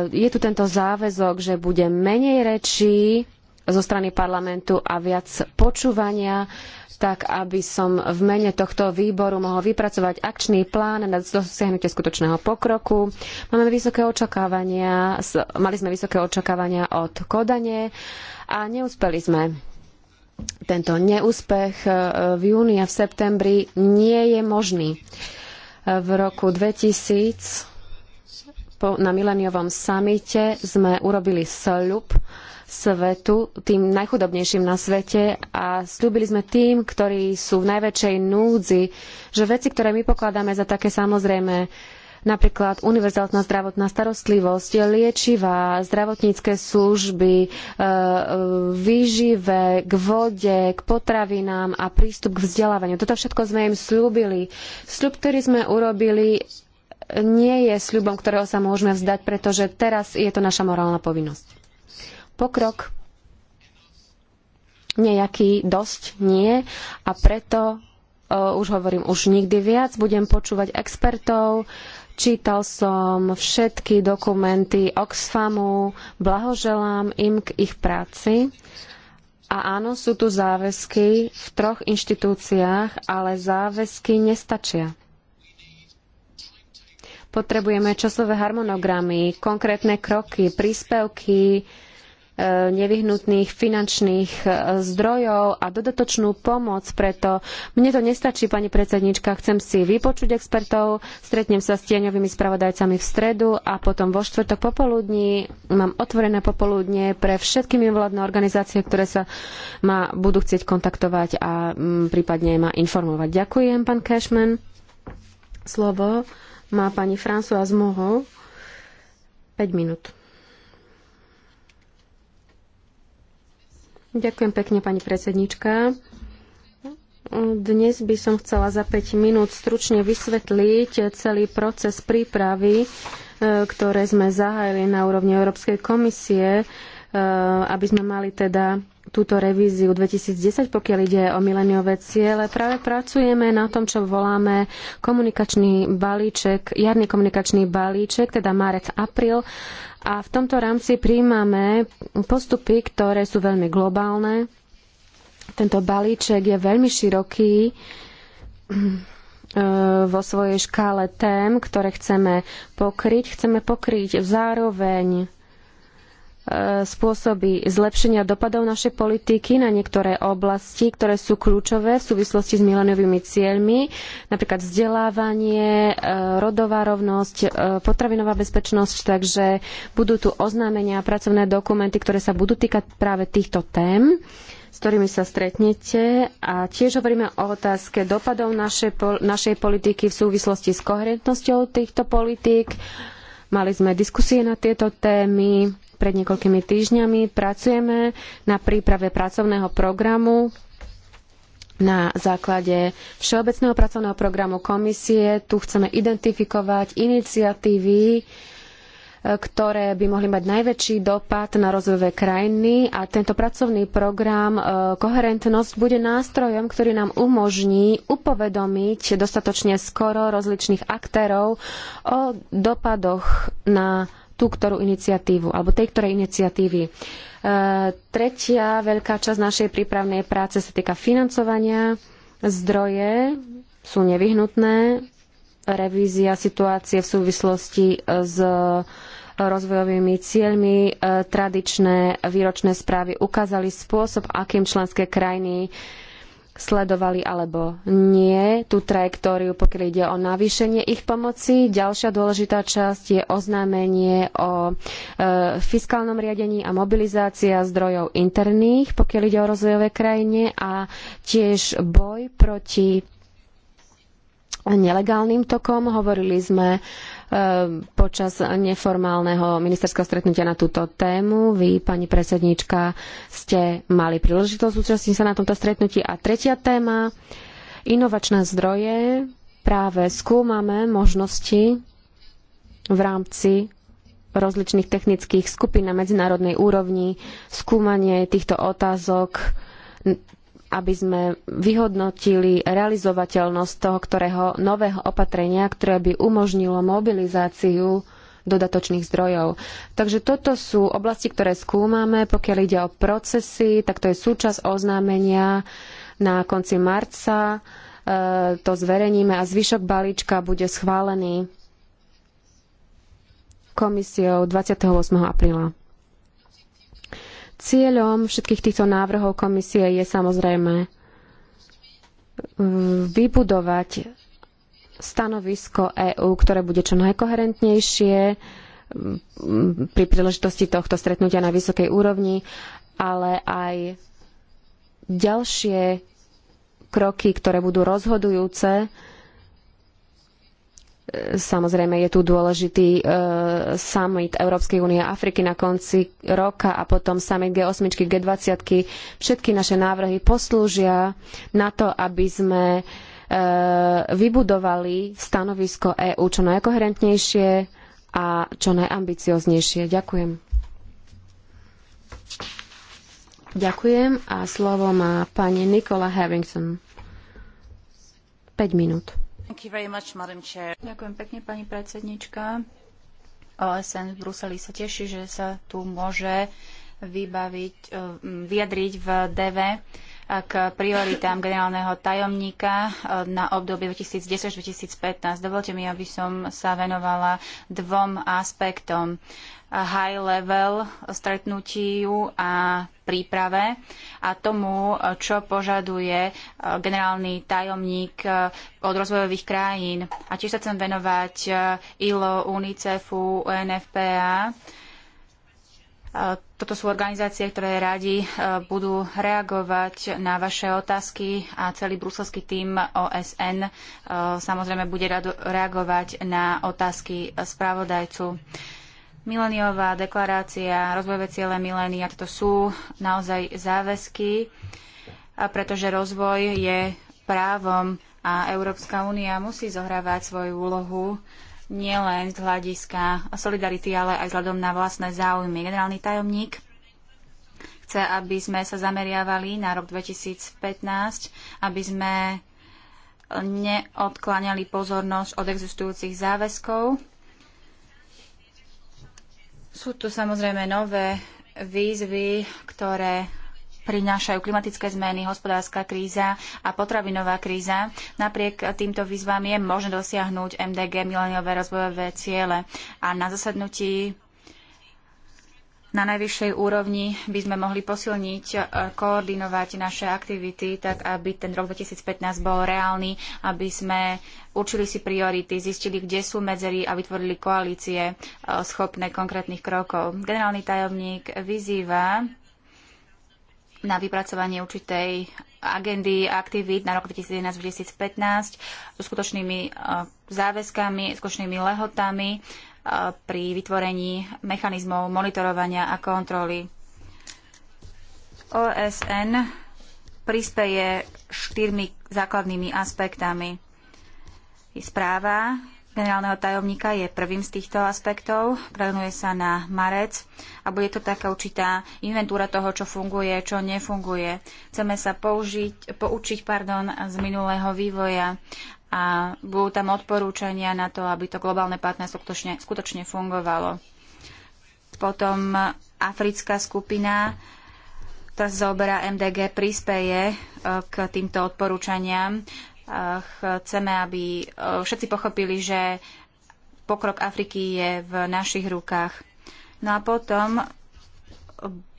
je tu tento záväzok, že bude menej rečí zo strany parlamentu a viac počúvania tak aby som v mene tohto výboru mohol vypracovať akčný plán na dosiahnutie skutočného pokroku. Máme vysoké očakávania, mali sme vysoké očakávania od Kodane a neúspeli sme. Tento neúspech e, v júni a v septembri nie je možný. E, v roku 2000 na mileniovom samite sme urobili sľub, svetu, tým najchudobnejším na svete a slúbili sme tým, ktorí sú v najväčšej núdzi, že veci, ktoré my pokladáme za také samozrejme, napríklad univerzálna zdravotná starostlivosť, liečivá, zdravotnícke služby, e, e, výžive, k vode, k potravinám a prístup k vzdelávaniu. Toto všetko sme im slúbili. Sľub, ktorý sme urobili, nie je sľubom, ktorého sa môžeme vzdať, pretože teraz je to naša morálna povinnosť pokrok nejaký dosť nie a preto uh, už hovorím už nikdy viac, budem počúvať expertov, čítal som všetky dokumenty Oxfamu, blahoželám im k ich práci. A áno, sú tu záväzky v troch inštitúciách, ale záväzky nestačia. Potrebujeme časové harmonogramy, konkrétne kroky, príspevky, uh, nevyhnutných finančných e, zdrojov a dodatočnú pomoc. Preto mne to nestačí, pani predsednička. Chcem si vypočuť expertov, stretnem sa s tieňovými spravodajcami v stredu a potom vo štvrtok popoludní mám otvorené popoludnie pre všetky mimovládne organizácie, ktoré sa ma budú chcieť kontaktovať a mm, prípadne ma informovať. Ďakujem, pán Cashman. Slovo má pani Françoise Moho. 5 minút. Ďakujem pekne, pani predsednička. Dnes by som chcela za 5 minút stručne vysvetliť celý proces prípravy, e, ktoré sme zahájili na úrovni Európskej komisie, e, aby sme mali teda túto revíziu 2010, pokiaľ ide o mileniové ciele. Práve pracujeme na tom, čo voláme komunikačný balíček, jarný komunikačný balíček, teda marec-apríl a v tomto rámci príjmame postupy, ktoré sú veľmi globálne. Tento balíček je veľmi široký (clears throat) e, vo svojej škále tém, ktoré chceme pokryť. Chceme pokryť zároveň E, spôsoby zlepšenia dopadov našej politiky na niektoré oblasti, ktoré sú kľúčové v súvislosti s mileniovými cieľmi, napríklad vzdelávanie, e, rodová rovnosť, e, potravinová bezpečnosť, takže budú tu oznámenia, pracovné dokumenty, ktoré sa budú týkať práve týchto tém s ktorými sa stretnete a tiež hovoríme o otázke dopadov našej, našej politiky v súvislosti s koherentnosťou týchto politík. Mali sme diskusie na tieto témy pred niekoľkými týždňami. Pracujeme na príprave pracovného programu na základe Všeobecného pracovného programu komisie. Tu chceme identifikovať iniciatívy, e, ktoré by mohli mať najväčší dopad na rozvojové krajiny a tento pracovný program e, Koherentnosť bude nástrojom, ktorý nám umožní upovedomiť dostatočne skoro rozličných aktérov o dopadoch na tú ktorú iniciatívu, alebo tej ktorej iniciatívy. E, tretia veľká časť našej prípravnej práce sa týka financovania. Zdroje sú nevyhnutné. Revízia situácie v súvislosti s rozvojovými cieľmi. E, tradičné výročné správy ukázali spôsob, akým členské krajiny sledovali alebo nie tú trajektóriu, pokiaľ ide o navýšenie ich pomoci. Ďalšia dôležitá časť je oznámenie o e, fiskálnom riadení a mobilizácia zdrojov interných, pokiaľ ide o rozvojové krajine a tiež boj proti nelegálnym tokom. Hovorili sme Ehm, počas neformálneho ministerského stretnutia na túto tému. Vy, pani predsedníčka, ste mali príležitosť zúčastniť sa na tomto stretnutí. A tretia téma, inovačné zdroje. Práve skúmame možnosti v rámci rozličných technických skupín na medzinárodnej úrovni, skúmanie týchto otázok aby sme vyhodnotili realizovateľnosť toho, ktorého nového opatrenia, ktoré by umožnilo mobilizáciu dodatočných zdrojov. Takže toto sú oblasti, ktoré skúmame. Pokiaľ ide o procesy, tak to je súčasť oznámenia na konci marca. E, to zverejníme a zvyšok balíčka bude schválený komisiou 28. apríla. Cieľom všetkých týchto návrhov komisie je samozrejme e, vybudovať stanovisko EÚ, ktoré bude čo najkoherentnejšie pri príležitosti tohto stretnutia na vysokej úrovni, ale aj ďalšie kroky, ktoré budú rozhodujúce Samozrejme je tu dôležitý e, summit Európskej únie a Afriky na konci roka a potom summit G8, G20. Všetky naše návrhy poslúžia na to, aby sme e, vybudovali stanovisko EÚ čo najkoherentnejšie a čo najambicioznejšie. Ďakujem. Ďakujem a slovo má pani Nikola Harrington. 5 minút. Ďakujem pekne, pani OSN v Bruseli sa teší, že sa tu môže vybaviť, eh, vyjadriť v DV k prioritám generálneho tajomníka eh, na obdobie 2010-2015. Dovolte mi, aby som sa venovala dvom aspektom high level stretnutiu a príprave a tomu, čo požaduje eh, generálny tajomník eh, od rozvojových krajín. A tiež sa chcem venovať ILO, UNICEFu, UNFPA toto sú organizácie, ktoré radi e, budú reagovať na vaše otázky a celý bruselský tím OSN e, samozrejme bude reagovať na otázky spravodajcu. Mileniová deklarácia, rozvojové ciele milénia, toto sú naozaj záväzky, pretože rozvoj je právom a Európska únia musí zohrávať svoju úlohu nielen z hľadiska solidarity, ale aj vzhľadom na vlastné záujmy. Generálny tajomník chce, aby sme sa zameriavali na rok 2015, aby sme neodkláňali pozornosť od existujúcich záväzkov. Sú tu samozrejme nové výzvy, ktoré prinášajú klimatické zmeny, hospodárska kríza a potravinová kríza. Napriek týmto výzvam je možné dosiahnuť MDG, mileniové rozvojové ciele. A na zasadnutí na najvyššej úrovni by sme mohli posilniť, e, koordinovať naše aktivity, tak aby ten rok 2015 bol reálny, aby sme určili si priority, zistili, kde sú medzery a vytvorili koalície e, schopné konkrétnych krokov. Generálny tajomník vyzýva na vypracovanie určitej agendy a aktivít na rok 2011-2015 so skutočnými e, záväzkami, skutočnými lehotami e, pri vytvorení mechanizmov monitorovania a kontroly. OSN prispeje štyrmi základnými aspektami. Správa generálneho tajomníka je prvým z týchto aspektov. Plánuje sa na marec a bude to taká určitá inventúra toho, čo funguje, čo nefunguje. Chceme sa použiť, poučiť pardon, z minulého vývoja a budú tam odporúčania na to, aby to globálne partnerstvo skutočne, skutočne fungovalo. Potom africká skupina, ktorá sa zaoberá MDG, príspeje e, k týmto odporúčaniam Chceme, aby e, všetci pochopili, že pokrok Afriky je v našich rukách. No a potom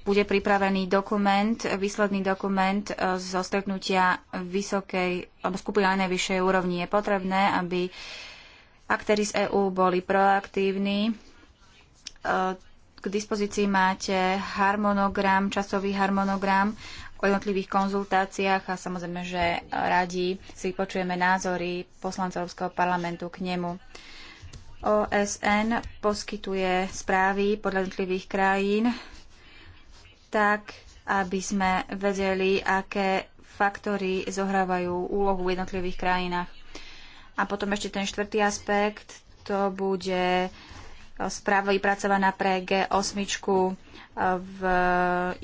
bude pripravený dokument, výsledný dokument e, zo stretnutia vysokej alebo skupiny aj najvyššej úrovni. Je potrebné, aby aktéry z EÚ boli proaktívni. E, k dispozícii máte harmonogram, časový harmonogram o jednotlivých konzultáciách a samozrejme, že radi si počujeme názory poslancov Európskeho parlamentu k nemu. OSN poskytuje správy podľa jednotlivých krajín tak, aby sme vedeli, aké faktory zohrávajú úlohu v jednotlivých krajinách. A potom ešte ten štvrtý aspekt, to bude správa vypracovaná pre G8 v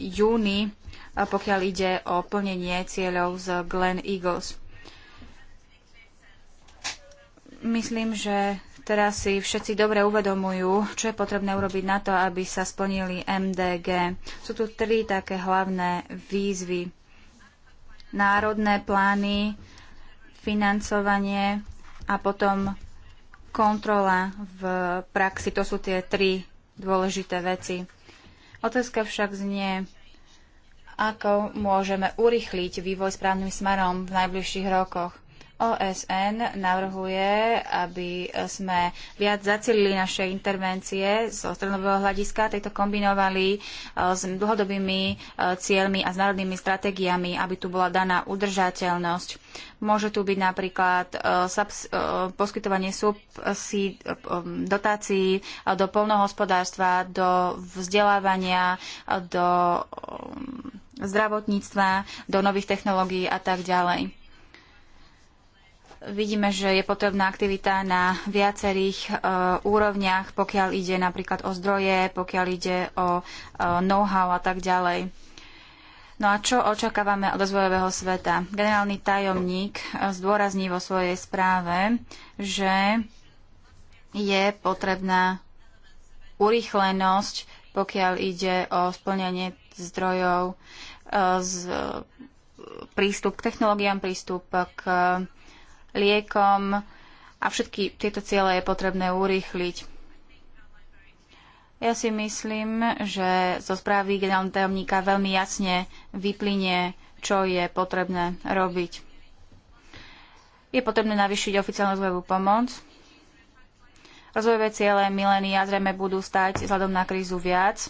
júni pokiaľ ide o plnenie cieľov z Glen Eagles. Myslím, že teraz si všetci dobre uvedomujú, čo je potrebné urobiť na to, aby sa splnili MDG. Sú tu tri také hlavné výzvy. Národné plány, financovanie a potom kontrola v praxi. To sú tie tri dôležité veci. Otázka však znie, ako môžeme urychliť vývoj správnym smerom v najbližších rokoch. OSN navrhuje, aby sme viac zacelili naše intervencie z stranového hľadiska, tejto kombinovali e, s dlhodobými e, cieľmi a s národnými stratégiami, aby tu bola daná udržateľnosť. Môže tu byť napríklad e, poskytovanie dotácií do polnohospodárstva, do vzdelávania, do zdravotníctva, do nových technológií a tak ďalej. Vidíme, že je potrebná aktivita na viacerých e, úrovniach, pokiaľ ide napríklad o zdroje, pokiaľ ide o e, know-how a tak ďalej. No a čo očakávame od rozvojového sveta? Generálny tajomník e, zdôrazní vo svojej správe, že je potrebná urýchlenosť, pokiaľ ide o splnenie zdrojov z, prístup k technológiám, prístup k liekom a všetky tieto ciele je potrebné urýchliť. Ja si myslím, že zo správy generálneho tajomníka veľmi jasne vyplynie, čo je potrebné robiť. Je potrebné navýšiť oficiálnu rozvojovú pomoc. Rozvojové ciele milénia zrejme budú stať vzhľadom na krízu viac.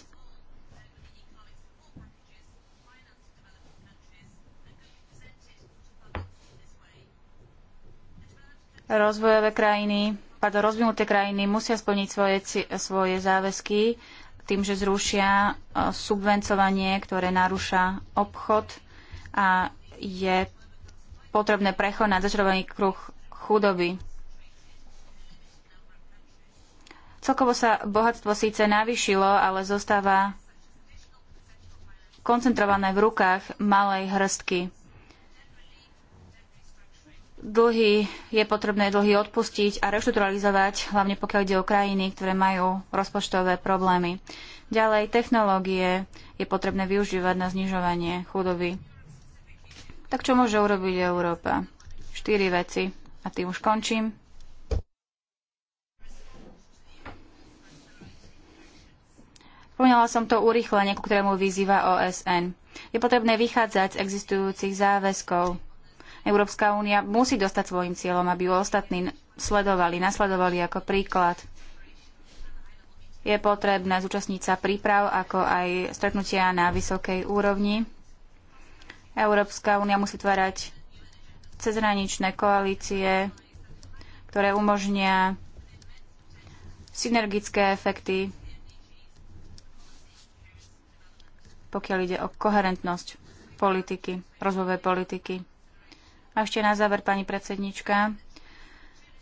Rozvojové krajiny, pardon, rozvinuté krajiny musia splniť svoje, svoje záväzky tým, že zrušia e, subvencovanie, ktoré narúša obchod a je potrebné prechod na začarovaný kruh chudoby. Celkovo sa bohatstvo síce navýšilo, ale zostáva koncentrované v rukách malej hrstky dlhy je potrebné dlhy odpustiť a reštrukturalizovať, hlavne pokiaľ ide o krajiny, ktoré majú rozpočtové problémy. Ďalej, technológie je potrebné využívať na znižovanie chudoby. Tak čo môže urobiť Európa? Štyri veci. A tým už končím. Spomínala som to urýchlenie, ku ktorému vyzýva OSN. Je potrebné vychádzať z existujúcich záväzkov Európska únia musí dostať svojim cieľom, aby ju ostatní sledovali, nasledovali ako príklad. Je potrebné zúčastniť sa príprav, ako aj stretnutia na vysokej úrovni. Európska únia musí tvárať cezhraničné koalície, ktoré umožnia synergické efekty, pokiaľ ide o koherentnosť politiky, rozvojovej politiky. A ešte na záver, pani predsednička,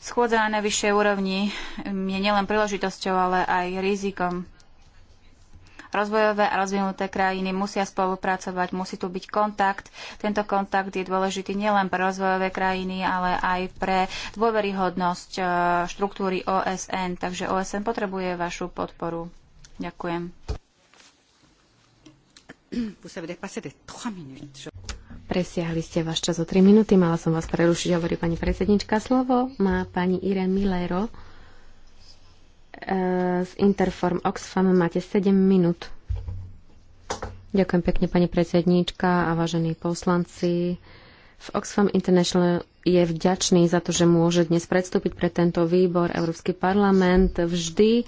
schôdza na najvyššej úrovni je nielen príležitosťou, ale aj rizikom. Rozvojové a rozvinuté krajiny musia spolupracovať, musí tu byť kontakt. Tento kontakt je dôležitý nielen pre rozvojové krajiny, ale aj pre dôveryhodnosť e, štruktúry OSN. Takže OSN potrebuje vašu podporu. Ďakujem. Vous avez dépassé des trois minutes. Presiahli ste váš čas o 3 minúty, mala som vás prerušiť, hovorí pani predsednička. Slovo má pani Irene Milero e, z Interform Oxfam. Máte 7 minút. Ďakujem pekne, pani predsednička a vážení poslanci. V Oxfam International je vďačný za to, že môže dnes predstúpiť pre tento výbor Európsky parlament. Vždy uh,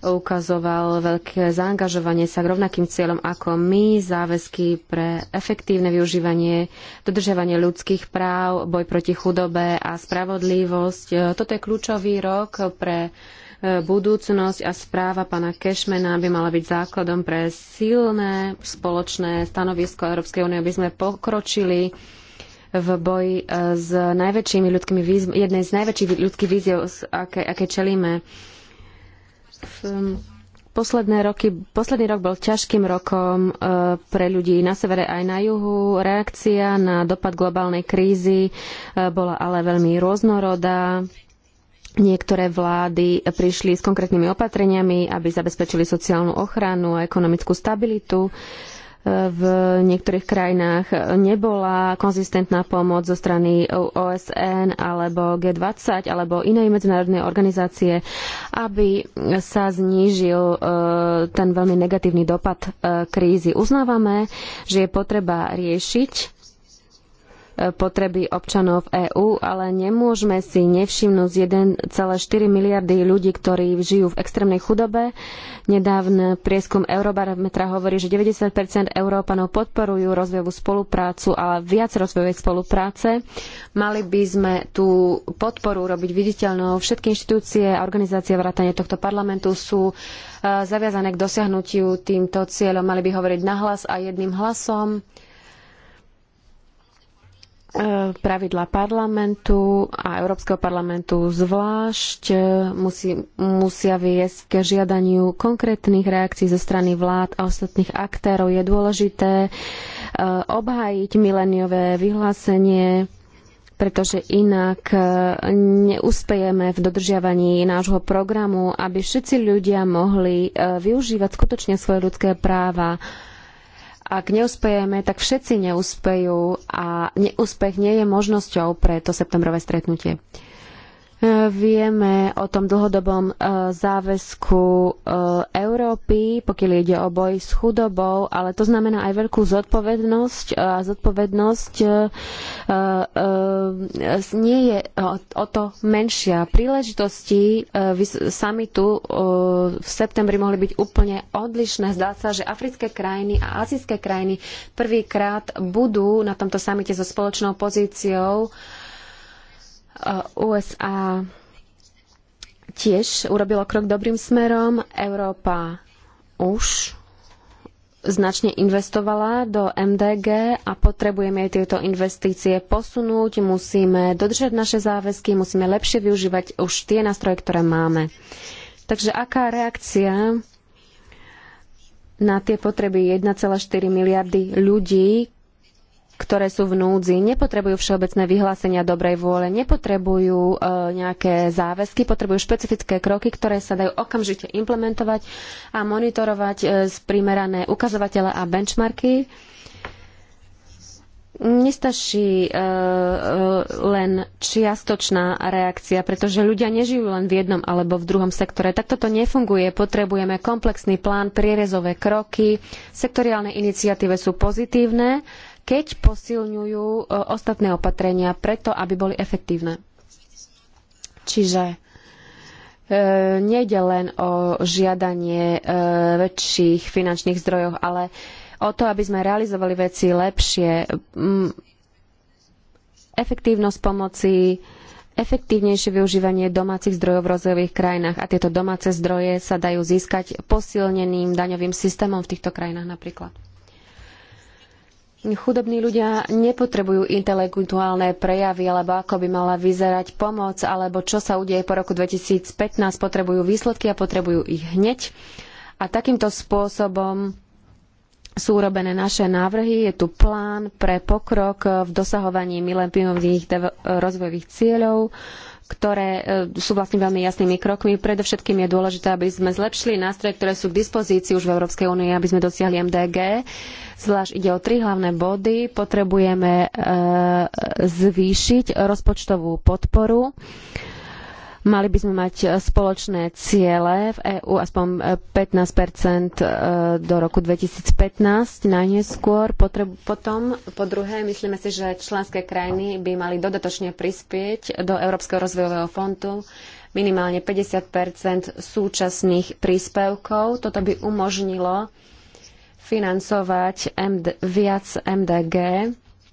ukazoval veľké zaangažovanie sa k rovnakým cieľom ako my, záväzky pre efektívne využívanie, dodržiavanie ľudských práv, boj proti chudobe a spravodlivosť. E, Toto je kľúčový rok pre e, budúcnosť a správa pána Kešmena by mala byť základom pre silné spoločné stanovisko Európskej únie, aby sme pokročili v boji e, s najväčšími ľudskými výzvami, jednej z najväčších ľudských výziev, aké, aké čelíme. Um, posledné roky, posledný rok bol ťažkým rokom uh, pre ľudí na severe aj na juhu. Reakcia na dopad globálnej krízy uh, bola ale veľmi rôznorodá. Niektoré vlády prišli s konkrétnymi opatreniami, aby zabezpečili sociálnu ochranu a ekonomickú stabilitu. Uh, v niektorých krajinách nebola konzistentná pomoc zo strany OSN alebo G20 alebo inej medzinárodnej organizácie, aby sa znížil e, ten veľmi negatívny dopad e, krízy. Uznávame, že je potreba riešiť potreby občanov EÚ, ale nemôžeme si nevšimnúť 1,4 miliardy ľudí, ktorí žijú v extrémnej chudobe. Nedávny prieskum Eurobarometra hovorí, že 90 Európanov podporujú rozvojovú spoluprácu, a viac rozvojovej spolupráce. Mali by sme tú podporu robiť viditeľnou. Všetky inštitúcie a organizácie vrátane tohto parlamentu sú e, zaviazané k dosiahnutiu týmto cieľom. Mali by hovoriť nahlas a jedným hlasom. E, pravidla parlamentu a Európskeho parlamentu zvlášť e, musí, musia viesť k žiadaniu konkrétnych reakcií zo strany vlád a ostatných aktérov. Je dôležité e, obhájiť mileniové vyhlásenie pretože inak neúspejeme v dodržiavaní nášho programu, aby všetci ľudia mohli využívať skutočne svoje ľudské práva ak neuspejeme, tak všetci neúspejú a neúspech nie je možnosťou pre to septembrové stretnutie. Vieme o tom dlhodobom e, záväzku e, Európy, pokiaľ ide o boj s chudobou, ale to znamená aj veľkú zodpovednosť e, a zodpovednosť nie je o to menšia. Príležitosti samitu v septembri mohli byť úplne odlišné. Zdá sa, že africké krajiny a azijské krajiny prvýkrát budú na tomto samite so spoločnou pozíciou Eh, USA tiež urobilo krok dobrým smerom. Európa už značne investovala do MDG a potrebujeme tieto investície posunúť, musíme dodržať naše záväzky, musíme lepšie využívať už tie nástroje, ktoré máme. Takže aká reakcia na tie potreby 1,4 miliardy ľudí, ktoré sú v núdzi, nepotrebujú všeobecné vyhlásenia dobrej vôle, nepotrebujú e, nejaké záväzky, potrebujú špecifické kroky, ktoré sa dajú okamžite implementovať a monitorovať e, primerané ukazovatele a benchmarky. Nestačí e, e, len čiastočná reakcia, pretože ľudia nežijú len v jednom alebo v druhom sektore. Takto to nefunguje. Potrebujeme komplexný plán, prierezové kroky. Sektoriálne iniciatíve sú pozitívne, keď posilňujú e, ostatné opatrenia preto, aby boli efektívne. Čiže e, nejde len o žiadanie e, väčších finančných zdrojov, ale o to, aby sme realizovali veci lepšie, efektívnosť pomoci, efektívnejšie využívanie domácich zdrojov v rozvojových krajinách a tieto domáce zdroje sa dajú získať posilneným daňovým systémom v týchto krajinách napríklad. Chudobní ľudia nepotrebujú intelektuálne prejavy, alebo ako by mala vyzerať pomoc, alebo čo sa udeje po roku 2015. Potrebujú výsledky a potrebujú ich hneď. A takýmto spôsobom sú urobené naše návrhy. Je tu plán pre pokrok v dosahovaní milenpínových rozvojových cieľov ktoré e, sú vlastne veľmi jasnými krokmi. Predovšetkým je dôležité, aby sme zlepšili nástroje, ktoré sú k dispozícii už v Európskej únii, aby sme dosiahli MDG. Zvlášť ide o tri hlavné body. Potrebujeme e, e, zvýšiť rozpočtovú podporu. E, Mali by sme mať e, spoločné ciele v EÚ, aspoň 15 e, e, do roku 2015 najneskôr. Potom, po druhé, myslíme si, že členské krajiny by mali dodatočne prispieť do Európskeho rozvojového fondu minimálne 50 súčasných príspevkov. Toto by umožnilo financovať MD, viac MDG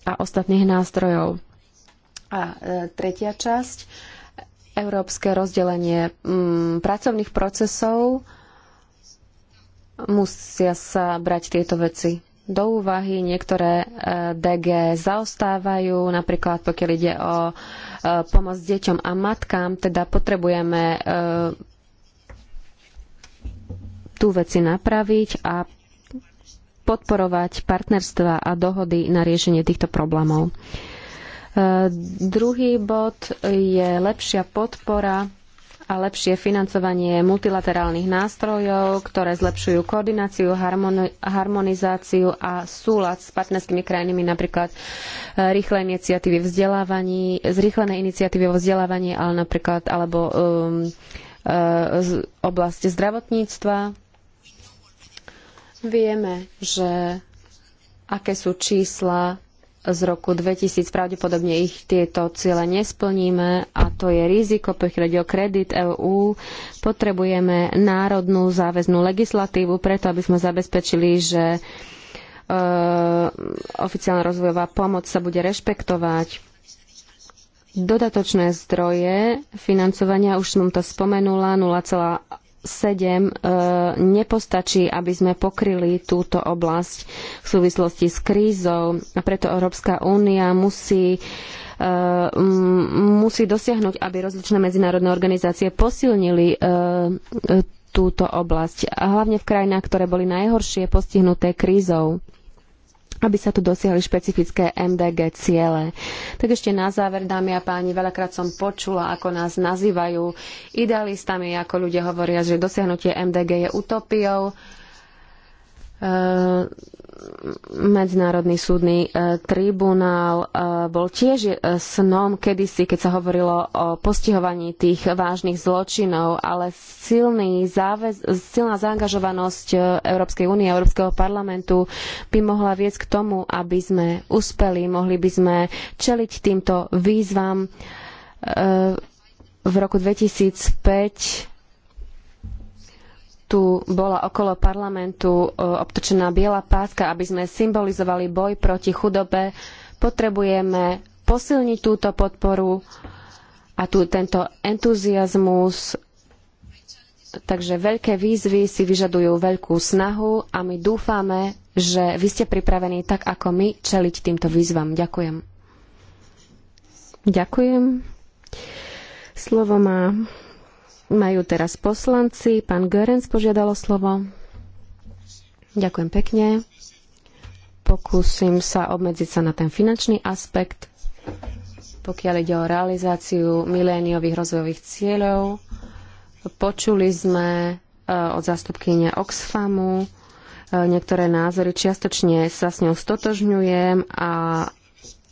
a ostatných nástrojov. A e, tretia časť európske rozdelenie mm, pracovných procesov. Musia sa brať tieto veci do úvahy. Niektoré e, DG zaostávajú, napríklad pokiaľ ide o e, pomoc deťom a matkám, teda potrebujeme e, tú veci napraviť a podporovať partnerstva a dohody na riešenie týchto problémov. Ehm, druhý bod je lepšia podpora a lepšie financovanie multilaterálnych nástrojov, ktoré zlepšujú koordináciu, harmonizáciu a súlad s partnerskými krajinami, napríklad ehm, rýchle iniciatívy vzdelávaní, zrýchlené iniciatívy vo vzdelávaní, ale napríklad alebo um, z oblasti zdravotníctva. Vieme, že aké sú čísla z roku 2000. Pravdepodobne ich tieto ciele nesplníme a to je riziko, pokiaľ ide o kredit EÚ. Potrebujeme národnú záväznú legislatívu preto, aby sme zabezpečili, že e, oficiálna rozvojová pomoc sa bude rešpektovať. Dodatočné zdroje financovania, už som to spomenula, 0,8 7 e, nepostačí, aby sme pokryli túto oblasť v súvislosti s krízou a preto Európska únia musí e, musí dosiahnuť, aby rozličné medzinárodné organizácie posilnili e, túto oblasť, a hlavne v krajinách, ktoré boli najhoršie postihnuté krízou aby sa tu dosiahli špecifické MDG ciele. Tak ešte na záver, dámy a páni, veľakrát som počula, ako nás nazývajú idealistami, ako ľudia hovoria, že dosiahnutie MDG je utopiou. Eh, Medzinárodný súdny eh, tribunál eh, bol tiež snom kedysi, keď sa hovorilo o postihovaní tých vážnych zločinov, ale silný záväz, silná zaangažovanosť Európskej únie, Európskeho parlamentu by mohla viesť k tomu, aby sme uspeli, mohli by sme čeliť týmto výzvam. V roku 2005 tu bola okolo parlamentu e, obtočená biela páska, aby sme symbolizovali boj proti chudobe, potrebujeme posilniť túto podporu a tu, tento entuziasmus. Takže veľké výzvy si vyžadujú veľkú snahu a my dúfame, že vy ste pripravení tak ako my čeliť týmto výzvam. Ďakujem. Ďakujem. Slovo má majú teraz poslanci. Pán Görens požiadalo slovo. Ďakujem pekne. Pokúsim sa obmedziť sa na ten finančný aspekt, pokiaľ ide o realizáciu miléniových rozvojových cieľov. Počuli sme e, od zástupkyne Oxfamu e, niektoré názory. Čiastočne sa s ňou stotožňujem a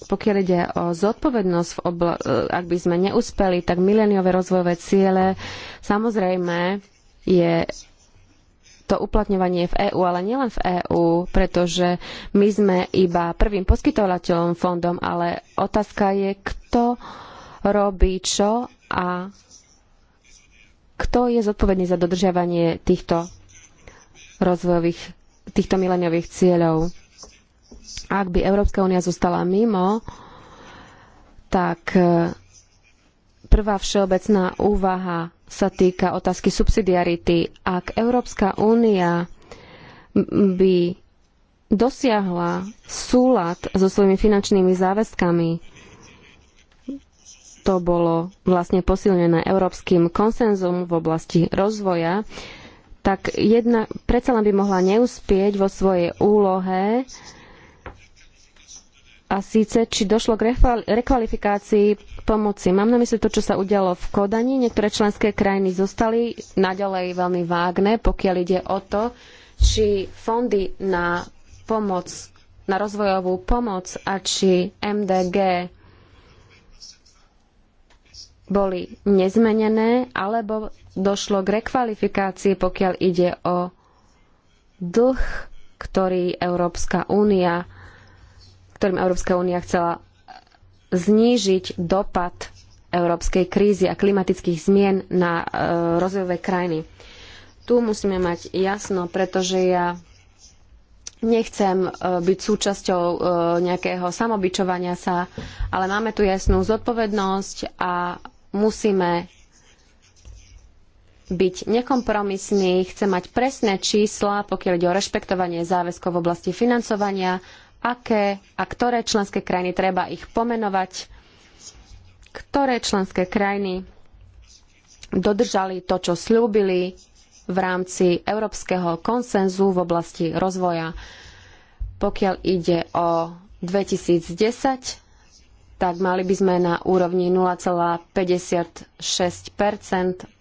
pokiaľ ide o zodpovednosť, v obla- eh, ak by sme neúspeli, tak mileniové rozvojové ciele, samozrejme je to uplatňovanie v EÚ, ale nielen v EÚ, pretože my sme iba prvým poskytovateľom fondom, ale otázka je, kto robí čo a kto je zodpovedný za dodržiavanie týchto rozvojových, týchto mileniových cieľov. Ak by Európska únia zostala mimo, tak e, prvá všeobecná úvaha sa týka otázky subsidiarity. Ak Európska únia by dosiahla súlad so svojimi finančnými záväzkami, to bolo vlastne posilnené európskym konsenzom v oblasti rozvoja, tak jedna predsa len by mohla neuspieť vo svojej úlohe a síce, či došlo k rekvalifikácii pomoci. Mám na mysli to, čo sa udialo v Kodani. Niektoré členské krajiny zostali naďalej veľmi vágne, pokiaľ ide o to, či fondy na pomoc, na rozvojovú pomoc a či MDG boli nezmenené, alebo došlo k rekvalifikácii, pokiaľ ide o dlh, ktorý Európska únia ktorým Európska únia chcela znížiť dopad európskej krízy a klimatických zmien na e, rozvojové krajiny. Tu musíme mať jasno, pretože ja nechcem e, byť súčasťou e, nejakého samobičovania sa, ale máme tu jasnú zodpovednosť a musíme byť nekompromisný, chce mať presné čísla, pokiaľ ide o rešpektovanie záväzkov v oblasti financovania aké a ktoré členské krajiny treba ich pomenovať, ktoré členské krajiny dodržali to, čo slúbili v rámci európskeho konsenzu v oblasti rozvoja. Pokiaľ ide o 2010, tak mali by sme na úrovni 0,56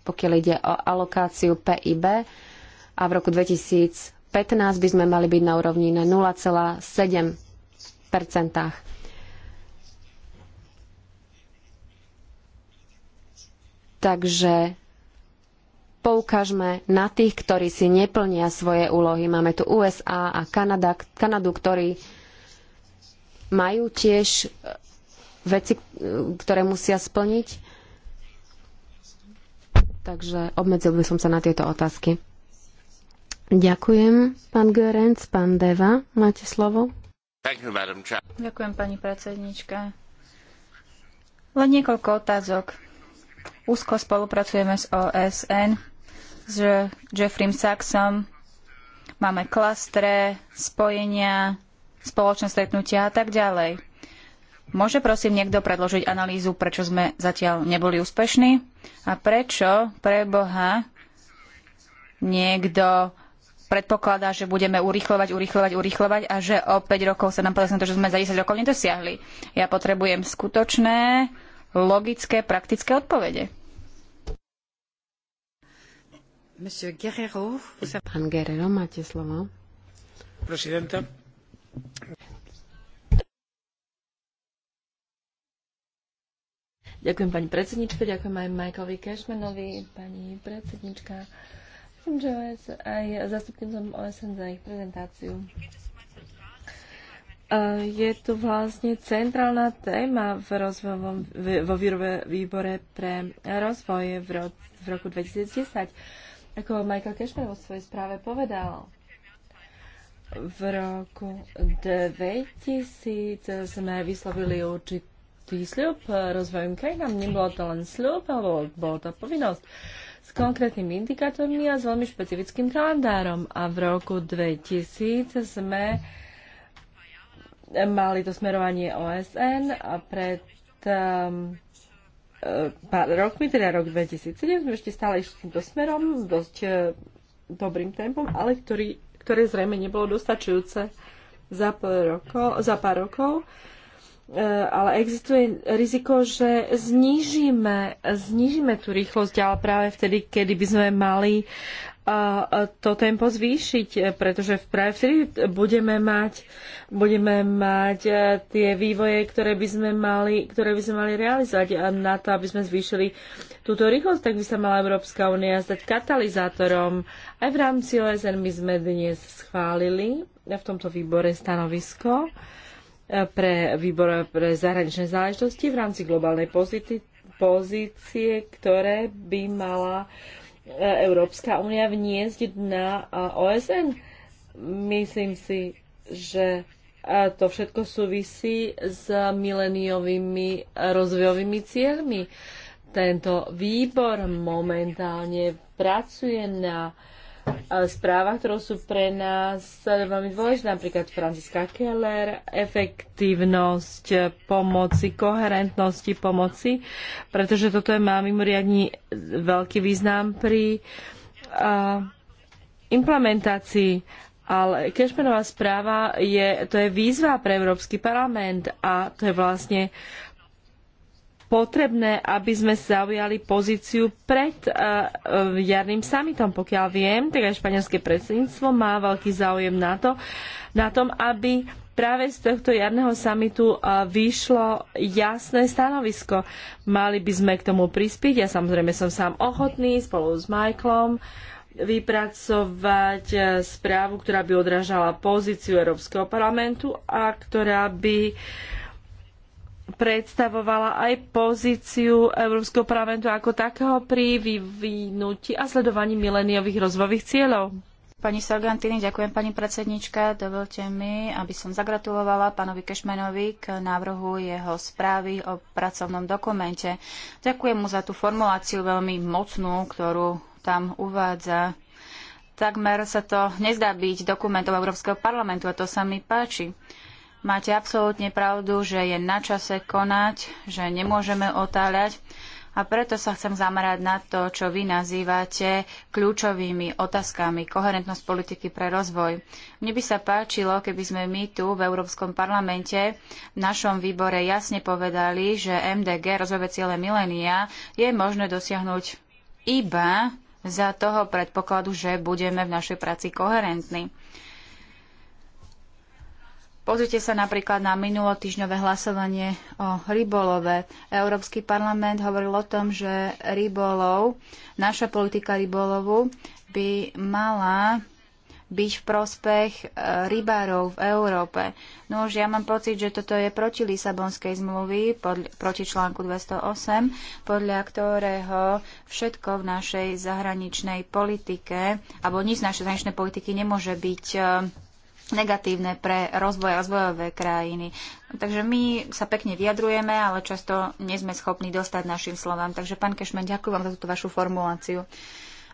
pokiaľ ide o alokáciu PIB a v roku 2011 2015 by sme mali byť na úrovni na 0,7 Takže poukážme na tých, ktorí si neplnia svoje úlohy. Máme tu USA a Kanada, Kanadu, ktorí majú tiež eh, veci, eh, ktoré musia splniť. Takže obmedzil by som sa na tieto otázky. Ďakujem, pán Görenc, pán Deva, máte slovo. Ďakujem, pani predsednička. Len niekoľko otázok. Úzko spolupracujeme s OSN, s Jeffrey Sachsom, máme klastre, spojenia, spoločné stretnutia a tak ďalej. Môže prosím niekto predložiť analýzu, prečo sme zatiaľ neboli úspešní a prečo pre Boha niekto predpokladá, že budeme urychľovať, urychľovať, urychľovať a že o 5 rokov sa nám podarí to, čo sme za 10 rokov nedosiahli. Ja potrebujem skutočné, logické, praktické odpovede. Guerrero, sa... Pán Guerrero, máte slovo. Presidenta. Ďakujem pani predsedničke, ďakujem aj Michaelovi Cashmanovi, pani predsednička. Ďakujem Joes aj zastupkyncom OSN za ich prezentáciu. Je tu vlastne centrálna téma v rozvojovom, vo výbore pre rozvoj v, ro, v roku 2010. Ako Michael Cashman vo svojej správe povedal, v roku 2000 sme vyslovili určitý sľub rozvojom krajinám. Nebolo to len sľub, alebo bolo to povinnosť s konkrétnymi indikátormi a s veľmi špecifickým kalendárom. A v roku 2000 sme mali to smerovanie OSN a pred um, pár rokmi, teda rok 2007, sme ešte stále išli týmto smerom, dosť uh, dobrým tempom, ale ktorý, ktoré zrejme nebolo dostačujúce za, roko, za pár rokov. E, ale existuje riziko, že znížime, znížime tú rýchlosť, ale práve vtedy, kedy by sme mali e, to tempo zvýšiť, pretože práve vtedy budeme mať, budeme mať e, tie vývoje, ktoré by, sme mali, ktoré by sme mali realizovať a na to, aby sme zvýšili túto rýchlosť, tak by sa mala Európska únia stať katalizátorom. Aj v rámci OSN my sme dnes schválili v tomto výbore stanovisko, pre výbor pre zahraničné záležitosti v rámci globálnej pozície, pozície ktoré by mala e, Európska únia vniesť na OSN. Myslím si, že e, to všetko súvisí s mileniovými rozvojovými cieľmi. Tento výbor momentálne pracuje na uh, E, správa, ktorú sú pre nás veľmi dôležité, napríklad Franciska Keller, efektívnosť pomoci, koherentnosti pomoci, pretože toto je, má mimoriadne veľký význam pri uh, implementácii ale Kešmenová správa je, to je výzva pre Európsky parlament a to je vlastne potrebné, aby sme zaujali pozíciu pred uh, jarným samitom. Pokiaľ viem, tak teda aj španielské predsedníctvo má veľký záujem na, to, na tom, aby práve z tohto jarného samitu eh, vyšlo jasné stanovisko. Mali by sme k tomu prispieť. Ja samozrejme som sám ochotný spolu s Michaelom vypracovať správu, ktorá by odrážala pozíciu Európskeho parlamentu a ktorá by uh, predstavovala aj pozíciu Európskeho parlamentu ako takého pri vyvinutí a sledovaní mileniových rozvojových cieľov. Pani Sargantini, ďakujem pani predsednička. Dovolte mi, aby som zagratulovala pánovi Kešmenovi k návrhu jeho správy o pracovnom dokumente. Ďakujem mu za tú formuláciu veľmi mocnú, ktorú tam uvádza. Takmer sa to nezdá byť dokumentom Európskeho parlamentu a to sa mi páči. Máte absolútne pravdu, že je na čase konať, že nemôžeme otáľať a preto sa chcem zamerať na to, čo vy nazývate kľúčovými otázkami koherentnosť politiky pre rozvoj. Mne by sa páčilo, keby sme my tu v Európskom parlamente v našom výbore jasne povedali, že MDG, rozvojové ciele milénia, je možné dosiahnuť iba za toho predpokladu, že budeme v našej práci koherentní. Pozrite sa napríklad na minulotýžňové hlasovanie o rybolove. Európsky parlament hovoril o tom, že rybolov, naša politika rybolovu by mala byť v prospech e, rybárov v Európe. No už ja mám pocit, že toto je proti Lisabonskej zmluvy, pod, proti článku 208, podľa ktorého všetko v našej zahraničnej politike, alebo nič z našej zahraničnej politiky nemôže byť e, negatívne pre rozvoj rozvojové krajiny. Takže my sa pekne vyjadrujeme, ale často nie sme schopní dostať našim slovám. Takže pán Kešman, ďakujem vám za túto vašu formuláciu.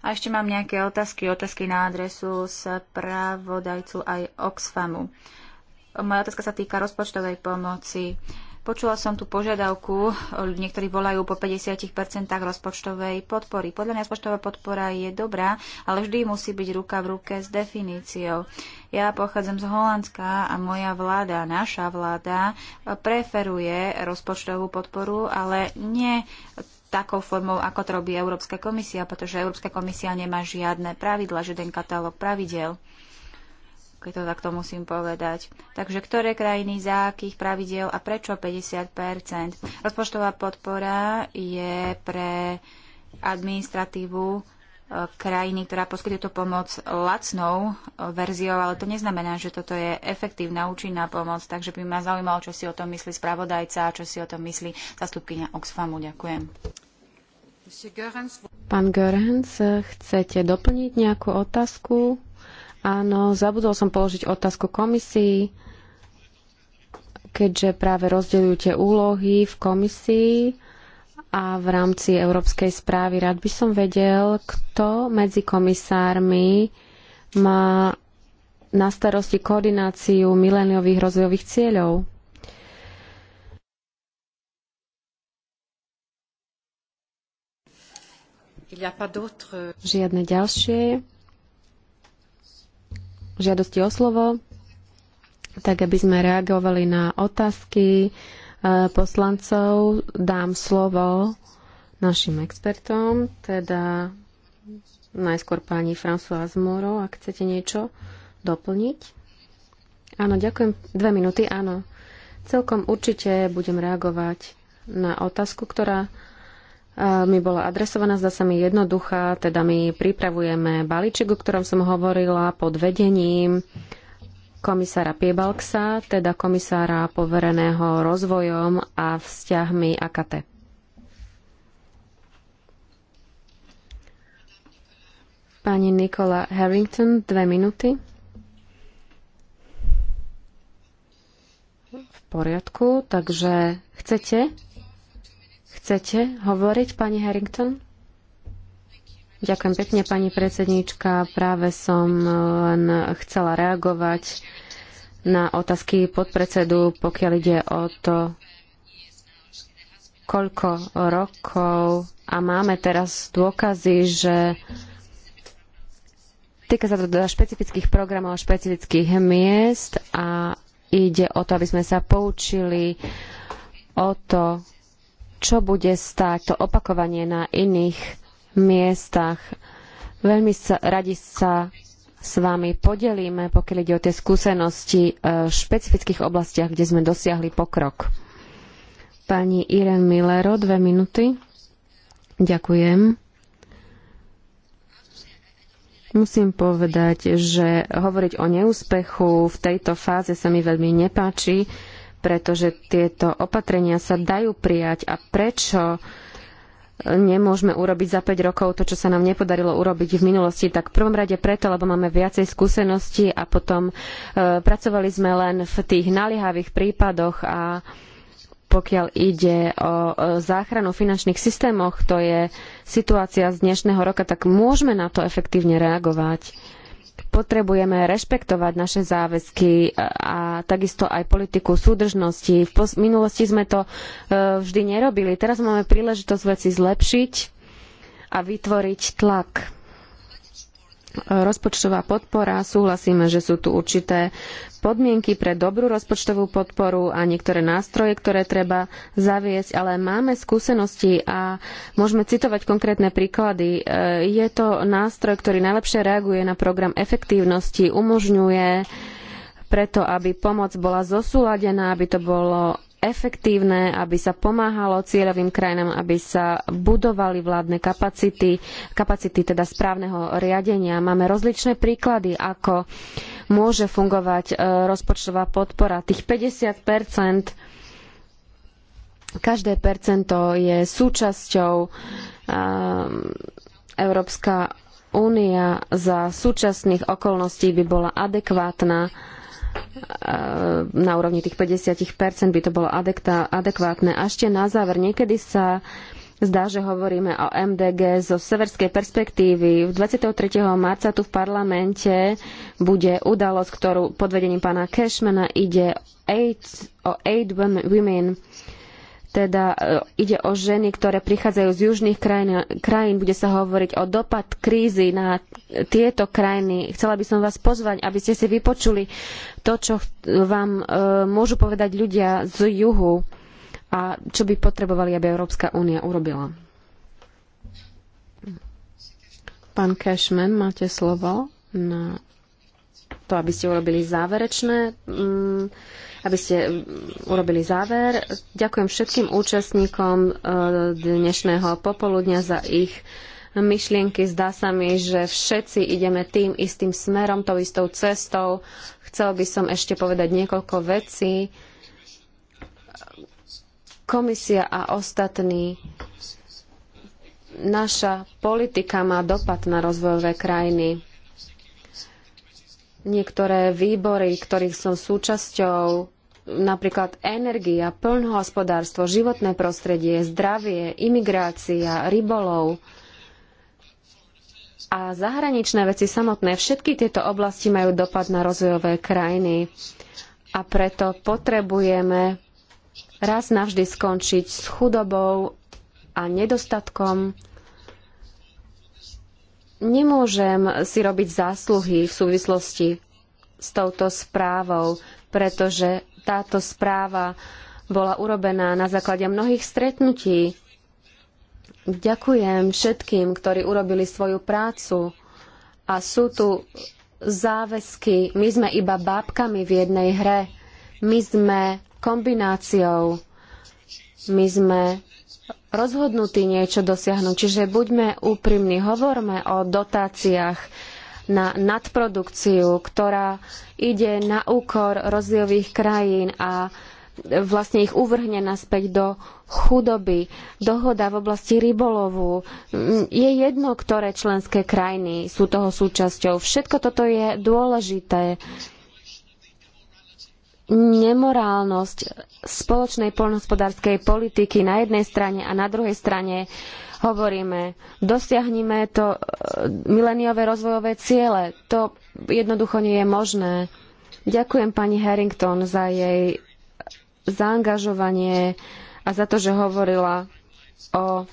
A ešte mám nejaké otázky, otázky na adresu spravodajcu aj Oxfamu. Moja otázka sa týka rozpočtovej pomoci. Uh, Počula som tu požiadavku, niektorí volajú po 50% rozpočtovej podpory. Podľa mňa rozpočtová podpora je dobrá, ale vždy musí byť ruka v ruke s definíciou. Ja pochádzam z Holandska a moja vláda, naša vláda, preferuje rozpočtovú podporu, ale nie takou formou, ako to robí Európska komisia, pretože Európska komisia nemá žiadne pravidla, žiaden katalóg pravidel keď to takto musím povedať. Takže ktoré krajiny, za akých pravidiel a prečo 50%? Rozpočtová podpora je pre administratívu e, krajiny, ktorá poskytuje tú pomoc lacnou e, verziou, ale to neznamená, že toto je efektívna, účinná pomoc, takže by ma zaujímalo, čo si o tom myslí spravodajca a čo si o tom myslí zastupkynia Oxfamu. Ďakujem. Pán Görens, chcete doplniť nejakú otázku? Áno, zabudol som položiť otázku komisii, keďže práve rozdeľujú tie úlohy v komisii a v rámci Európskej správy. Rád by som vedel, kto medzi komisármi má na starosti koordináciu mileniových rozvojových cieľov. Žiadne ďalšie žiadosti o slovo, tak aby sme reagovali na otázky e, poslancov. Dám slovo našim expertom, teda najskôr pani François Moro, ak chcete niečo doplniť. Áno, ďakujem. Dve minúty, áno. Celkom určite budem reagovať na otázku, ktorá mi bola adresovaná, zdá sa mi jednoduchá, teda my pripravujeme balíček, o ktorom som hovorila pod vedením komisára Piebalksa, teda komisára povereného rozvojom a vzťahmi AKT. Pani Nikola Harrington, dve minúty. V poriadku, takže chcete Chcete hovoriť, pani Harrington? Ďakujem pekne, pani predsedníčka. Práve som eh, len chcela reagovať na otázky podpredsedu, pokiaľ ide o to, koľko rokov a máme teraz dôkazy, že týka sa to teda špecifických programov a špecifických miest a ide o to, aby sme sa poučili o to, čo bude stáť to opakovanie na iných miestach. Veľmi sa, radi sa s vami podelíme, pokiaľ ide o tie skúsenosti e, v špecifických oblastiach, kde sme dosiahli pokrok. Pani Irene Millero, dve minúty. Ďakujem. Musím povedať, že hovoriť o neúspechu v tejto fáze sa mi veľmi nepáči pretože tieto opatrenia sa dajú prijať a prečo nemôžeme urobiť za 5 rokov to, čo sa nám nepodarilo urobiť v minulosti, tak v prvom rade preto, lebo máme viacej skúseností a potom e, pracovali sme len v tých naliehavých prípadoch a pokiaľ ide o e, záchranu finančných systémoch, to je situácia z dnešného roka, tak môžeme na to efektívne reagovať Potrebujeme rešpektovať naše záväzky e, a takisto aj politiku súdržnosti. V minulosti sme to e, vždy nerobili. Teraz máme príležitosť veci zlepšiť a vytvoriť tlak. E, rozpočtová podpora, súhlasíme, že sú tu určité podmienky pre dobrú rozpočtovú podporu a niektoré nástroje, ktoré treba zaviesť, ale máme skúsenosti a môžeme citovať konkrétne príklady. E, je to nástroj, ktorý najlepšie reaguje na program efektívnosti, umožňuje preto, aby pomoc bola zosúladená, aby to bolo efektívne, aby sa pomáhalo cieľovým krajinám, aby sa budovali vládne kapacity, kapacity teda správneho riadenia. Máme rozličné príklady, ako môže fungovať e, rozpočtová podpora. Tých 50 každé percento je súčasťou e, Európska únia za súčasných okolností by bola adekvátna e, na úrovni tých 50% by to bolo adekvátne. A ešte na záver, niekedy sa zdá, že hovoríme o MDG zo severskej perspektívy. 23. marca tu v parlamente bude udalosť, ktorú pod vedením pána Cashmana ide o Aid Women, teda e, ide o ženy, ktoré prichádzajú z južných krajín, krajín. Bude sa hovoriť o dopad krízy na tieto krajiny. Chcela by som vás pozvať, aby ste si vypočuli to, čo vám e, môžu povedať ľudia z juhu a čo by potrebovali, aby Európska únia urobila. Pán Cashman, máte slovo na to, aby ste urobili záverečné, mm, aby ste mm, urobili záver. Ďakujem všetkým účastníkom eh, dnešného popoludňa za ich myšlienky. Zdá sa mi, že všetci ideme tým istým smerom, tou istou cestou. Chcel by som ešte povedať niekoľko vecí komisia a ostatní. Naša politika má dopad na rozvojové krajiny. Niektoré výbory, ktorých som súčasťou, napríklad energia, plnohospodárstvo, životné prostredie, zdravie, imigrácia, rybolov a zahraničné veci samotné, všetky tieto oblasti majú dopad na rozvojové krajiny a preto potrebujeme raz navždy skončiť s chudobou a nedostatkom. Nemôžem si robiť zásluhy v súvislosti s touto správou, pretože táto správa bola urobená na základe mnohých stretnutí. Ďakujem všetkým, ktorí urobili svoju prácu. A sú tu záväzky. My sme iba bábkami v jednej hre. My sme kombináciou. My sme rozhodnutí niečo dosiahnuť. Čiže buďme úprimní, hovorme o dotáciách na nadprodukciu, ktorá ide na úkor rozvojových krajín a vlastne ich uvrhne naspäť do chudoby. Dohoda v oblasti rybolovu je jedno, ktoré členské krajiny sú toho súčasťou. Všetko toto je dôležité nemorálnosť spoločnej poľnohospodárskej politiky na jednej strane a na druhej strane hovoríme, dosiahnime to e, mileniové rozvojové ciele. To jednoducho nie je možné. Ďakujem pani Harrington za jej zaangažovanie a za to, že hovorila o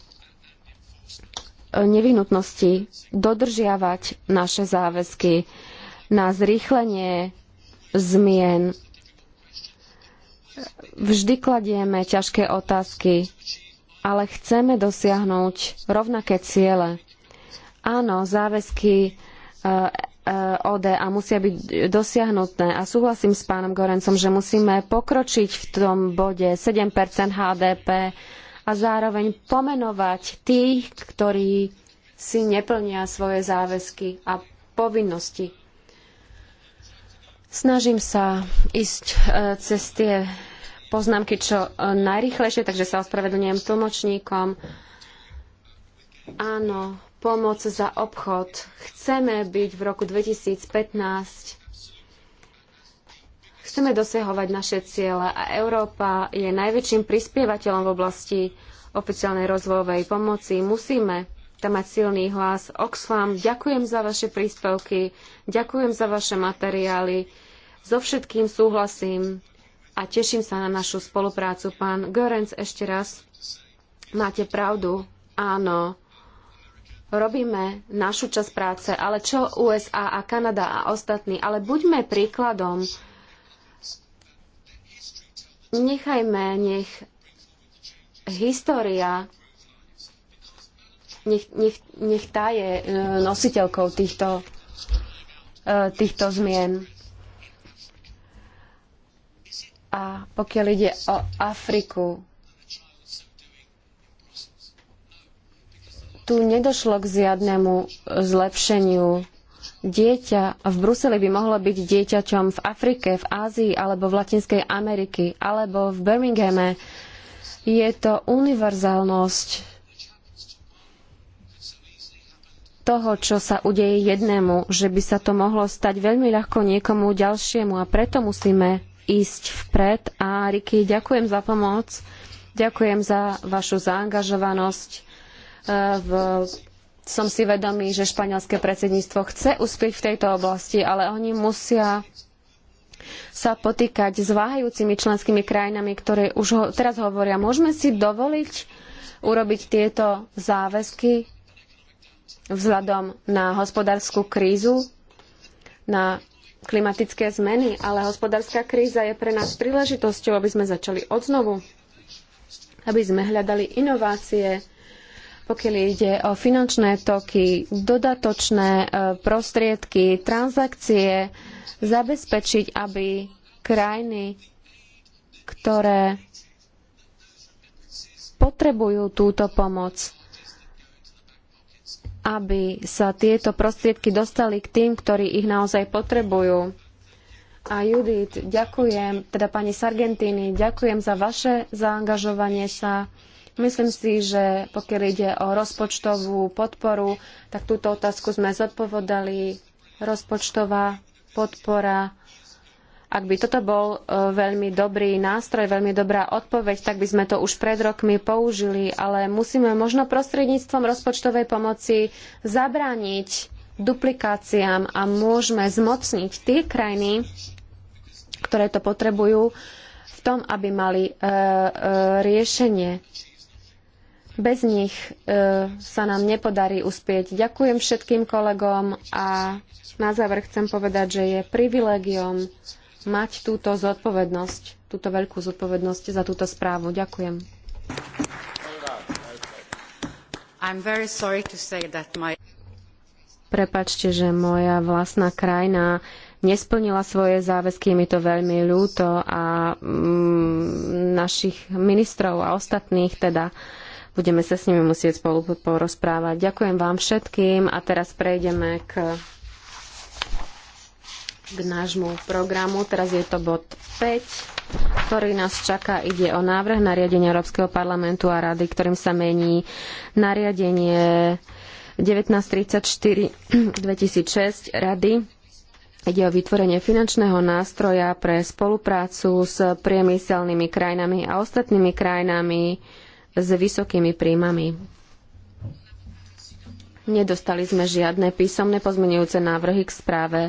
nevyhnutnosti dodržiavať naše záväzky na zrýchlenie zmien Vždy kladieme ťažké otázky, ale chceme dosiahnuť rovnaké ciele. Áno, záväzky e, e, ODA musia byť dosiahnuté a súhlasím s pánom Gorencom, že musíme pokročiť v tom bode 7% HDP a zároveň pomenovať tých, ktorí si neplnia svoje záväzky a povinnosti. Snažím sa ísť e, cez tie poznámky čo e, najrychlejšie, takže sa ospravedlňujem tlmočníkom. Áno, pomoc za obchod. Chceme byť v roku 2015 Chceme dosahovať naše ciele a Európa je najväčším prispievateľom v oblasti oficiálnej rozvojovej pomoci. Musíme tam mať silný hlas. Oxfam, ďakujem za vaše príspevky, ďakujem za vaše materiály. So všetkým súhlasím a teším sa na našu spoluprácu. Pán Görenc, ešte raz, máte pravdu, áno, robíme našu časť práce, ale čo USA a Kanada a ostatní, ale buďme príkladom, nechajme, nech história, nech, nech, nech tá je e, nositeľkou týchto, e, týchto zmien. A pokiaľ ide o Afriku, tu nedošlo k žiadnemu zlepšeniu. Dieťa v Bruseli by mohlo byť dieťaťom v Afrike, v Ázii alebo v Latinskej Ameriky alebo v Birminghame. Je to univerzálnosť toho, čo sa udeje jednému, že by sa to mohlo stať veľmi ľahko niekomu ďalšiemu a preto musíme ísť vpred. A Riky, ďakujem za pomoc, ďakujem za vašu zaangažovanosť. E, v... Som si vedomý, že španielske predsedníctvo chce uspieť v tejto oblasti, ale oni musia sa potýkať s váhajúcimi členskými krajinami, ktoré už ho, teraz hovoria, môžeme si dovoliť urobiť tieto záväzky vzhľadom na hospodársku krízu, na klimatické zmeny, ale hospodárska kríza je pre nás príležitosťou, aby sme začali odznovu, aby sme hľadali inovácie, pokiaľ ide o finančné toky, dodatočné e, prostriedky, transakcie, zabezpečiť, aby krajiny, ktoré potrebujú túto pomoc, aby sa tieto prostriedky dostali k tým, ktorí ich naozaj potrebujú. A Judith, ďakujem, teda pani Sargentini, ďakujem za vaše zaangažovanie sa. Myslím si, že pokiaľ ide o rozpočtovú podporu, tak túto otázku sme zodpovedali. Rozpočtová podpora ak by toto bol e, veľmi dobrý nástroj, veľmi dobrá odpoveď, tak by sme to už pred rokmi použili, ale musíme možno prostredníctvom rozpočtovej pomoci zabrániť duplikáciám a môžeme zmocniť tie krajiny, ktoré to potrebujú, v tom, aby mali e, e, riešenie. Bez nich e, sa nám nepodarí uspieť. Ďakujem všetkým kolegom a na záver chcem povedať, že je privilégiom mať túto zodpovednosť, túto veľkú zodpovednosť za túto správu. Ďakujem. My... Prepačte, že moja vlastná krajina nesplnila svoje záväzky, je mi to veľmi ľúto a mm, našich ministrov a ostatných teda budeme sa s nimi musieť spolu porozprávať. Ďakujem vám všetkým a teraz prejdeme k k nášmu programu. Teraz je to bod 5, ktorý nás čaká. Ide o návrh nariadenia Európskeho parlamentu a rady, ktorým sa mení nariadenie 1934-2006 (clears throat) rady. Ide o vytvorenie finančného nástroja pre spoluprácu s priemyselnými krajinami a ostatnými krajinami s vysokými príjmami. Nedostali sme žiadne písomné pozmenujúce návrhy k správe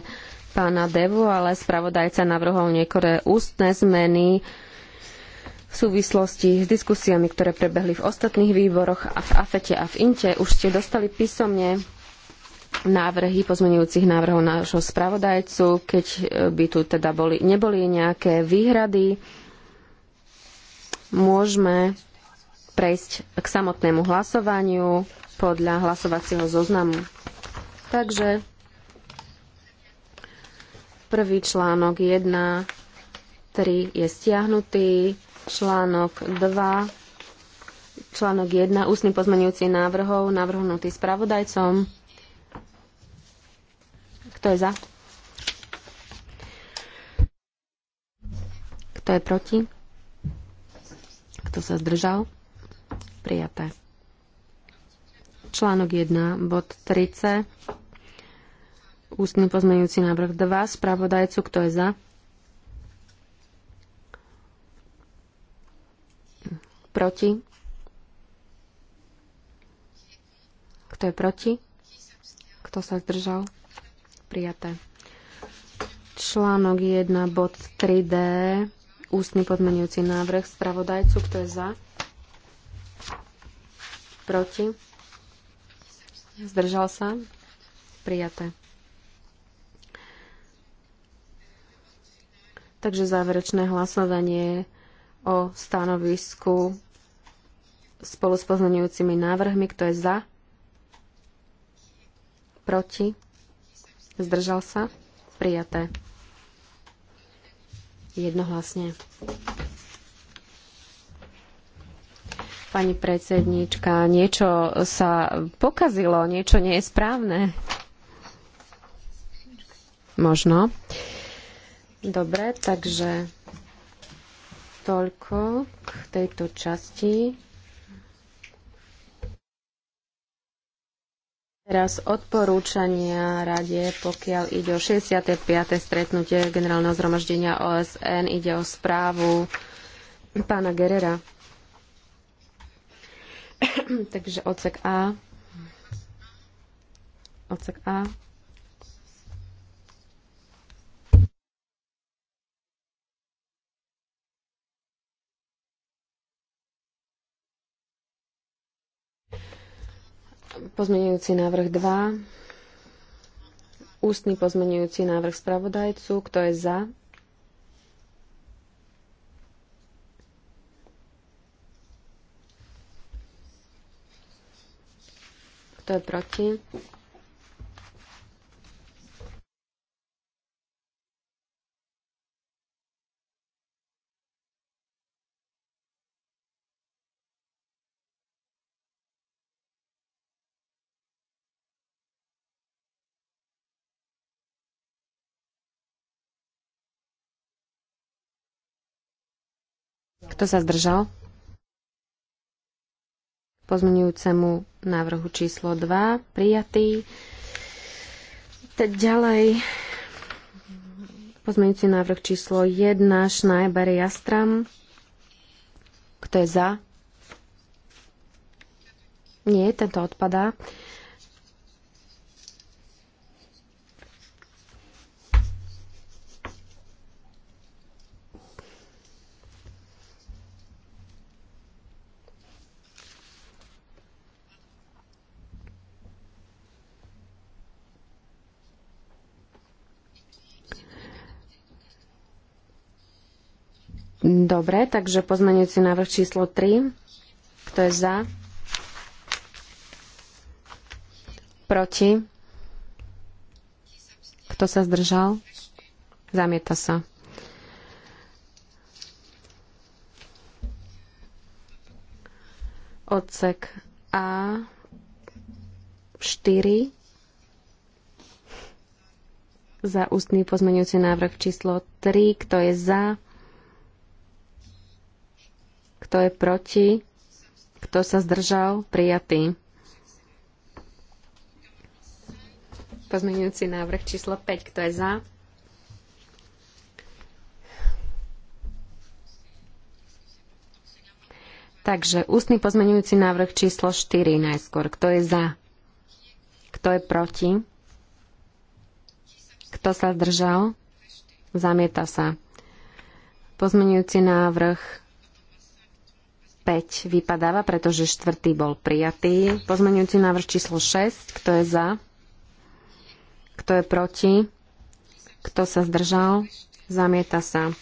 pána Devu, ale spravodajca navrhol niektoré ústne zmeny v súvislosti s diskusiami, ktoré prebehli v ostatných výboroch a v AFETE a v INTE. Už ste dostali písomne návrhy pozmenujúcich návrhov nášho spravodajcu, keď e, by tu teda boli, neboli nejaké výhrady, môžeme prejsť k samotnému hlasovaniu podľa hlasovacieho zoznamu. Takže Prvý článok 1, 3 je stiahnutý. Článok 2, článok 1, ústny pozmenujúci návrhov, navrhnutý spravodajcom. Kto je za? Kto je proti? Kto sa zdržal? Prijaté. Článok 1, bod 30 Ústny pozmeňujúci návrh 2 spravodajcu. Kto je za? Proti? Kto je proti? Kto sa zdržal? Prijaté. Článok 1, bod 3D, ústny podmenujúci návrh spravodajcu. Kto je za? Proti? Zdržal sa? Prijaté. Takže záverečné hlasovanie o stanovisku spolu s poznaniujúcimi návrhmi. Kto je za? Proti? Zdržal sa? Prijaté. Jednohlasne. Pani predsednička, niečo sa pokazilo, niečo nie je správne. Možno. Dobre, takže toľko k tejto časti. Teraz odporúčania rade, pokiaľ ide o 65. stretnutie generálneho zhromaždenia OSN, ide o správu pána Gerera. (clears throat) Takže odsek A. Odsek A. Pozmenujúci návrh 2. Ústny pozmenujúci návrh spravodajcu. Kto je za? Kto je proti? Kto sa zdržal? Pozmenujúcemu návrhu číslo 2 prijatý. Teď ďalej pozmenujúci návrh číslo 1 Schneiber Jastram. Kto je za? Nie, tento odpadá. Dobre, takže pozmeňujúci návrh číslo 3. Kto je za? Proti? Kto sa zdržal? Zamieta sa. Odsek A 4 za ústný pozmeňujúci návrh číslo 3. Kto je za? Kto je proti? Kto sa zdržal? Prijatý. Pozmeňujúci návrh číslo 5. Kto je za? Takže ústny pozmeňujúci návrh číslo 4 najskôr. Kto je za? Kto je proti? Kto sa zdržal? Zamieta sa. Pozmeňujúci návrh 5 vypadáva, pretože štvrtý bol prijatý. Pozmenujúci návrh číslo 6. Kto je za? Kto je proti? Kto sa zdržal? Zamieta sa.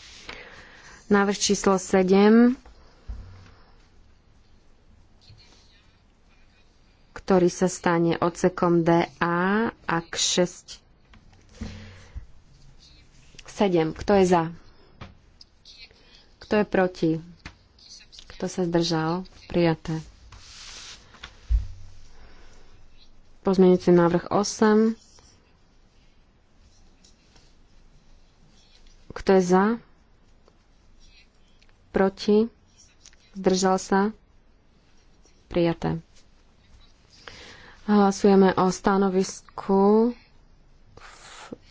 Návrh číslo 7. ktorý sa stane odsekom DA a k 6. 7. Kto je za? Kto je proti? Kto sa zdržal? Prijaté. Pozmienujúci návrh 8. Kto je za? Proti? Zdržal sa? Prijaté. Hlasujeme o stanovisku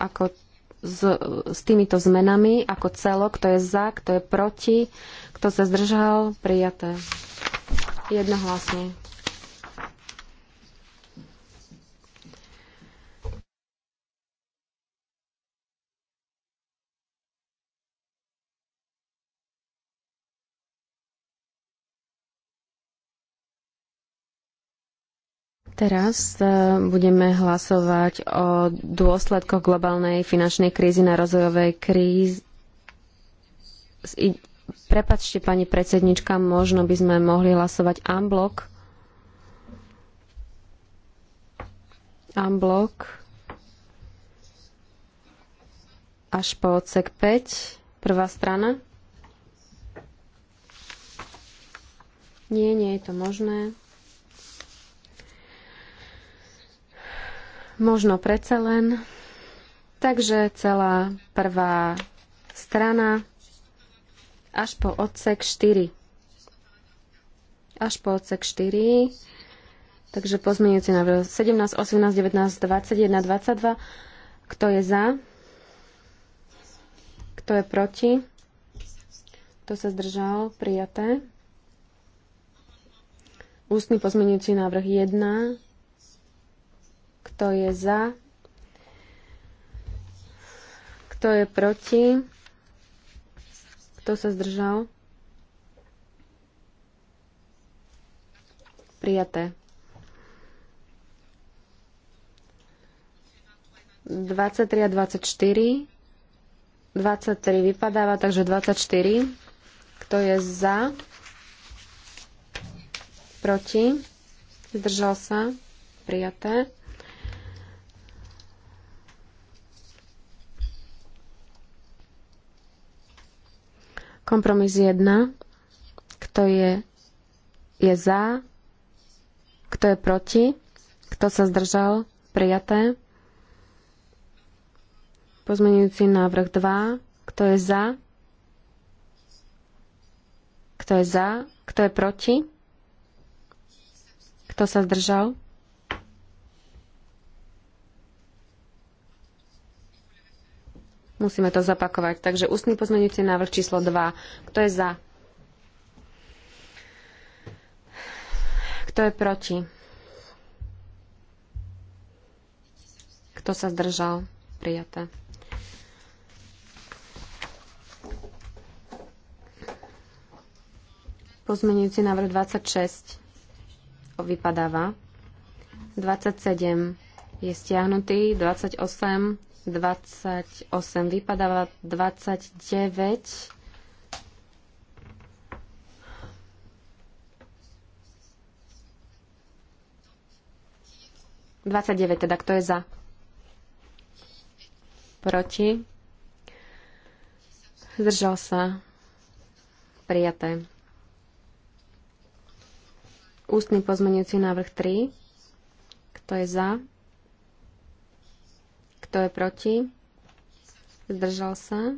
ako s, s týmito zmenami ako celok, kto je za, kto je proti, kto sa zdržal? Prijaté. Jednohlasne. Teraz e, budeme hlasovať o dôsledkoch globálnej finančnej krízy na rozvojovej kríz Prepačte, pani predsednička, možno by sme mohli hlasovať unblock. Unblock až po odsek 5, prvá strana. Nie, nie je to možné. Možno predsa len. Takže celá prvá strana až po odsek 4. Až po odsek 4. Takže pozmeňujúci návrh 17, 18, 19, 21, 22. Kto je za? Kto je proti? Kto sa zdržal? Prijaté. Ústny pozmeňujúci návrh 1. Kto je za? Kto je proti? Kto sa zdržal? Prijaté. 23 a 24. 23 vypadáva, takže 24. Kto je za? Proti? Zdržal sa? Prijaté. Kompromis 1. Kto je, je za? Kto je proti? Kto sa zdržal? Prijaté. Pozmenujúci návrh 2. Kto je za? Kto je za? Kto je proti? Kto sa zdržal? Musíme to zapakovať. Takže ústny pozmeňujúci návrh číslo 2. Kto je za? Kto je proti? Kto sa zdržal? Prijaté. Pozmenujúci návrh 26 vypadáva. 27 je stiahnutý, 28 28 vypadáva 29. Dvadsaťdeväť, teda kto je za? Proti? Zdržal sa. Prijaté. Ústny pozmenujúci návrh 3. Kto je za? Kto je proti? Zdržal sa?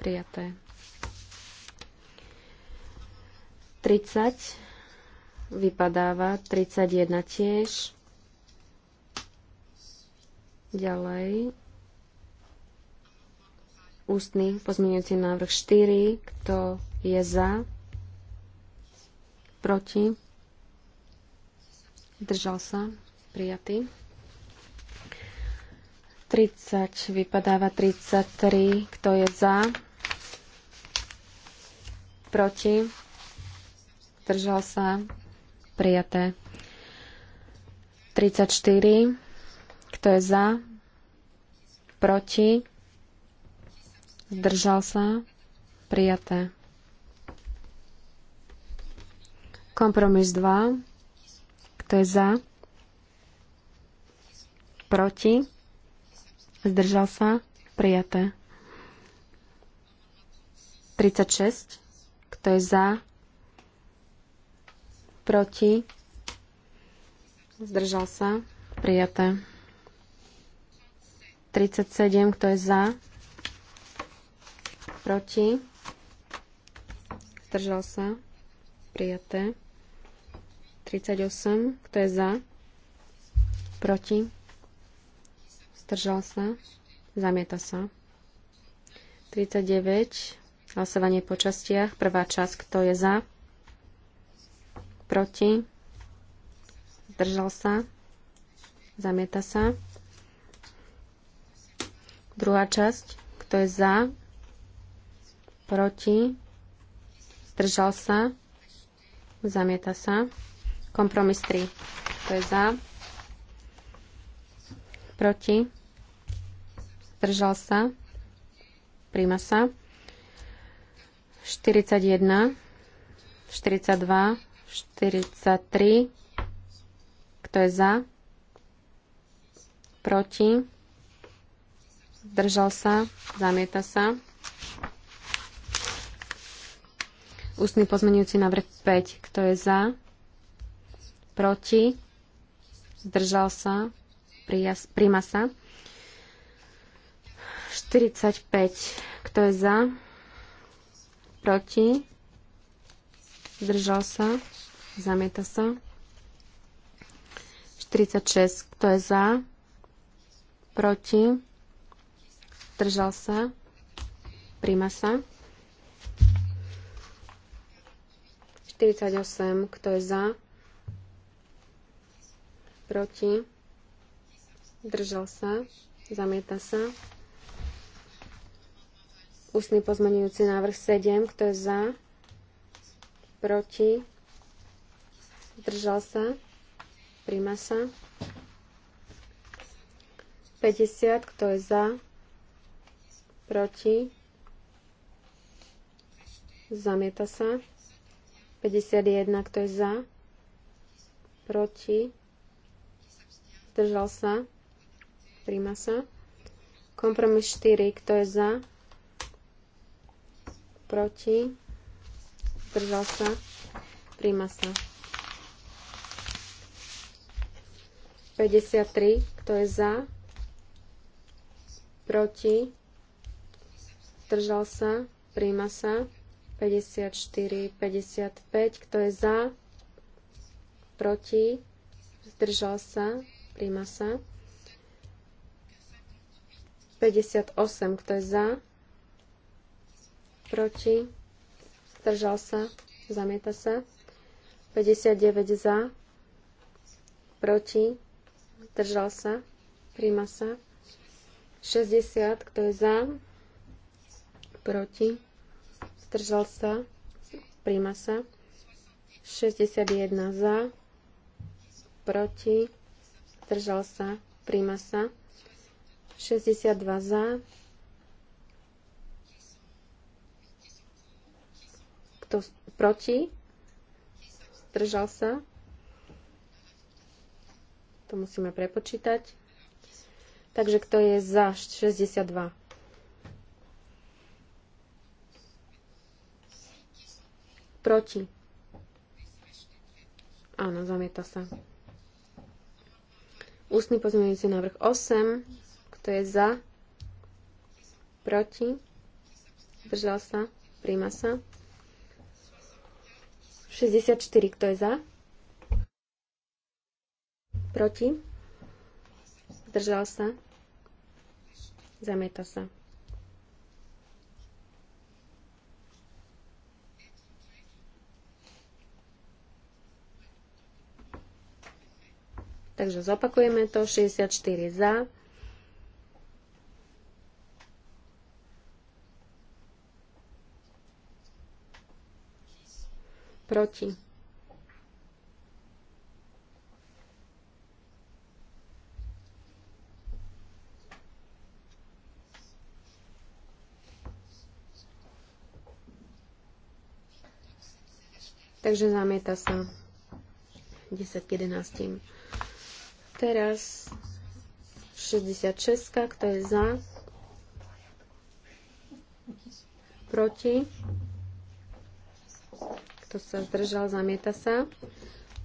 Prijaté. 30 vypadáva, 31 tiež. Ďalej. Ústny pozmeňujúci návrh 4. Kto je za? Proti? Držal sa? Prijatý. 30 vypadáva 33. Kto je za? Proti? Držal sa? Prijaté. 34. Kto je za? Proti? Zdržal sa? Prijaté. Kompromis 2. Kto je za? Proti? zdržal sa, prijaté. 36, kto je za, proti, zdržal sa, prijaté. 37, kto je za, proti, zdržal sa, prijaté. 38, kto je za, proti, Zdržal sa? Zamieta sa. 39. Hlasovanie po častiach. Prvá časť, kto je za? Proti? Zdržal sa? Zamieta sa. Druhá časť, kto je za? Proti? Zdržal sa? Zamieta sa. Kompromis 3. Kto je za? proti, zdržal sa, príjma sa. 41, 42, 43, kto je za, proti, zdržal sa, zamieta sa. Ústny pozmenujúci návrh 5, kto je za, proti, zdržal sa, Príjma sa. 45. Kto je za? Proti? Zdržal sa? Zamieta sa. 46. Kto je za? Proti? Zdržal sa? Príjma sa. 48. Kto je za? Proti? Držal sa. Zamieta sa. Ústny pozmenujúci návrh 7. Kto je za? Proti? držal sa? Príjma sa? 50. Kto je za? Proti? Zamieta sa? 51. Kto je za? Proti? Zdržal sa? príjma sa. Kompromis 4, kto je za? Proti? Zdržal sa? Príjma sa. 53, kto je za? Proti? Zdržal sa? Príjma sa. 54, 55, kto je za? Proti? Zdržal sa? Príjma sa. 58. Kto je za? Proti? Zdržal sa? Zamieta sa? 59 za? Proti? Zdržal sa? Príjma sa? 60. Kto je za? Proti? Zdržal sa? Príjma sa? 61 za? Proti? Zdržal sa? Príjma sa? 62 za. Kto proti? Zdržal sa? To musíme prepočítať. Takže kto je za 62? Proti. Áno, zamieta sa. Ústny pozmeňujúci návrh 8 to je za? Proti? Zdržal sa? Príjma sa. 64. Kto je za? Proti? Zdržal sa? Zamieta sa. Takže zopakujeme to. 64 za, proti. Takže zamieta sa 10 k 11. Teraz 66, kto je za? Proti? kto sa zdržal, zamieta sa.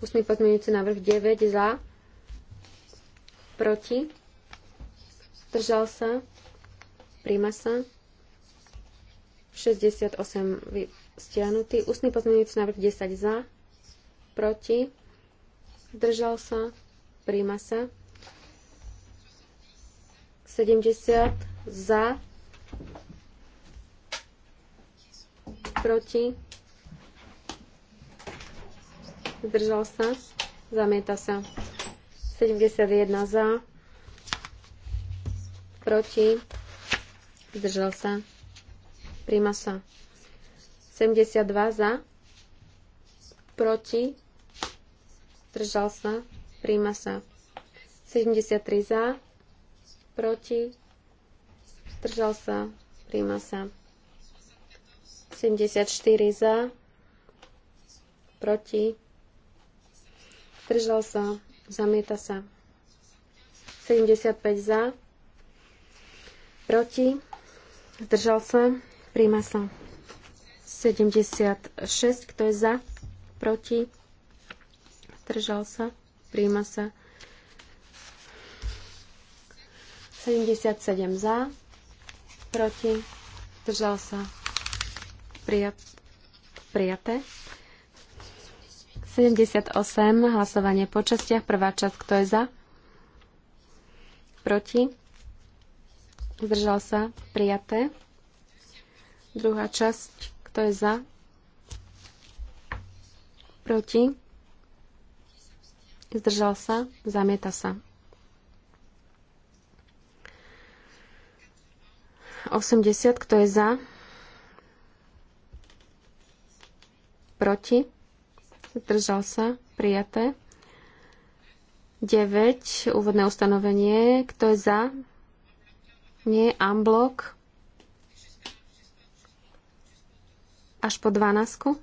Ústny pozmeňujúci návrh 9 za, proti, zdržal sa, príjma sa. 68 stiahnutý. Ústny pozmeňujúci návrh 10 za, proti, zdržal sa, príjma sa. 70 za, proti, zdržal sa, zamieta sa. 71 za, proti, zdržal sa, príjma sa. 72 za, proti, zdržal sa, príjma sa. 73 za, proti, zdržal sa, príjma sa. 74 za, proti, zdržal sa, zamieta sa. 75 za, proti, zdržal sa, príjma sa. 76, kto je za, proti, zdržal sa, príjma sa. 77 za, proti, zdržal sa, prijat, prijaté. 78, hlasovanie po častiach. Prvá časť, kto je za? Proti? Zdržal sa? Prijaté. Druhá časť, kto je za? Proti? Zdržal sa? Zamieta sa. 80, kto je za? Proti? zdržal sa, prijaté. 9, úvodné ustanovenie, kto je za, nie, amblok. až po 12.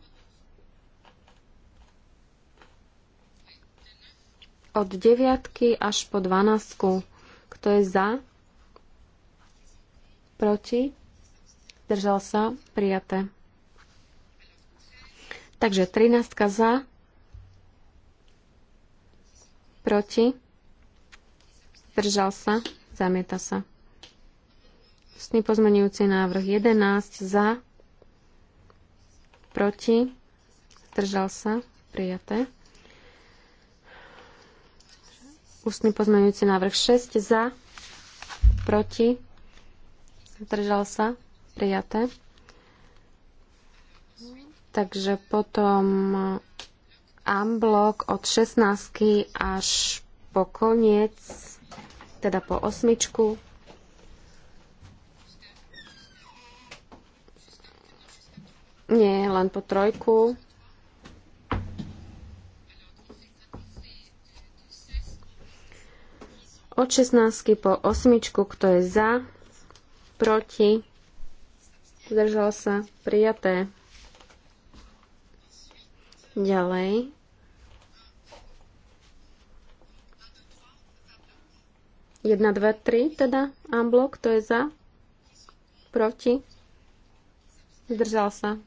Od 9 až po 12. Kto je za? Proti? Držal sa? Prijaté. Takže 13 za, proti, držal sa, zamieta sa. Ústny pozmenujúci návrh 11 za, proti, zdržal sa, prijaté. Ústny pozmenujúci návrh 6 za, proti, zdržal sa, prijaté. Takže potom amblok od 16 až po koniec, teda po osmičku. Nie, len po trojku. Od 16 po osmičku, kto je za, proti, zdržal sa, prijaté. Ďalej. Jedna, dva, tri, teda unblock, to je za, proti, zdržal sa.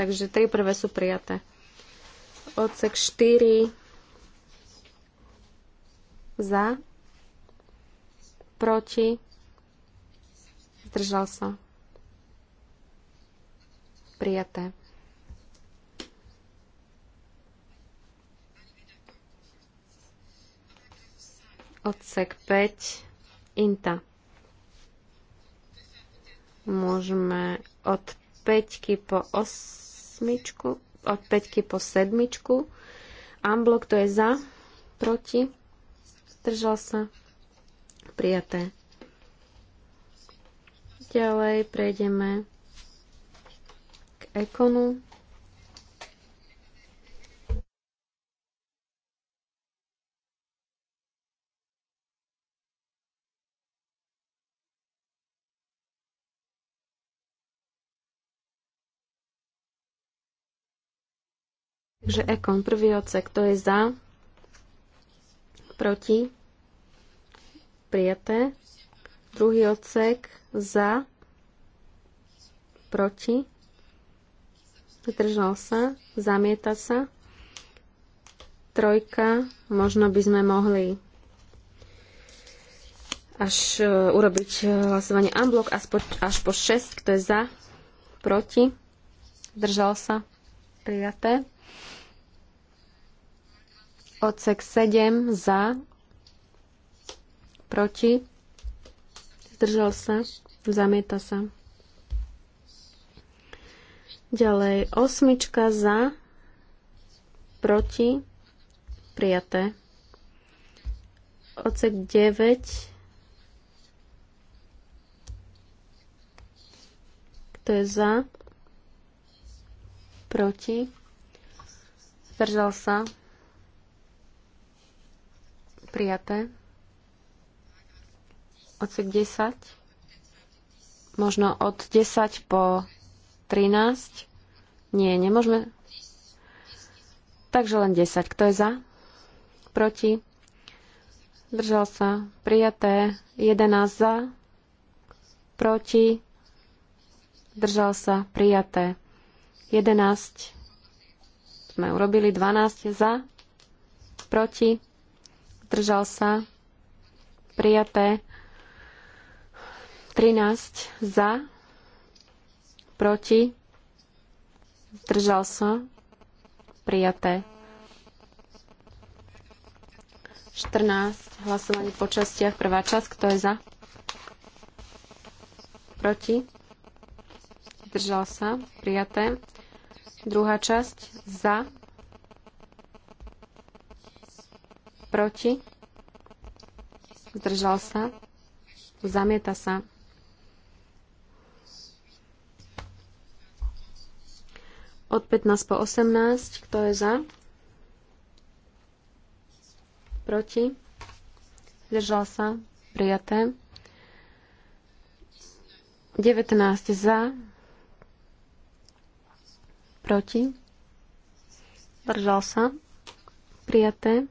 Takže tri prvé sú prijaté. Odsek 4 za, proti, zdržal sa. Prijaté. Odsek 5. Inta. Môžeme od 5 po 8, od 5 po 7. Amblok to je za, proti, zdržal sa, prijaté. Ďalej prejdeme k ekonu. Takže ekon, prvý odsek, to je za, proti, prijaté. Druhý odsek, za, proti, zdržal sa, zamieta sa. Trojka, možno by sme mohli až e, urobiť e, hlasovanie unblock až po, až po 6, kto je za, proti, zdržal sa, prijaté. Odsek 7 za, proti, zdržal sa, zamieta sa. Ďalej osmička za, proti, prijaté. Odsek 9. Kto je za? Proti. Zdržal sa prijaté. Odsek 10, možno od 10 po 13. Nie, nemôžeme. Takže len 10. Kto je za? Proti? Držal sa. Prijaté. 11 za. Proti? Držal sa. Prijaté. 11. Sme urobili 12 za. Proti? zdržal sa, prijaté. 13 za, proti, zdržal sa, prijaté. 14, hlasovanie po častiach, prvá časť, kto je za? Proti? Zdržal sa, prijaté. Druhá časť, za, proti, zdržal sa, zamieta sa. Od 15 po 18, kto je za, proti, zdržal sa, prijaté. 19 za, proti, zdržal sa, prijaté.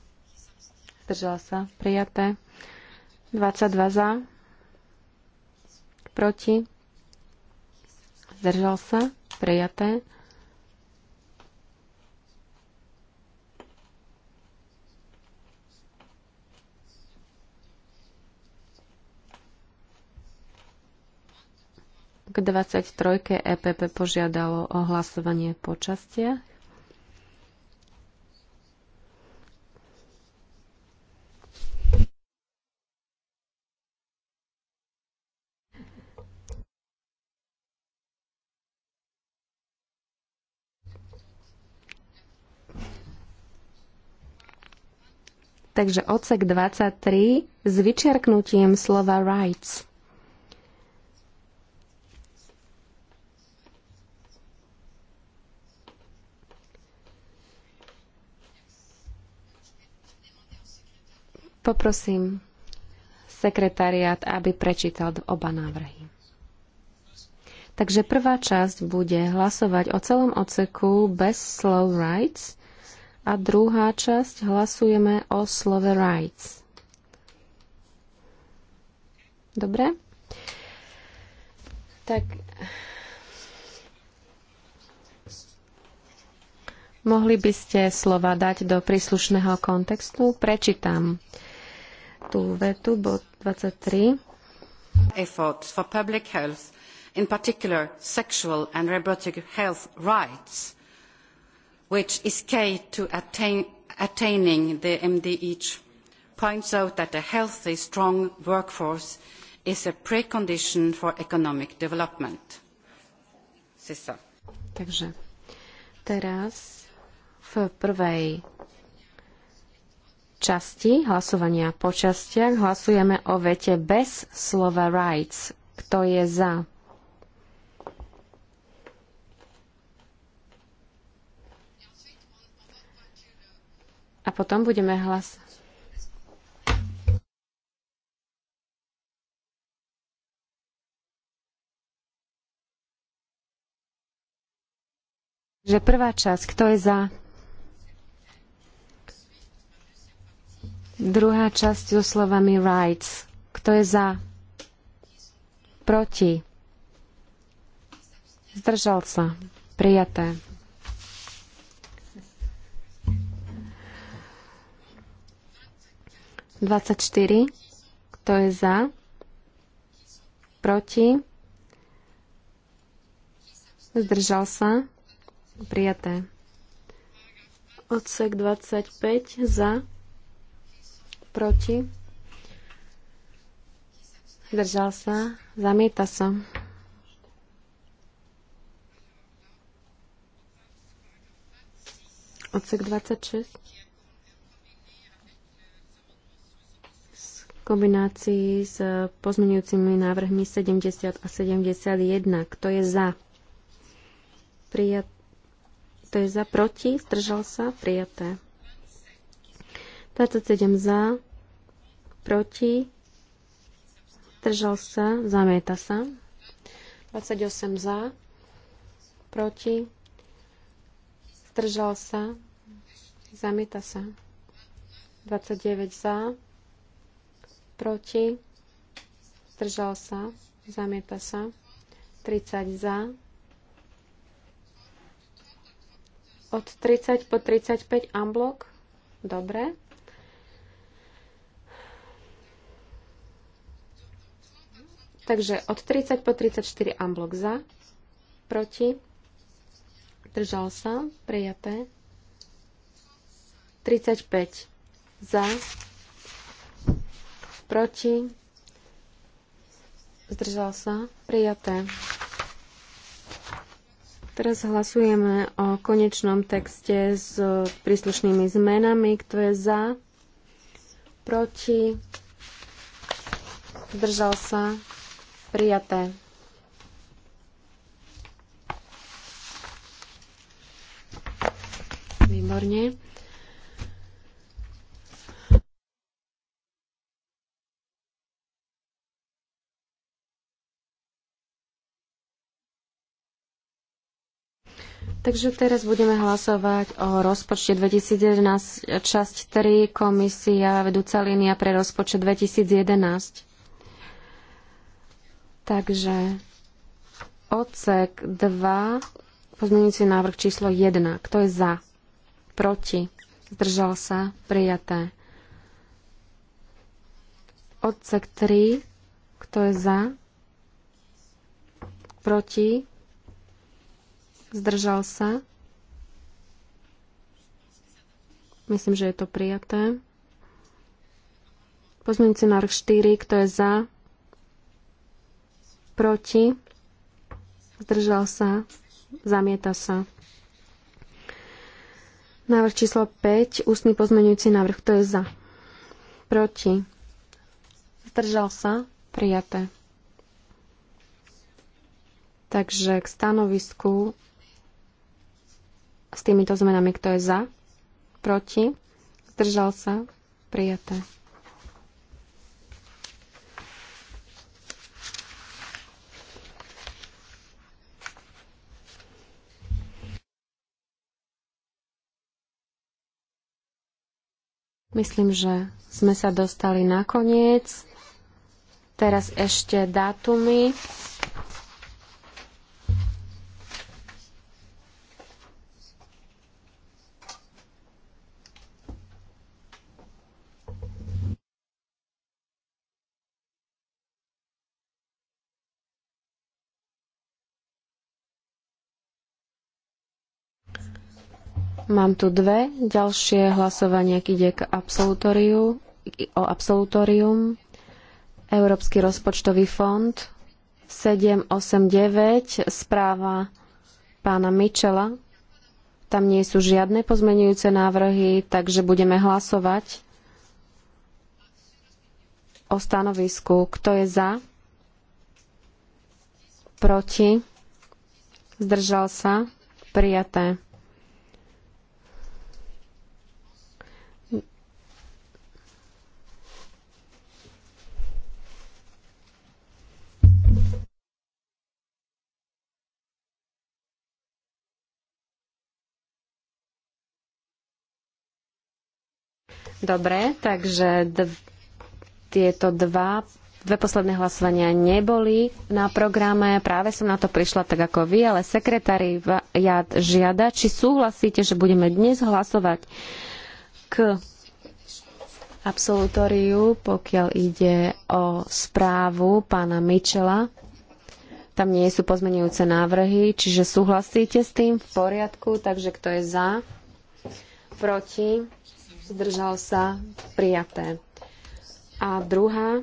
Zdržal sa. Prijaté. 22 za. Proti. Zdržal sa. Prijaté. 23. EPP požiadalo o hlasovanie po častiach. Takže odsek 23 s vyčerknutím slova rights. Poprosím sekretariat, aby prečítal oba návrhy. Takže prvá časť bude hlasovať o celom oceku bez slow rights a druhá časť hlasujeme o slove rights. Dobre? Tak mohli by ste slova dať do príslušného kontextu? Prečítam tú vetu, bod 23. Efforts for public health, in particular sexual and reproductive health rights – which is key to attain, attaining the MDH, e points out that a healthy, strong workforce is a precondition for economic development. Sisa. Takže teraz v prvej časti hlasovania po častiach hlasujeme o vete bez slova rights. Kto je za? A potom budeme hlas. Že prvá časť, kto je za? Druhá časť so slovami rights. Kto je za? Proti? Zdržal sa. Prijaté. 24. Kto je za? Proti? Zdržal sa? Prijaté. Odsek 25. Za? Proti? Zdržal sa? Zamieta sa. Odsek 26. kombinácii s pozmenujúcimi návrhmi 70 a 71. Kto je za? Prijat... To je za, proti, zdržal sa, prijaté. 27 za, proti, zdržal sa, zamieta sa. 28 za, proti, zdržal sa, zamieta sa. 29 za, proti, zdržal sa, zamieta sa, 30 za, od 30 po 35 amblok, dobre. Takže od 30 po 34 amblok za, proti, držal sa, prijaté, 35 za, proti, zdržal sa, prijaté. Teraz hlasujeme o konečnom texte s príslušnými zmenami, kto je za, proti, zdržal sa, prijaté. Výborne. Takže teraz budeme hlasovať o rozpočte 2011, časť 3, komisia, vedúca línia pre rozpočet 2011. Takže odsek 2, pozmeňujúci návrh číslo 1. Kto je za? Proti? Zdržal sa? Prijaté. Odsek 3. Kto je za? Proti? Zdržal sa. Myslím, že je to prijaté. Pozmeňujúci návrh 4, kto je za? Proti? Zdržal sa? Zamieta sa. Návrh číslo 5, ústny pozmeňujúci návrh, kto je za? Proti? Zdržal sa? Prijaté. Takže k stanovisku s týmito zmenami. Kto je za? Proti? Zdržal sa? Prijaté. Myslím, že sme sa dostali na koniec. Teraz ešte dátumy. Mám tu dve. Ďalšie hlasovanie ide k absolutóriu, o absolutórium. Európsky rozpočtový fond 789, správa pána Michela. Tam nie sú žiadne pozmenujúce návrhy, takže budeme hlasovať o stanovisku. Kto je za? Proti? Zdržal sa? Prijaté. Dobre, takže dv- tieto dva, dve posledné hlasovania neboli na programe. Práve som na to prišla tak ako vy, ale sekretári sekretariat žiada, či súhlasíte, že budeme dnes hlasovať k absolutóriu, pokiaľ ide o správu pána Michela. Tam nie sú pozmenujúce návrhy, čiže súhlasíte s tým v poriadku, takže kto je za, proti, zdržal sa, prijaté. A druhá,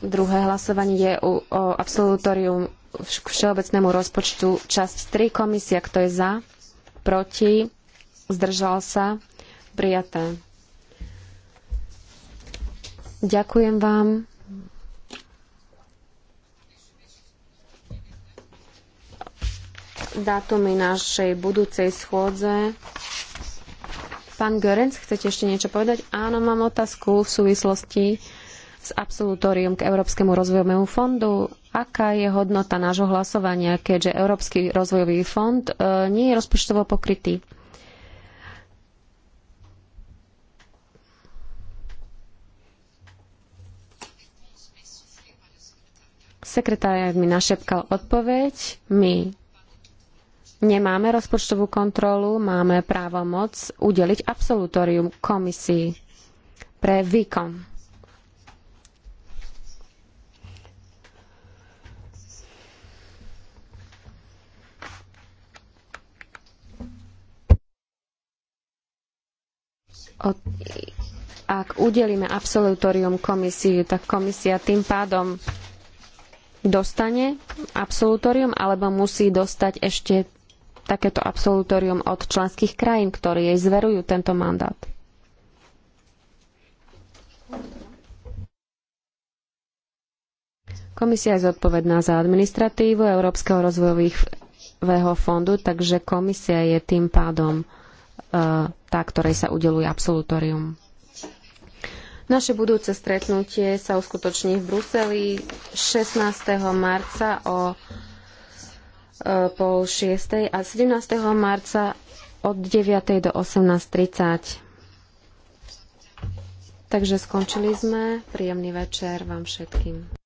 druhé hlasovanie je o, o absolutorium k všeobecnému rozpočtu časť 3 komisia, kto je za, proti, zdržal sa, prijaté. Ďakujem vám. Dátumy našej budúcej schôdze Pán Görenc, chcete ešte niečo povedať? Áno, mám otázku v súvislosti s absolutórium k Európskemu rozvojovému fondu. Aká je hodnota nášho hlasovania, keďže Európsky rozvojový fond e, nie je rozpočtovo pokrytý? Sekretár mi našepkal odpoveď. My nemáme rozpočtovú kontrolu, máme právomoc udeliť absolutórium komisii pre výkon. Od, ak udelíme absolutórium komisii, tak komisia tým pádom dostane absolutórium alebo musí dostať ešte takéto absolutórium od členských krajín, ktorí jej zverujú tento mandát. Komisia je zodpovedná za administratívu Európskeho rozvojového fondu, takže komisia je tým pádom e, tá, ktorej sa udeluje absolutórium. Naše budúce stretnutie sa uskutoční v Bruseli 16. marca o Eh, pol šiestej a 17. marca od 9. do 18.30. Takže skončili sme. Príjemný večer vám všetkým.